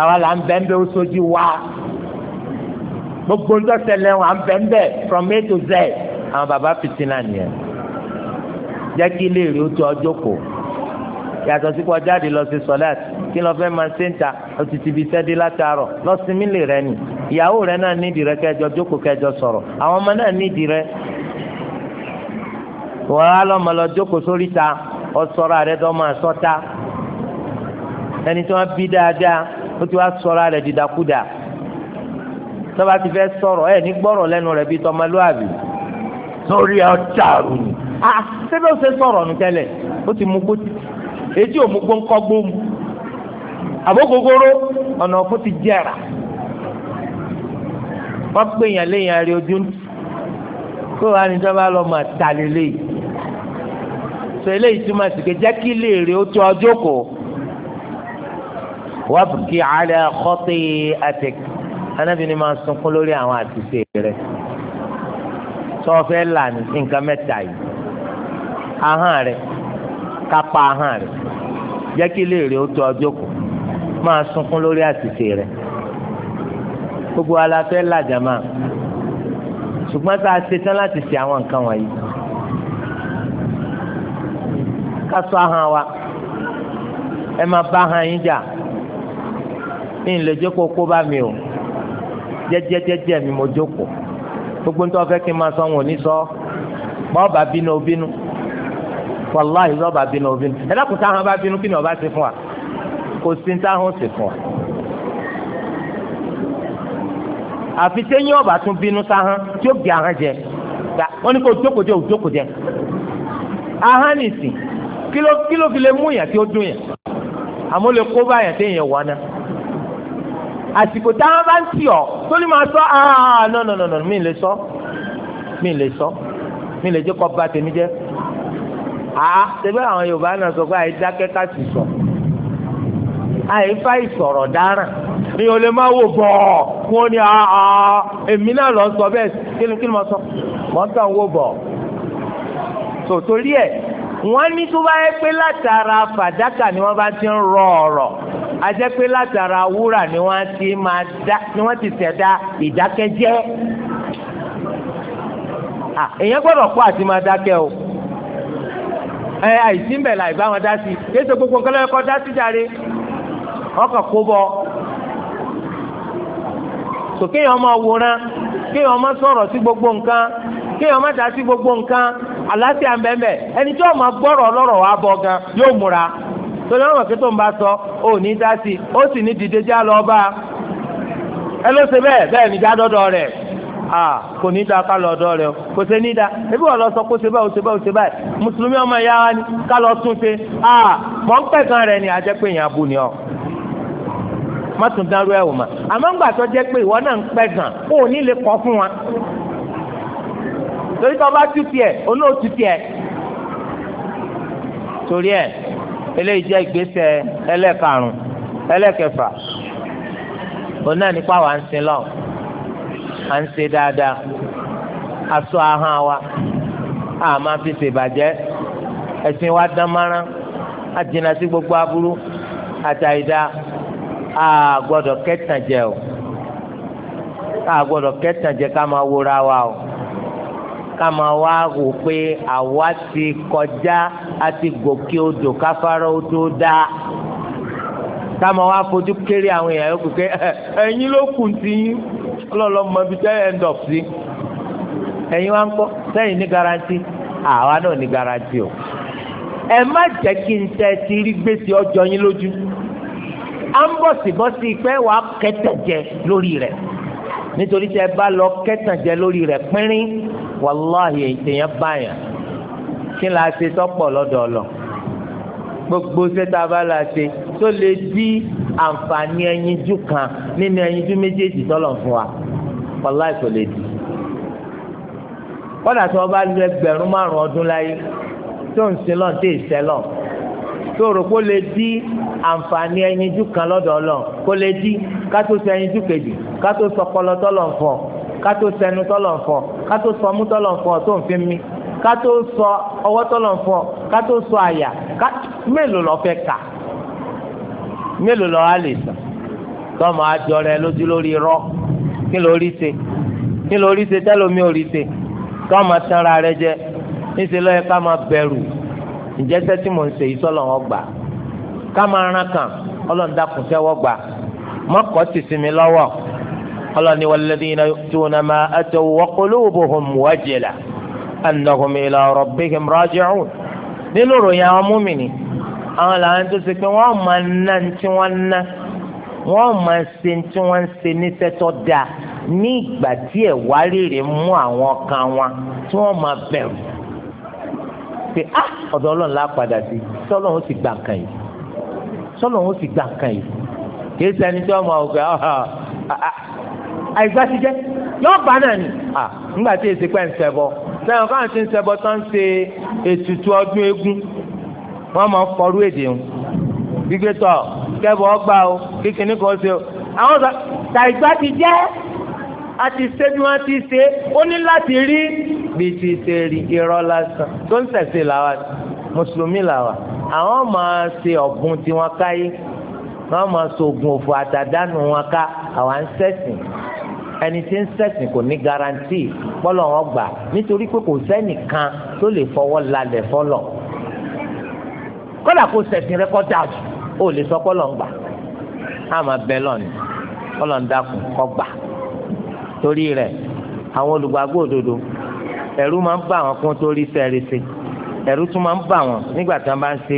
àwa là ń bẹ́ ń bẹ́ ó sojú wa gbogbo ńdọ́sẹ̀lẹ̀ wa ń bẹ́ ń bẹ́ from a to z àwọn baba fìtínà nìyẹn jẹ́ kí ilé rẹ̀ ó tó ọjọ́ kò yàtọ̀ sí kó jáde lọ sí sọ́láàt kí lọ fẹ́ máa ṣe ń ta ọtí ti sẹ́dí látàárọ̀ lọ́sìmílì rẹ ni ìyàwó rẹ náà nídìí rẹ kẹjọ jókòó kẹjọ sọ̀rọ̀ àwọn ọmọ náà nídìí rẹ wọ́n á lọ́mọ lọ jókòó sórí ta ọ̀sọ́ra rẹ̀ tó máa sọ́ta ẹni tí wọ́n bí dáadáa ó ti wá sọ́ra rẹ̀ dìdàkudà tọ́ba ti fẹ́ sọ̀rọ̀ ẹ̀ ní gbọ́rọ̀ lẹ́nu rẹ̀ bíi tọmọlúwàbí sórí ọ̀tá rù ni ah sẹ́bẹ̀ ó ṣe sọ̀rọ̀ nù tẹ́lẹ̀ ó ti mú gbó etí ò mú gbó ńkọ́ gbó mu àbókogoro ọ̀nà ọ̀fun ti jẹ́ra wọ́n pè yàn léyàn rí ojú kó wàá ní sábà lọ́ọ́ máa sọ eléyìí túmọ̀ sí pé jẹ́ kí léèrè ó tó ọjọ́ kò wabki ala khati'atik anábì ni máa sunkún lórí àwọn àtìsí rẹ sọfẹ́ là ní nǹkan mẹ́ta yìí ahọ́n rẹ kápá ahọ́n rẹ jẹ́ kí léèrè ó tó ọjọ́ kò máa sunkún lórí àtìsí rẹ gbogbo aláfẹ́ làjàmá ṣùgbọ́n tá a ṣetán láti ṣe àwọn nǹkan wọ̀nyí ká ṣọ́ ahọ́n wa ẹ máa bá ahọ́n yín jà ní ilé jókòó kó bá mi o jẹ́jẹ́jẹ́jẹ́ mi mo jókòó gbogbo nítorí fẹ́ kí n máa sọ wọn ò ní sọ bọ́ọ̀bà bínú obínú wàláhì bọ́ọ̀bà bínú obínú ẹ dákun táwọn bá bínú kí ni ọba ṣe fún wa kò sí táwọn ṣe fún wa. àfi sẹ́yìn ọba tún bínú sáhán tí ó gbé ahán jẹ wọ́n ní kó jókòó jẹ òjókòó jẹ ahán nìsín kí ló fi lè mú yàn tí ó dùn yàn àmọ́ lè kó bá yàn tí èèyàn wà náà àsìkò táwọn bá ń tì ọ tó lè máa sọ ah no no no no mi lè sọ mi lè sọ mi lè jẹ kọ ba tèmi jẹ ah ṣebí àwọn Yorùbá náà sọ pé àìdákẹ́ ká sì sọ àìfá ìsọ̀rọ̀ dáràn mi ò lè máa wò bọ̀ wọn ni ah, ah èmi náà lọ sọ bẹ́ẹ̀ kí ni kí ni mo sọ mo ń tàn wò bọ̀ tòtórí ẹ̀ wọ́n ní tó bá yẹ pé látara fàdákà ni wọ́n bá ti ń rọ ọ̀rọ̀ a jẹ́ pé látara wúrà ni wọ́n ti máa dá ni wọ́n ti àti máa dákẹ́ o ẹ àìsí mbẹ̀ láì bá wọn dá sí i gbogbo nǹkan lọ́yọ́ kọ́ dá sí kó wòran kéèyàn sọ̀rọ̀ sí gbogbo nǹkan kéèyàn dá sí gbogbo nǹkan àlàáfíà ń ẹni tí wọ́n máa gbọ́rọ̀ ọlọ́rọ̀ wa bọ̀ gan yóò múra torí wọn tó ń bá sọ ò ní dá sí i ó sì ní dìde já lọ bá ẹ ló ṣe bẹ́ẹ̀ bẹ́ẹ̀ rẹ̀ kò ṣe ní da ebi wà lọ sọ kó ṣe báyìí ó ṣe ni ká lọ tún ṣe mọ̀ ń ni àjẹ́ ọ má tún dárú ẹ̀ wò àmọ́ tó jẹ́ pé ìwọ náà ń torí tó bá tú tiẹ̀ olóòtú tiẹ̀ torí ẹ̀ eléyìí jẹ́ ìgbésẹ̀ ẹlẹ́karùn ẹlẹ́kẹfà òun náà nípa wà ń sin lọ à ń ṣe dáadáa aṣọ ahọ́n wa a máa fi ṣèbàjẹ́ ẹ̀sìn wa dán mọ́rán a jìnnà sí gbogbo aburú àtàyídá a gbọ́dọ̀ kẹ́tàn jẹ o a gbọ́dọ̀ kẹ́tàn jẹ ká máa wúra wa o Kama máa wá wò pé àwa ti kọjá a ti gòkè odò káfárá ó tó da kama máa wá fojú kéré àwọn èèyàn yòókù pé eh, ẹ̀yin ló kù tí ọlọ́lọ́ mọ ibi tẹ́ end up sí ẹ̀yin wá ń kọ́ sẹ́yìn ní garanti àwa náà ní garanti o ẹ má jẹ́ kí n tẹ́ ti rí gbèsè ọjọ́ yín lójú à ń bọ̀sibọ́sí pé wàá kẹtẹ̀ jẹ lórí rẹ̀ nítorí tí ẹ bá lọ kẹtànjẹ lórí rẹ̀ pínrín wàláhì èyàn báyà kí la ṣe tọ́pọ̀ lọ́dọ̀ ọlọ gbogbo sẹta bá la ṣe tó lè di àǹfààní ẹyinjú kan nínú ẹyinjú méjèèjì tọlọ fún wa wàláhì kò lè di kódà tí wọn bá lu ẹgbẹ̀rún márùn ọdún láyé tó ń sin lọ dé ìṣẹ lọ tó rò kó lè di àǹfààní ẹyinjú kan lọ́dọ̀ ọlọ́run kó lè di kátó sọ ẹyinjú kejì kátó sọ ọpọlọ tọ́lọ̀ ń fọ kátó sẹnu tọ́lọ̀ ń fọ kátó sọ ọmú tọ́lọ̀ ń fọ tó ń fi mí kátó sọ ọwọ́ tọ́lọ̀ ń fọ kátó sọ àyà mélòó lọ fẹ́ kà mélòó lọ á lè sàn tọ́mọ àjọ rẹ lójú lórí rọ kí lórí ṣe kí lórí ṣe tẹ́lómi ò rí ṣe tọ́mọ sanra rẹ jẹ níṣẹ́ lọ́yẹ ká máa bẹ̀rù ǹjẹ́ sẹ́ tí mo ń ṣe ìsọ́lọ̀ wọn gbà ká máa rán kan ọlọ́run dákun sẹ́wọ́ gbà mọ́kọ́ ti sinmi lọ́wọ́ ọlọ́run ni walladhina yu'tuna ma ataw wa qulubuhum wajila annahum ila rabbihim raji'un nínú ìròyìn àwọn múmìnì àwọn làwọn tó ṣe pé wọ́n máa ná tí wọ́n ná wọ́n máa ṣe tí wọ́n ń ṣe níṣẹ́ tó dáa ní ìgbà tí ẹ̀wá rèé mú àwọn kan wọn tí wọ́n máa bẹ̀rù pé á ah, ọ̀dọ̀ ọlọ́run la padà sí sọlọ́run ó sì gbà nǹkan yìí sọlọ́run ó sì gbà nǹkan yìí kì í sẹ́ni tí wọ́n mọ̀ ọ́ pé ah, ah, àìgbà ti jẹ́ yóò bá náà nì nígbà tí èsì pẹ́ ń ṣẹbọ sẹ́yìn káwọn ti ń ṣẹbọ tó ń ṣe ètùtù ọdún eégún wọ́n máa ń kọrú èdè wọn gbígbé tọ̀ kẹ́bọ̀ ọgbà o kíkiní kan ṣe o àwọn sọ tàìgbà ti jẹ́ a ti ṣe bí wọ́n ti ṣe ó ní láti rí bí ti ṣe rí irọ́ lásán tó ń tẹ̀sí làwà mùsùlùmí làwà àwọn máa ṣe ọ̀gbun tiwọn káyé wọ́n máa ṣe oògùn òfò àtàdánù wọn ká àwọn ń ṣẹ̀sìn ẹni tí ń ṣẹ̀sìn kò ní garanti pọ́lọ̀ wọn gbà nítorí pé kò sẹ́nìkan tó lè fọwọ́ lalẹ̀ fọlọ̀ kọ́dà kó ṣẹ̀sìn rẹ kọ́ lè sọ pọ́lọ̀ ń gbà á máa bẹ́ lọ́nà pọ́lọ̀ ń dákun kọ́ gbà torí rẹ̀ àwọn olùgbàgbọ́ òdodo ẹ̀rù máa ń bà wọ́n kún torí sẹ́ẹ̀rì sí ẹ̀rù tún máa ń bà wọ́n nígbà tí wọ́n bá ń ṣe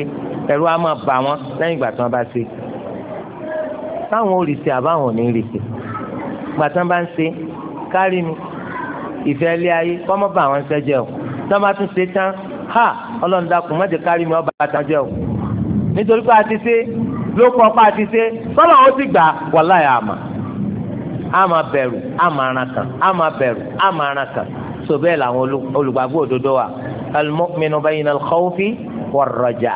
ẹ̀rù á máa bà wọ́n lẹ́yìn ìgbà tí wọ́n bá ṣe táwọn olùsè àbáwọn ò ní rìsè ìgbà tí wọ́n bá ń ṣe kárí mi ìfẹ́ ilé ayé kọ́mọ́ bà wọ́n sẹ́jẹ́ o tí wọ́n bá tún ṣe tán ha ọlọ́run dákun mọ́tẹ́ kárí mi ọba àtàn jẹ́ o nítorí pé a ti ṣe ló kọ́ pa a ti ṣe tọ́lọ́ á máa bẹ̀rù á máa ran kan á máa bẹ̀rù á máa ran kan so bẹ́ẹ̀ làwọn olùgbàgbọ́ òdodo wa al-mu'minu bayna al-khawfi war-raja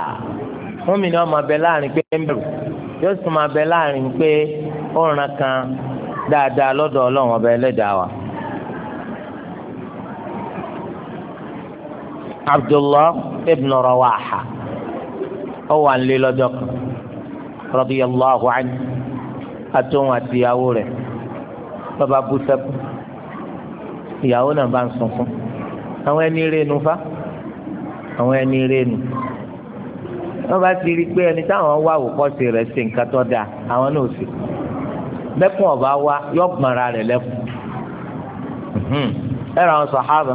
mọ́mí ni wọ́n máa bẹ láàrin pé ń bẹ̀rù yóò sì máa bẹ láàrin pé ó kan dáadáa lọ́dọ̀ ọlọ́run ọba ẹlẹ́dàá wa. abdullah ibn rawaha ó wà ń kan radiyallahu anhu àtòun àtìyàwó bàbá bú sẹ́kù ìyàwó náà bá ń sunkún àwọn ẹni rénu fa àwọn ẹni rénu wọ́n bá ti rí i pé ẹni táwọn wá àwòkọ́sí rẹ̀ ṣe nǹkan tó dáa àwọn náà sì lẹ́kùn ọ̀bá wa yọ gbọ̀nra rẹ̀ lẹ́kùn ẹ̀rọ àwọn sàhábà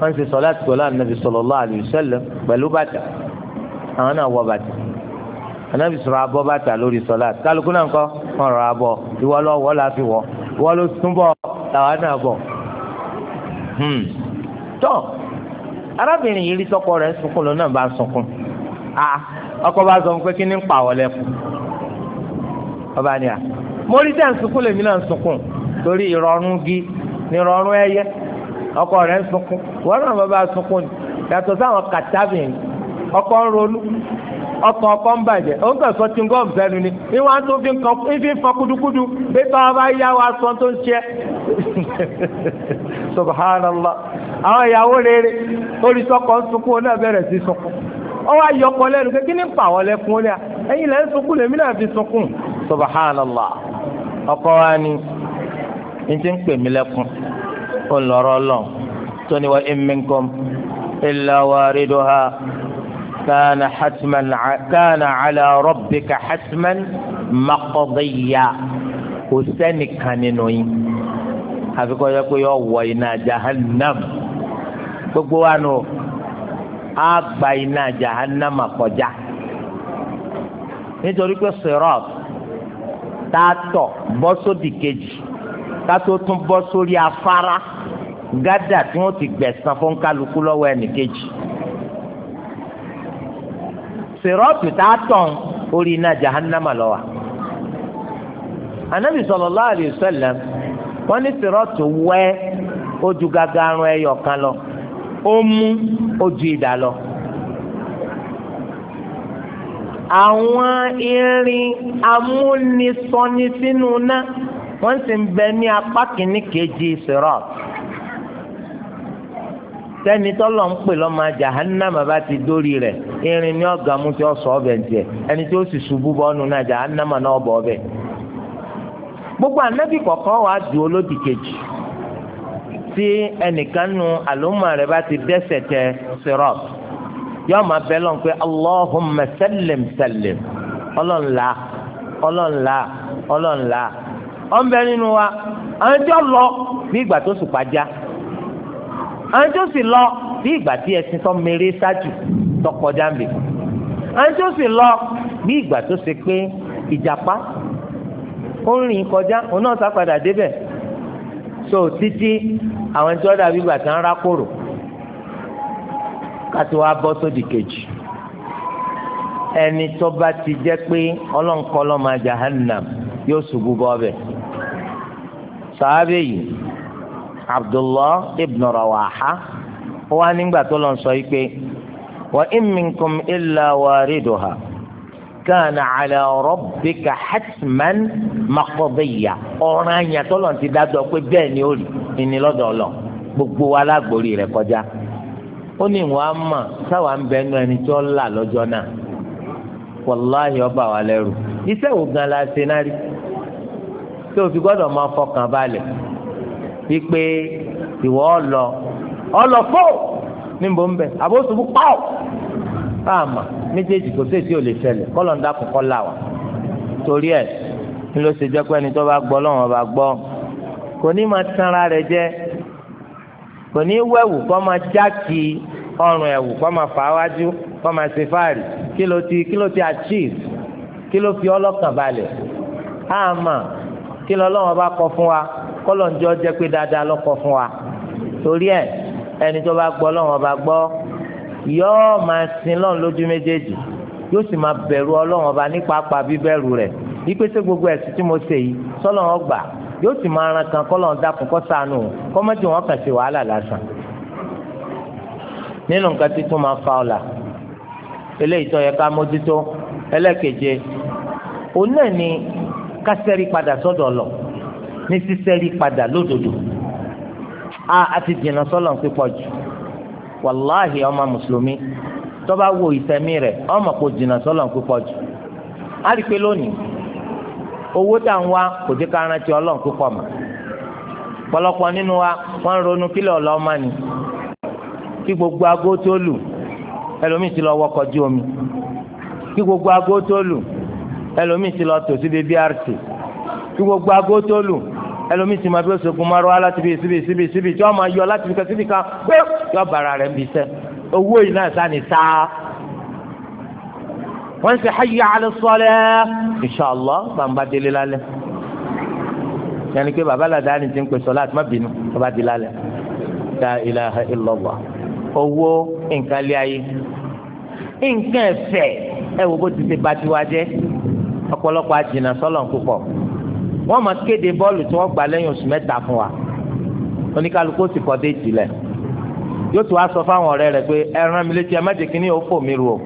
wọ́n ṣe sọ̀láàtì pẹ̀lú ànábì sallallahu alaihi wasallam pẹ̀lú bàtà àwọn náà wọ bàtà ànábì sọ̀rọ̀ abọ́ bàtà lórí sọ̀láàtì kálukú náà ń kọ́ wọ́n rọ̀ abọ́ ìwọ́ lọ́wọ́ láti wọ̀ wọ́n ló súnbọ̀ làwọn náà bọ̀ hmm. tọ́ arábìnrin yìí rí sọ́kọ rẹ̀ sunkún lọ náà bá sunkún ọkọ bá sọ pé kí ni ń pa ọ̀ lẹ́kùn ọba ni à mo rí sẹ́ǹ sunkún lèmi náà sunkún torí ìrọ̀rùn gi ni ìrọ̀rùn ẹyẹ ọkọ rẹ̀ ń sunkún wọ́n náà bá sunkún yàtọ̀ sáwọn kàtàbìnrin ọkọ ń ronú ọkọ ń bàjẹ́ ó ń kàn sọ tí gọ́ọ̀mù sẹ́nu ni bí wọ́n fi fi ń fọ kudukudu bí táwọn bá yá wa ọ náà bẹ̀rẹ̀ sí sunkún ó wá lẹ́nu kí ní ó ẹ̀yin sunkún lèmi náà fi sunkún subhanallah ọkọ wa ni n ti ń pè mí كان حتما كان على ربك حتما مقضيا kò sẹ́nìkan nínú yín àfi kọ́ yẹ kó yọ wọ iná jahannam gbogbo wa nù á gba iná jahannam kọjá nítorí pé sirat tá a tọ̀ bọ́ sódì kejì ká tó tún bọ́ sórí afárá gádà tí wọ́n ti gbẹ̀san fún kálukú lọ́wọ́ ẹnì kejì. sèrọ́ọ̀tù tá a tàn orí iná jahannama lọ wa anabi sallallahu alayhi wa sallam wọn ní sèrọ́ọ̀tù wee ojú gagarun ẹyọ kan lọ ó mú ojú idà lọ àwọn irin amúnisọni sínú náà wọn sì ń bẹ ní apá kìíní kejì sèrọ́ọ̀tù. sẹ́ni tọ́lọ̀ ń pè lọ́mọ jahannama bá ti dórí rẹ irin ni ọ̀gá mú ti ó sọ ọbẹ̀ tiẹ̀ ẹni tí ó sì ṣubú bọ́ọ̀nù náà jahannama náà bọ̀ ọbẹ̀. gbogbo ànábì kọkọ wà dùn olódì kejì tí ẹnìkan nu àlùmọ̀ bá ti dẹ́sẹ̀ tẹ sirop yóò ma bẹ́ lọ́n pé allahumma sallim sallim ọlọ́nla ọlọ́nla ọlọ́nla ọ̀nbẹ nínú wa àwọn tí ó lọ bí ìgbà tó sùpàjá àwọn tó sì lọ bí ìgbà tí ẹṣin tó mèrè ṣáájú tó kọjá ń bè àwọn tó sì bí ìgbà tó ṣe pé ìjàpá ó ń rìn kọjá òun náà sá débẹ̀ so títí àwọn tí wọ́n dàbí ìgbà tí wọ́n rákòrò kátó wa bọ́ sódì kejì ẹni tó bá ti jẹ́ pé ọlọ́nkọ́ lọ́mọ jahannam yóò ṣubú bọ́ bẹ̀ sàábẹ̀ yìí abdullah ibn rawaha wọn nígbà tó lọ sọ yìí pé wa in minkum illa wariduha kana ala rabbika hatman maqdiya ọ̀ràn àyàtọ̀ lọ́n ti dájọ́ pé bẹ́ẹ̀ ni ó rí ìnílọ́dọ̀ ọlọ́ gbogbo wa lágbórí rẹ̀ kọjá ó ní ìwọ á mọ̀ sáwà ń bẹnu ẹni tí ó là lọ́jọ́ náà wàláhì ọba wa lẹ́rù iṣẹ́ wo gan náà rí tí o fi gbọ́dọ̀ máa fọkàn balẹ̀ wípé ìwọ ọlọ ọlọ fò níbo ń bẹ àbóṣubú pàó fáàmà méjèèjì kò sí èsì ò lè ṣẹlẹ̀ kọlọ ń dákun kọ là wà torí ẹ ní ló ṣe jẹ pé ẹni tó bá gbọ́ lọ́wọ́ bá gbọ́ kò ní máa tanra rẹ̀ jẹ kò ní wẹ̀wù kọ́ máa jákì ọrùn ẹ̀wù kọ́ máa fà á wájú kọ́ máa ṣe fáàrí kí ló ti kí ló ti achieve kí ló fi ọlọ́kàn balẹ̀ àmà kí lọ́lọ́wọ́ bá kọ fún wa kọ́lọ̀ ń jọ jẹ́ pé dáadáa ló kọ fún wa torí ẹ̀ ẹni tó bá gbọ́ lọ́wọ́ bá gbọ́ yóò máa sin lọ́n lójú méjèèjì yóò sì máa bẹ̀rù ọlọ́wọ́ bá nípa apá bíbẹ̀rù rẹ̀ wípé ṣé gbogbo ẹ̀sìn tí mo ṣe yìí sọ́lọ́wọ́ gbà yóò sì máa ran kan kọ́lọ̀ dákun kọ́ sànù kọ́mọ́jì wọn kàn ṣe wàhálà lásán nínú nǹkan tí máa fa ọ̀la eléyìí tó yẹ ká mójútó ẹlẹ́kẹ̀je òun náà ni ká sẹ́rí padà sọ́dọ̀ lọ ní sísẹ́rí padà lódodo a àti jìnnà sọ́lọ̀ ń pípọ̀ jù wàláhì ọmọ mùsùlùmí wo ise rẹ̀ ọmọ kò jìnnà sọ́lọ̀ ń pípọ̀ jù loni rí i pé lónìí owó ń wá kò ká rántí ọlọ́run mọ́ nínú gbogbo tó lù ẹlòmíì ti lọ wọkọ̀ ju omi kí gbogbo tó ẹlòmíì ti lọ tò síbi BRT kí gbogbo aago tó lù ẹlòmíì ti máa bí oṣù kumaru aláti bí síbi síbi síbi tí wọn máa yọ láti fi kan síbi kan pé yọ bàrà rẹ bí sẹ owó yìí náà sáni sáá wọn sì hayya ala salah inshallah bàbá délé lálẹ́ yẹnni pé bàbá làdá ni ti ń pè sọlá àti má bínú bàbá délé lálẹ́ la ilaha illallah owó nǹkan lé ayé nǹkan ẹ̀fẹ̀ ẹ wo bó ti ṣe bá tiwa jẹ́ ọ̀pọ̀lọpọ̀ àjìnà sọ́lọ̀ púpọ̀ wọ́n máa kéde bọ́ọ̀lù tí wọ́n gbà lẹ́yìn oṣù mẹ́ta fún wa oníkálukú sì kọ́ dé ìtìlẹ̀ yóò tún wá sọ fáwọn ọ̀rẹ́ rẹ̀ pé ẹ rán mi létí ẹ má jẹ́ kí ni yóò fò mí ru o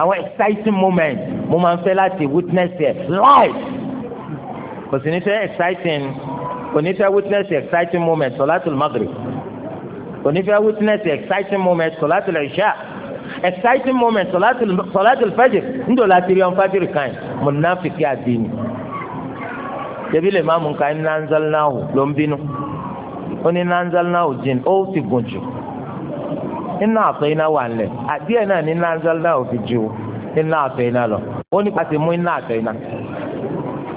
àwọn exciting moment mo máa ń fẹ́ láti witness ẹ̀ live kò sì ní fẹ́ exciting kò ní fẹ́ witness exciting moment sọ̀látùl maghrib kò ní fẹ́ witness exciting moment sọ̀látùl ìṣá. exciting moment sọláàtì fẹjì ńdò láti rí ọmọ fẹjì kan mùnàfíkì àdínì tẹbi lè má mú nǹkan ní lombinu ló ń bínú ó ní nanzalnahu jin ó ti gùn jù nínú àtọ iná wà nílẹ̀ àdíẹ náà ní nanzalnahu fi ju nínú àtọ lo lọ ó ní pàṣẹ mú nínú àtọ iná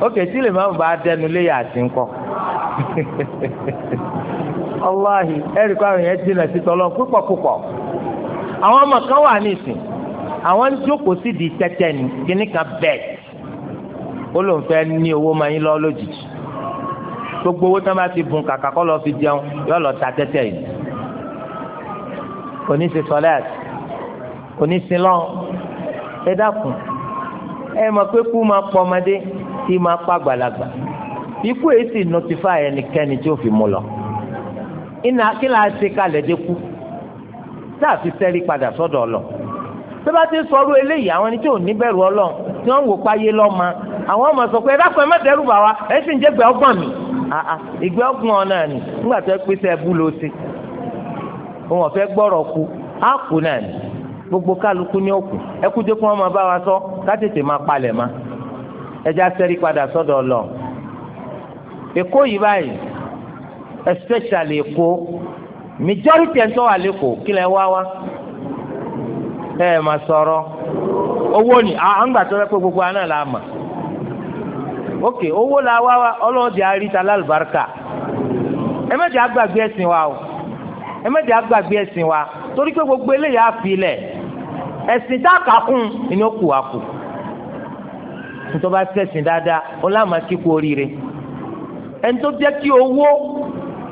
ókè tí lè má mú bá dẹnu léyà ẹ̀rí kó àwọn yẹn jìnnà sí tọ́lọ́ púpọ̀ púpọ̀. àwọn ọmọ kan wà nísìn àwọn jókòó di tẹ́tẹ́ ni kíní kan bẹ́ẹ̀ ó lóun fẹ́ ní owó máa yín lọ lójijì gbogbo owó bá ti bùn kàkà kọ́ lọ fi jẹun yóò lọ ta tẹ́tẹ́ yìí kò ní ṣe sọlẹ́ẹ̀tì kò ní sin ẹ dákun ẹ mọ̀ pé kú máa pọ̀ ọmọdé tí máa pa àgbàlagbà ikú èyí sì notify ẹnikẹ́ni tí fi mú lọ ìnà kí la ṣe tá a fi sẹ́rí padà sọ́dọ̀ ọlọ tó bá ti sọ̀rọ̀ eléyìí àwọn ẹni tí ò ní bẹ̀rù tí wọ́n wò páyé lọ́mọ àwọn ọmọ sọ pé ẹ̀dá kan ẹ sì ń mi ìgbẹ́ náà ni nígbà tó ẹ ló ti ku á gbogbo kálukú ní òkú dé kí wọ́n máa bá wa sọ ká tètè máa palẹ̀ ma sẹ́rí padà sọ́dọ̀ majority ẹ̀ ń tọ́ wà lẹ́kọ̀ọ́ kí lẹ́ wá wá ẹ ẹ̀ sọ̀rọ̀ owó ni àǹgbà tó rẹ́ gbogbo aná la mà ok owó la wá wá ọlọ́run ti àríta lálùbáríkà ẹ mẹ́jẹ̀ àgbàgbé ẹ̀sìn wa o ẹ mẹ́jẹ̀ àgbàgbé ẹ̀sìn wa torí pé gbogbo eléyà á fi lẹ̀ ẹ̀sìn tá a kà kún ni ó kù wá kù nítorí bá sẹ̀sìn dáadáa ó lámà kíkú oríire ẹni jẹ́ kí owó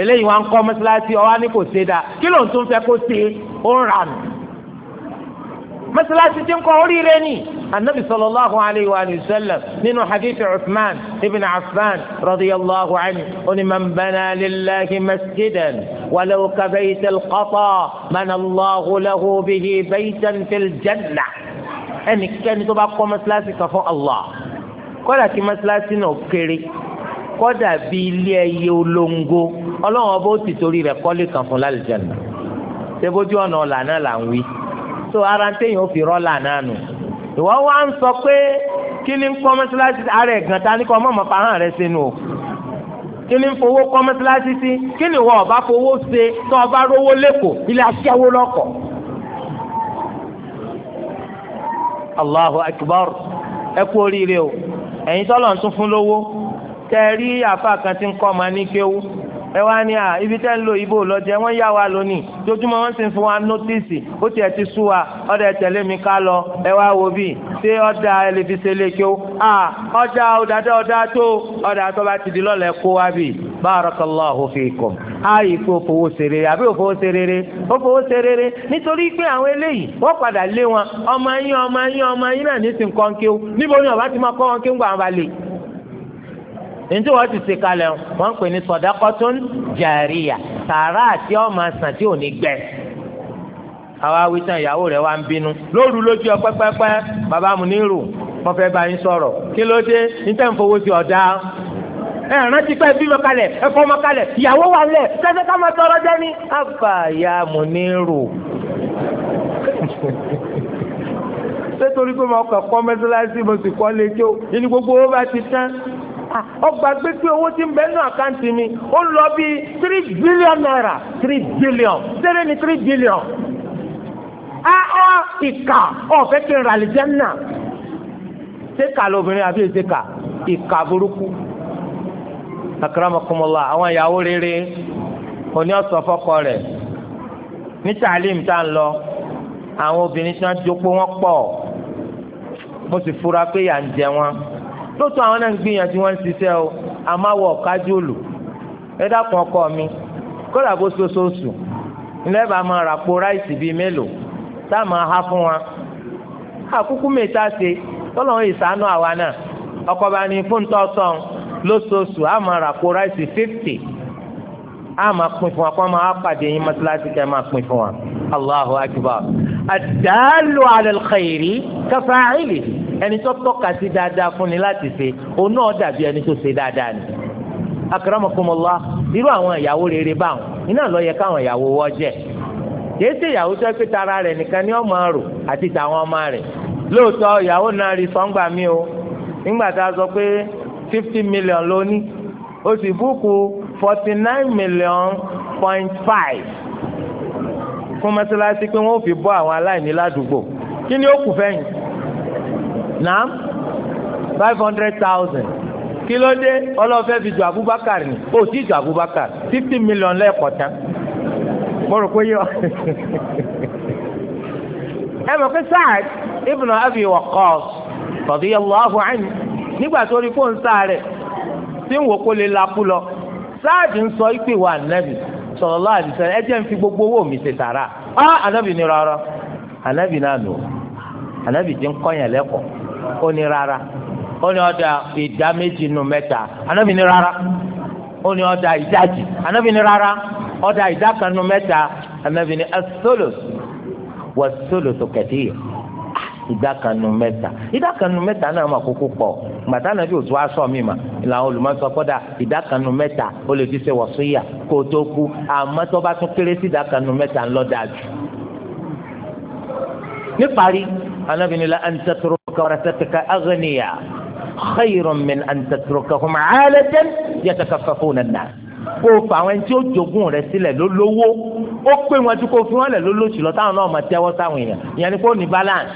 eléyìí wọn kọ́ mọ́sálásí ọwọ́ ni kò ṣe dá kí ló ń tún fẹ́ kó ṣe ó ń rà nù. mọ́sálásí ti ń kọ́ oríire ni anabi sallallahu alayhi wa sallam nínú hadithi uthman ibn affan radiyallahu anhu oní man bana lillahi masjidan walaw ka bayt alqata mana allahu lahu bihi baytan fil ẹnikẹ́ni tó bá kọ́ mọ́sálásí kan fún allah kọ́dà kí mọ́sálásí náà kéré kọ́dà bí ilé ẹyẹ olóńgó ọlọ́run ọba ó ti torí rẹ̀ kọ́lé kan fún lálùjánnà ṣebójú ọ̀nà ọ̀là náà là ń wí tó ara ń téèyàn ó fi rọ́là náà nù ìwọ wá ń sọ pé kí ni ń kọ́ mọ́sálásí ara ẹ̀gàn ta ní kọ́ mọ́mọ́ pa hàn rẹ sínú o kí ni ń fowó kọ́ mọ́sálásí sí kí ni ìwọ ọba fowó ṣe tó ọba rówó lẹ́kọ̀ọ́ ilé aṣẹ́wó lọ́kọ̀ Allahu akbar ẹ kú oríire o ẹ̀yin tọ́lọ̀ ń tún fún lówó tẹ rí àfa kan ti ń kọ́ ọmọ ní kéwú ẹ wá ní à ibi tẹ́ ń lo ìbò lọ́jẹ́ wọ́n yá wa lónìí tójúmọ́ wọ́n sì ń fún wa nótìsì ó tiẹ̀ ti sú wa ọ̀dà mi lọ ẹ wo ṣé ọ̀dà kéwú à ọ̀dà ọ̀dà tó ọ̀dà tó bá ti di lọ́lẹ̀ kó wa bì barakallahu fikum ààyè òfowó àbí òfowó òfowó nítorí pé àwọn eléyìí wọ́n wọn ọmọ yín ọmọ yín ọmọ yín náà ní níbo ni ọba ti máa ní tí wọ́n ti ṣe kalẹ̀ wọ́n ń pè ní sadaqatun jariyah sàrà àti ọmọ àsàn tí ò ní gbẹ àwa wí tán ìyàwó rẹ̀ wá ń bínú lóru lójú ọ pẹ́pẹ́pẹ́ bàbá mu nírù wọ́n fẹ́ bá yín sọ̀rọ̀ kí ló dé níta ń fowó sí ọ̀dá ẹ rántí pé bímọ kalẹ̀ ẹ fọmọ kalẹ̀ ìyàwó wà lẹ̀ sẹ́fẹ́ ká máa tọrọ jẹ́ ní. àbàyà mu nírù ṣé torí pé mo kọ̀ kọ́ mẹ́sálásí mo sì kọ́ lé tó ní gbogbo owó bá ti tán ọgbà ah, gbé pé owó tí ń bẹ nínú àkáǹtì mi ó lọ bí three billion naira three billion sẹ́rẹ́ ni three billion. a ọ ọ̀fẹ́ ọ n ra àlìjẹ́nà ṣéka lóbìnrin àbí ìṣéka ìkà burúkú. akramakumullah àwọn ìyàwó rere òní ọ̀sán fọ́kọ rẹ̀ ní tàlímù tá à lọ àwọn obìnrin tí wọ́n jókòó wọn mo sì fura pé lóòótọ́ àwọn náà ń gbìyànjú wọn ń ṣiṣẹ́ o àmọ́ àwọ̀ kájú òlù ẹ dákun ọkọ mi kódà bó ṣoṣooṣù ilẹ̀ bá máa rà po ráìsì bíi mélòó tá a máa há fún wa àkúkú mẹ́ta ṣe tọ́lọ́run ìsànú àwa náà ọkọ bá ní fóun tó sọ̀n lóṣooṣù á máa rà po ráìsì fifty a máa pín fún wa kó a máa pàdé yín mọ́tíláṣí kẹ́ ẹ máa pín fún wa allahu akbar àdáàlú alẹ́lxẹ́yìrì kẹfàáìlì ẹni tó tọ́ka sí dáadáa fún ni láti ṣe òun náà dàbí ẹni tó ṣe dáadáa ni akaramakumọlá irú àwọn ìyàwó rere báwọn iná lọ yẹ káwọn ìyàwó wọ́ jẹ́ kìí ṣe ìyàwó tó pé tara rẹ̀ nìkan ni ọmọ rò àti tàwọn ọmọ rẹ̀ lóòótọ́ ìyàwó náà rí sọ́ngbà mi o nígbà tá a sọ pé fifty million ló o sì búkú forty nine million point five fún mọ́sálásí pé wọ́n ò fi bọ́ àwọn aláìní ládùúgbò kí ni ó kù fẹ́yìn náà five hundred thousand kí ló dé ọlọ́fẹ́ fi jù Abubakar ni ó sì jù Abubakar fifty million lẹ́ẹ̀kọ́ tán mo rò pé yọ ẹ mọ̀ pé Sa'ad ibn Abi Waqqas radiyallahu anhu nígbà tó rí fóun sáà rẹ̀ tí ń wò kó lè lakú lọ sáàdì ń sọ ìpè wa ànábì sallallahu alaihi wasallam ẹ jẹ́ ń fi gbogbo owó mi ṣe sàrà á ànábì ní rárá ànábì náà lò ànábì ti ń kọ́yàn lẹ́kọ̀ọ́ ó ní rárá ó ní ọ̀dà ìdá méjì nù mẹ́ta ànábì ní rárá ó ní ọ̀dà ìdájì ànábì ní rárá ọ̀dà ìdá kan nù mẹ́ta ànábì ní as-sulus was-sulusu katir ìdákanu mẹ́ta ìdákanu mẹ́ta náà mà kókó pọ̀ gbàtà nàbí òtún aṣọ mi mà làwọn olùmọ̀sọ kọ́dà ìdákanu mẹ́ta ó lè fi ṣe wọ̀síyà kó o tó kú àmọ́ tó bá tún kéré sí ìdákanu mẹ́ta ńlọ́dà jù. níparí anábìnrin la an tatruka warasataka aghniya khayrun min an tatrukahum 'alatan yatakaffafuna an-nas kó o fà àwọn ẹni tí ó jogún rẹ sílẹ̀ ló lówó ó pé wọn tí kò fi wọn lẹ̀ ló lóṣù lọ táwọn náà máa tẹ́wọ́ sáwọn èèyàn ìyẹn ni kó ní balance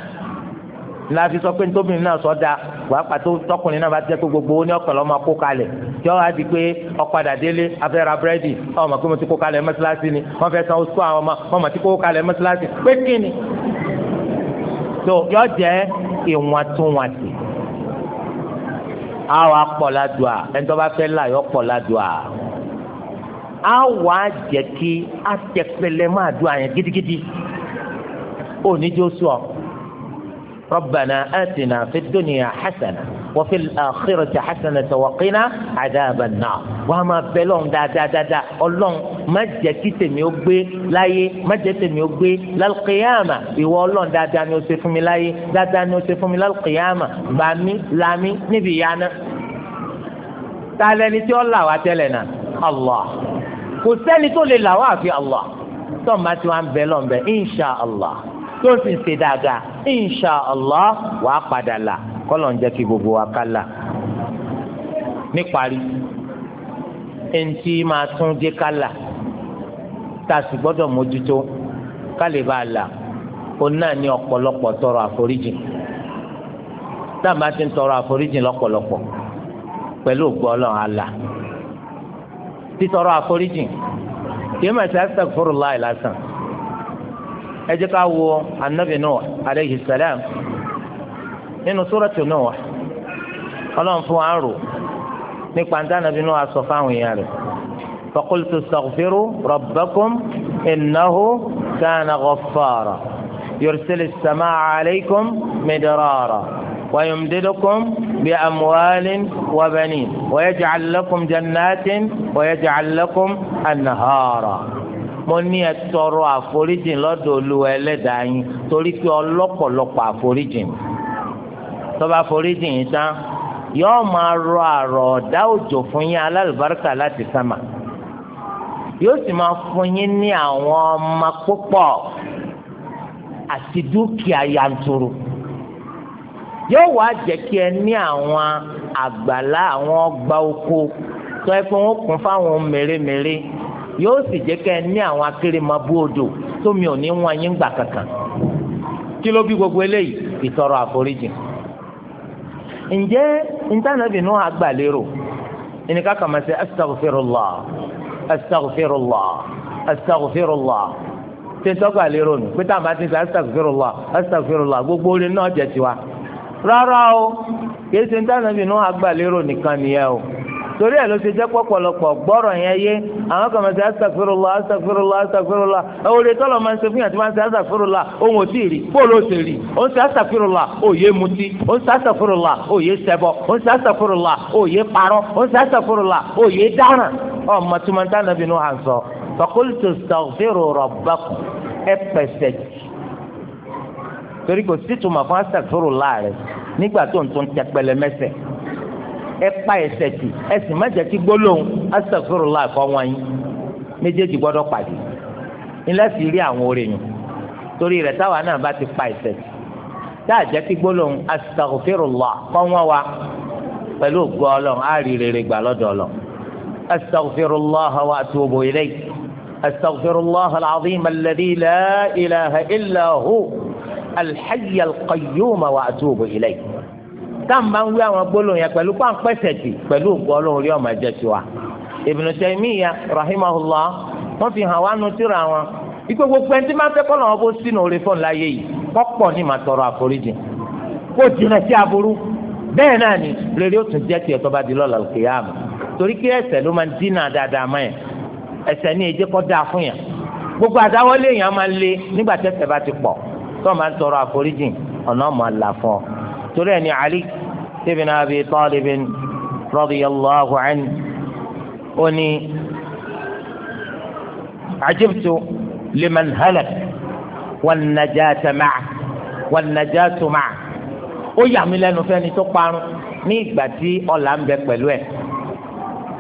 la fi sọ pé ntóbìnrin náà sọ da wàá pàtó tọkùnrin náà bá jẹ́ pé gbogbo ní ọ̀pẹ̀lọ́ máa kó kalẹ̀ tí wọ́n á di pé ọ̀padà délé afẹ́ra búrẹ́dì ọmọ pé mo ti kó kalẹ̀ mọ́sálásí ni wọ́n fẹ́ san oṣù àwọn ọmọ ọmọ ti kó kalẹ̀ mọ́sálásí pé kí ni. tó yọ jẹ́ ìwọ̀ntúnwọ̀ntì àwọn akpọ̀ ladùà ẹni tó bá fẹ́ là yọ pọ̀ ladùà àwọn àjẹkí àtẹ̀pẹ̀lẹ̀ máa dùn àyàn gidigidi òní jó sùn ربنا آتنا في الدنيا حسنة وفي الآخرة حسنة وقنا عذاب النار وما بلون دا دا دا دا اللون ما جاكي ميوبي لاي ما جاكي تميوبي للقيامة يوالون دا دا نوسف ملاي دا دا نوسف ملا القيامة بامي لامي نبيانا تعالى نتي الله واتلنا الله كسالي تولي الله وافي الله ثم تيوان بلون بإن شاء الله tó ń sì ṣe dáadáa insha allah wà á padà gbogbo wa ká là níparí eŋti máa tún jẹ́ ká là tá a sì gbọ́dọ̀ mójútó ká lè bá a là òun náà ní ọ̀pọ̀lọpọ̀ tọrọ àforíjì tá ti ń tọrọ àforíjì lọ́pọ̀lọpọ̀ pẹ̀lú ògbọ́ ọlọ́run àlà títọrọ àforíjì ṣe àṣẹ fúru ẹ jẹ́ ká wo anabi Nuh aleyhi salam nínú suratu Nuh ọlọ́run fún wa ń rò nípa níta anabi Nuh asọ fáwọn èèyàn rẹ̀ fa qultu istaghfiru rabbakum innahu kana ghaffara yursil as-samaa alaykum midrara ويمددكم بأموال وبنين ويجعل لكم جنات ويجعل لكم أنهارا mo ní ẹ tọrọ àforíjìn lọ́dọ̀ olúwa ẹlẹ́dàá yín torí pé ọlọ́pọ̀lọpọ̀ àforíjìn tọ́ba àforíjìn yìí tán yóò máa rọ àrọ̀ ọ̀dá òjò fún yín alálùbáríkà láti sámà yóò sì máa fún yín ní àwọn ọmọ púpọ̀ àti dúkìá yanturu yóò wá jẹ́ kí ẹ ní àwọn àgbàlá àwọn ọgbà oko tó ẹ fún wọn kún fáwọn mèremère yóò sì jẹ́ kẹ́ ẹ ní àwọn akérèmọ́bú odò tómi ò ní wọn yín gbà kankan kí ló bí gbogbo eléyìí ìtọrọ àforíjì ǹjẹ́ ntànàbì nù àgbàlérò ìníkà kàmá sí astaghfirullah astaghfirullah astaghfirullah tẹ̀sọ́gbà lérò nù pé táwọn ti sọ astaghfirullah astaghfirullah gbogbo orin náà jẹ tiwa rárá o kì í ṣe ntànàbì nù àgbàlérò nìkan nìyẹn o torí ẹ̀ ló ṣe jẹ́ pọ̀pọ̀lọpọ̀ gbọ́rọ̀ yẹn yé àwọn kan máa ṣe astaghfirullah astaghfirullah astaghfirullah òòrè tọ́lọ̀ máa ń ṣe fún yàtí máa ń ṣe astaghfirullah ohun òtí rí bóòlù òsè rí ó ń ṣe astaghfirullah òye mutí ó ń ṣe astaghfirullah òye ṣẹbọ ó ń ṣe astaghfirullah òye parọ́ ó ń ṣe astaghfirullah òye dáràn ọmọ tí wọn dáná bínú hàn sọ faqultu astaghfiru rabbakum ẹ pẹ̀sẹ̀ torí kò sí tuma fún astaghfirullah rẹ nígbà tó ń tún tẹpẹlẹ mẹsẹ̀ ẹ pa ẹsẹ̀ tì ẹ sì má jẹ́ kí gbólóhùn astaghfirullah kọ́ wọn yín méjèèjì gbọ́dọ̀ pàdé nílẹ̀ sì rí àwọn orin yìí torí rẹ̀ táwa náà bá ti pa ẹsẹ̀ tì dáa jẹ́ kí gbólóhùn astaghfirullah kọ́ wọn wa pẹ̀lú ògbó ọlọ́run á rí rere gbà lọ́dọ̀ ọlọ́run astaghfirullah wa atubu ilayhi astaghfirullah al-azim alladhi la ilaha illa hu al-hayy al-qayyum wa atubu ilayhi táǹbà ń wí àwọn gbólóhùn yẹn pẹ̀lú pàǹpẹ́sẹ̀ tì pẹ̀lú gbólóhùn rí ọmọ ẹ̀jẹ̀ tiwa Ibn Taymiyyah rahimahullah wọ́n fi hàn wá nu tíra wọn ikú gbogbo ẹni tí máa ń fẹ́ kọ́ lọ́wọ́ bó sínú orí fún láyé yìí kọ́pọ̀ ní màá tọrọ àforíjì kó jìnnà sí aburú bẹ́ẹ̀ náà ni rere ó tún jẹ́ tiẹ̀ tó bá di lọ́la òkè yá mi torí kí ẹsẹ̀ ló máa ń dínà dáadáa mọ́ yẹn ẹsẹ̀ ní èjé kọ́ dáa fún yẹn gbogbo àdáwọ́lé yẹn máa ń le nígbà tẹ́sẹ̀ bá ti pọ̀ tó máa tọrọ àforíjì ọ̀nà ọ̀mọ̀ àlà torí ẹni Ali ibn Abi Talib radiyallahu anhu ó ní ajibtu liman halak wan najata ma'a wan najatu ma'a ó yà mí lẹ́nu fẹ́ni tó parun ní ìgbà tí ọlà ń bẹ pẹ̀lú ẹ̀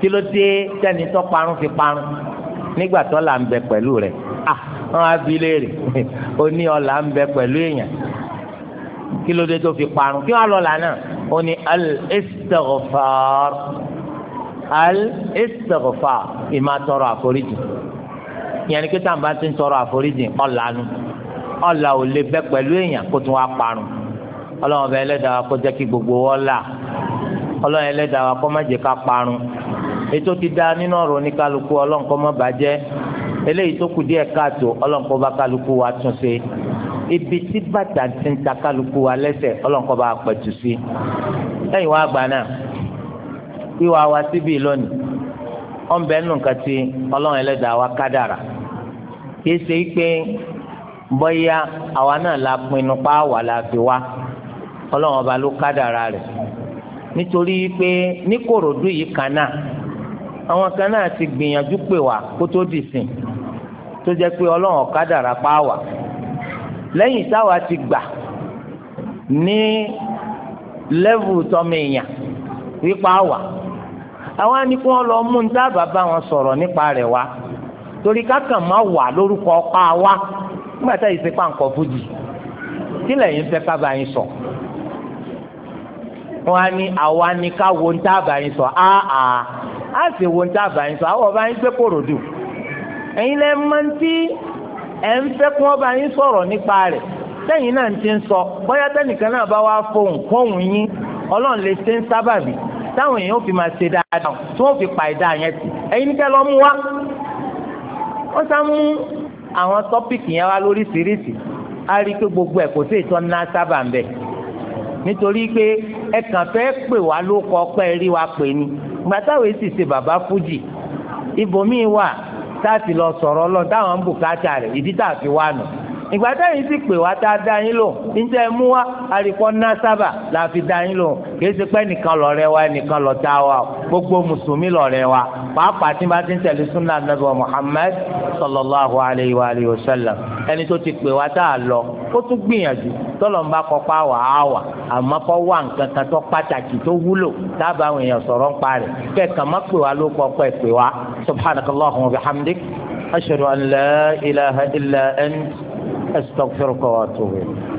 kí ló dé tẹ́ni tó parun fi parun nígbà tó ọlà ń bẹ pẹ̀lú rẹ̀ ah wọn á bi léèrè ó ní ọlà ń bẹ pẹ̀lú èèyàn kí ló dé tó fi parun kí wọn lọ lànà ó ní al-istighfar al-istighfar ìmá tọrọ àforíjì ìyẹn ni kíkà bá ti ń tọrọ àforíjì ọ̀lànà ọ̀là ò lè bẹ pẹ̀lú èèyàn kó tún wá parun ọlọ́run ọba ẹlẹ́dàá kó jẹ́ kí gbogbo wọn là ọlọ́run ẹlẹ́dàá kó má jẹ́ ká parun ètò ti dá nínú ọ̀rọ̀ oníkálukú ọlọ́run kó má bàjẹ́ eléyìí tó kù díẹ̀ káàtó ọlọ́run kó bá kálukú wa tún ṣe ibi tí bàtà ti ń ta kálukú wa lẹ́sẹ̀ ọlọ́nkọ́ bá pẹ̀tù sí lẹ́yìn wá gbà náà wíwá wa síbí lónìí ọ̀n bẹ́ẹ̀ nù nǹkan tí ọlọ́run ẹlẹ́dàá wa kádàrà kìí ṣe pé bọ́yá àwa náà la pinnu pa wà la fi wá ọlọ́run ọba ló kádàrà rẹ̀ nítorí pé ní Kòròdú yìí kan náà àwọn kan náà ti gbìyànjú pé wà kó tó dìsìn tó jẹ́ pé ọlọ́run ọ̀kadàrà pa wà lẹ́yìn táwa ti gbà ní lẹ́vù tọ́mọ èèyàn wípa wà àwọn anìkú wọn lọ mú níta bàbá wọn sọ̀rọ̀ nípa rẹ̀ wá torí kákan má wà lórúkọ ọ̀pá wa nígbà tá yìí ṣe pàǹkọ̀ fújì kí lẹ́yìn fẹ́ kábàá yín sọ wọn á àwa ni ká wo níta bàbá yín sọ áà á sì wo níta bàbá yín sọ àwọn ọba yín gbé kòròdú ẹ̀yin lẹ́ mọ́ ní tí ẹ̀ ń fẹ́ kí wọ́n bá yín sọ̀rọ̀ nípa rẹ̀ sẹ́yìn náà ti ń sọ bóyá tẹ́nìkan náà bá wá fohùn kóhùn yín ọlọ́run lè ṣe ń sábàbí táwọn èèyàn fi máa ṣe dáadáa tí wọ́n fi pa ìdá yẹn tì ẹ̀yin níkẹ́ lọ́ mú wá. wọ́n sá mú àwọn tọ́pìkì yẹn wá lóríṣiríṣi á rí i pé gbogbo ẹ̀ kò sí ìtọ́ ná sábà ń bẹ̀ nítorí pé ẹ kàn fẹ́ pè wá ló kọ rí wa pè ní gbàtàwé sì ṣe bàbá fújì ibòmíì wà táàtì lọ sọ̀rọ̀ lọ táwọn ń bùkátà rẹ̀ ìdí tá a fi wá nù ìgbà táyìn sì pè wá tá a dá yín lò níta ẹ mú wa àríkọ́ ná sábà la fi dá yín lò kì í ṣe pé nìkan lọ́rẹ́ wa nìkan lọ́tà wa gbogbo mùsùlùmí lọ́rẹ́ wa pàápàá tí bá ti ń tẹ̀lé súnà nàbí wa Muhammad sallallahu alayhi wa alayhi wa sallam ẹni tó ti pè wá tá a lọ ó tún gbìyànjú tọ́lọ̀ ń bá kọ́ pa á wà àmọ́ kọ́ wà nǹkan kan tó pàtàkì tó wúlò dábàá àwọn èèyàn sọ̀rọ̀ ń pa rẹ̀ kàn má pè wá ló kọ́ pẹ́ pè wá subhanakallahumma wa bihamdik ashhadu an la ilaha illa ant astaghfiruka wa atubu ilayk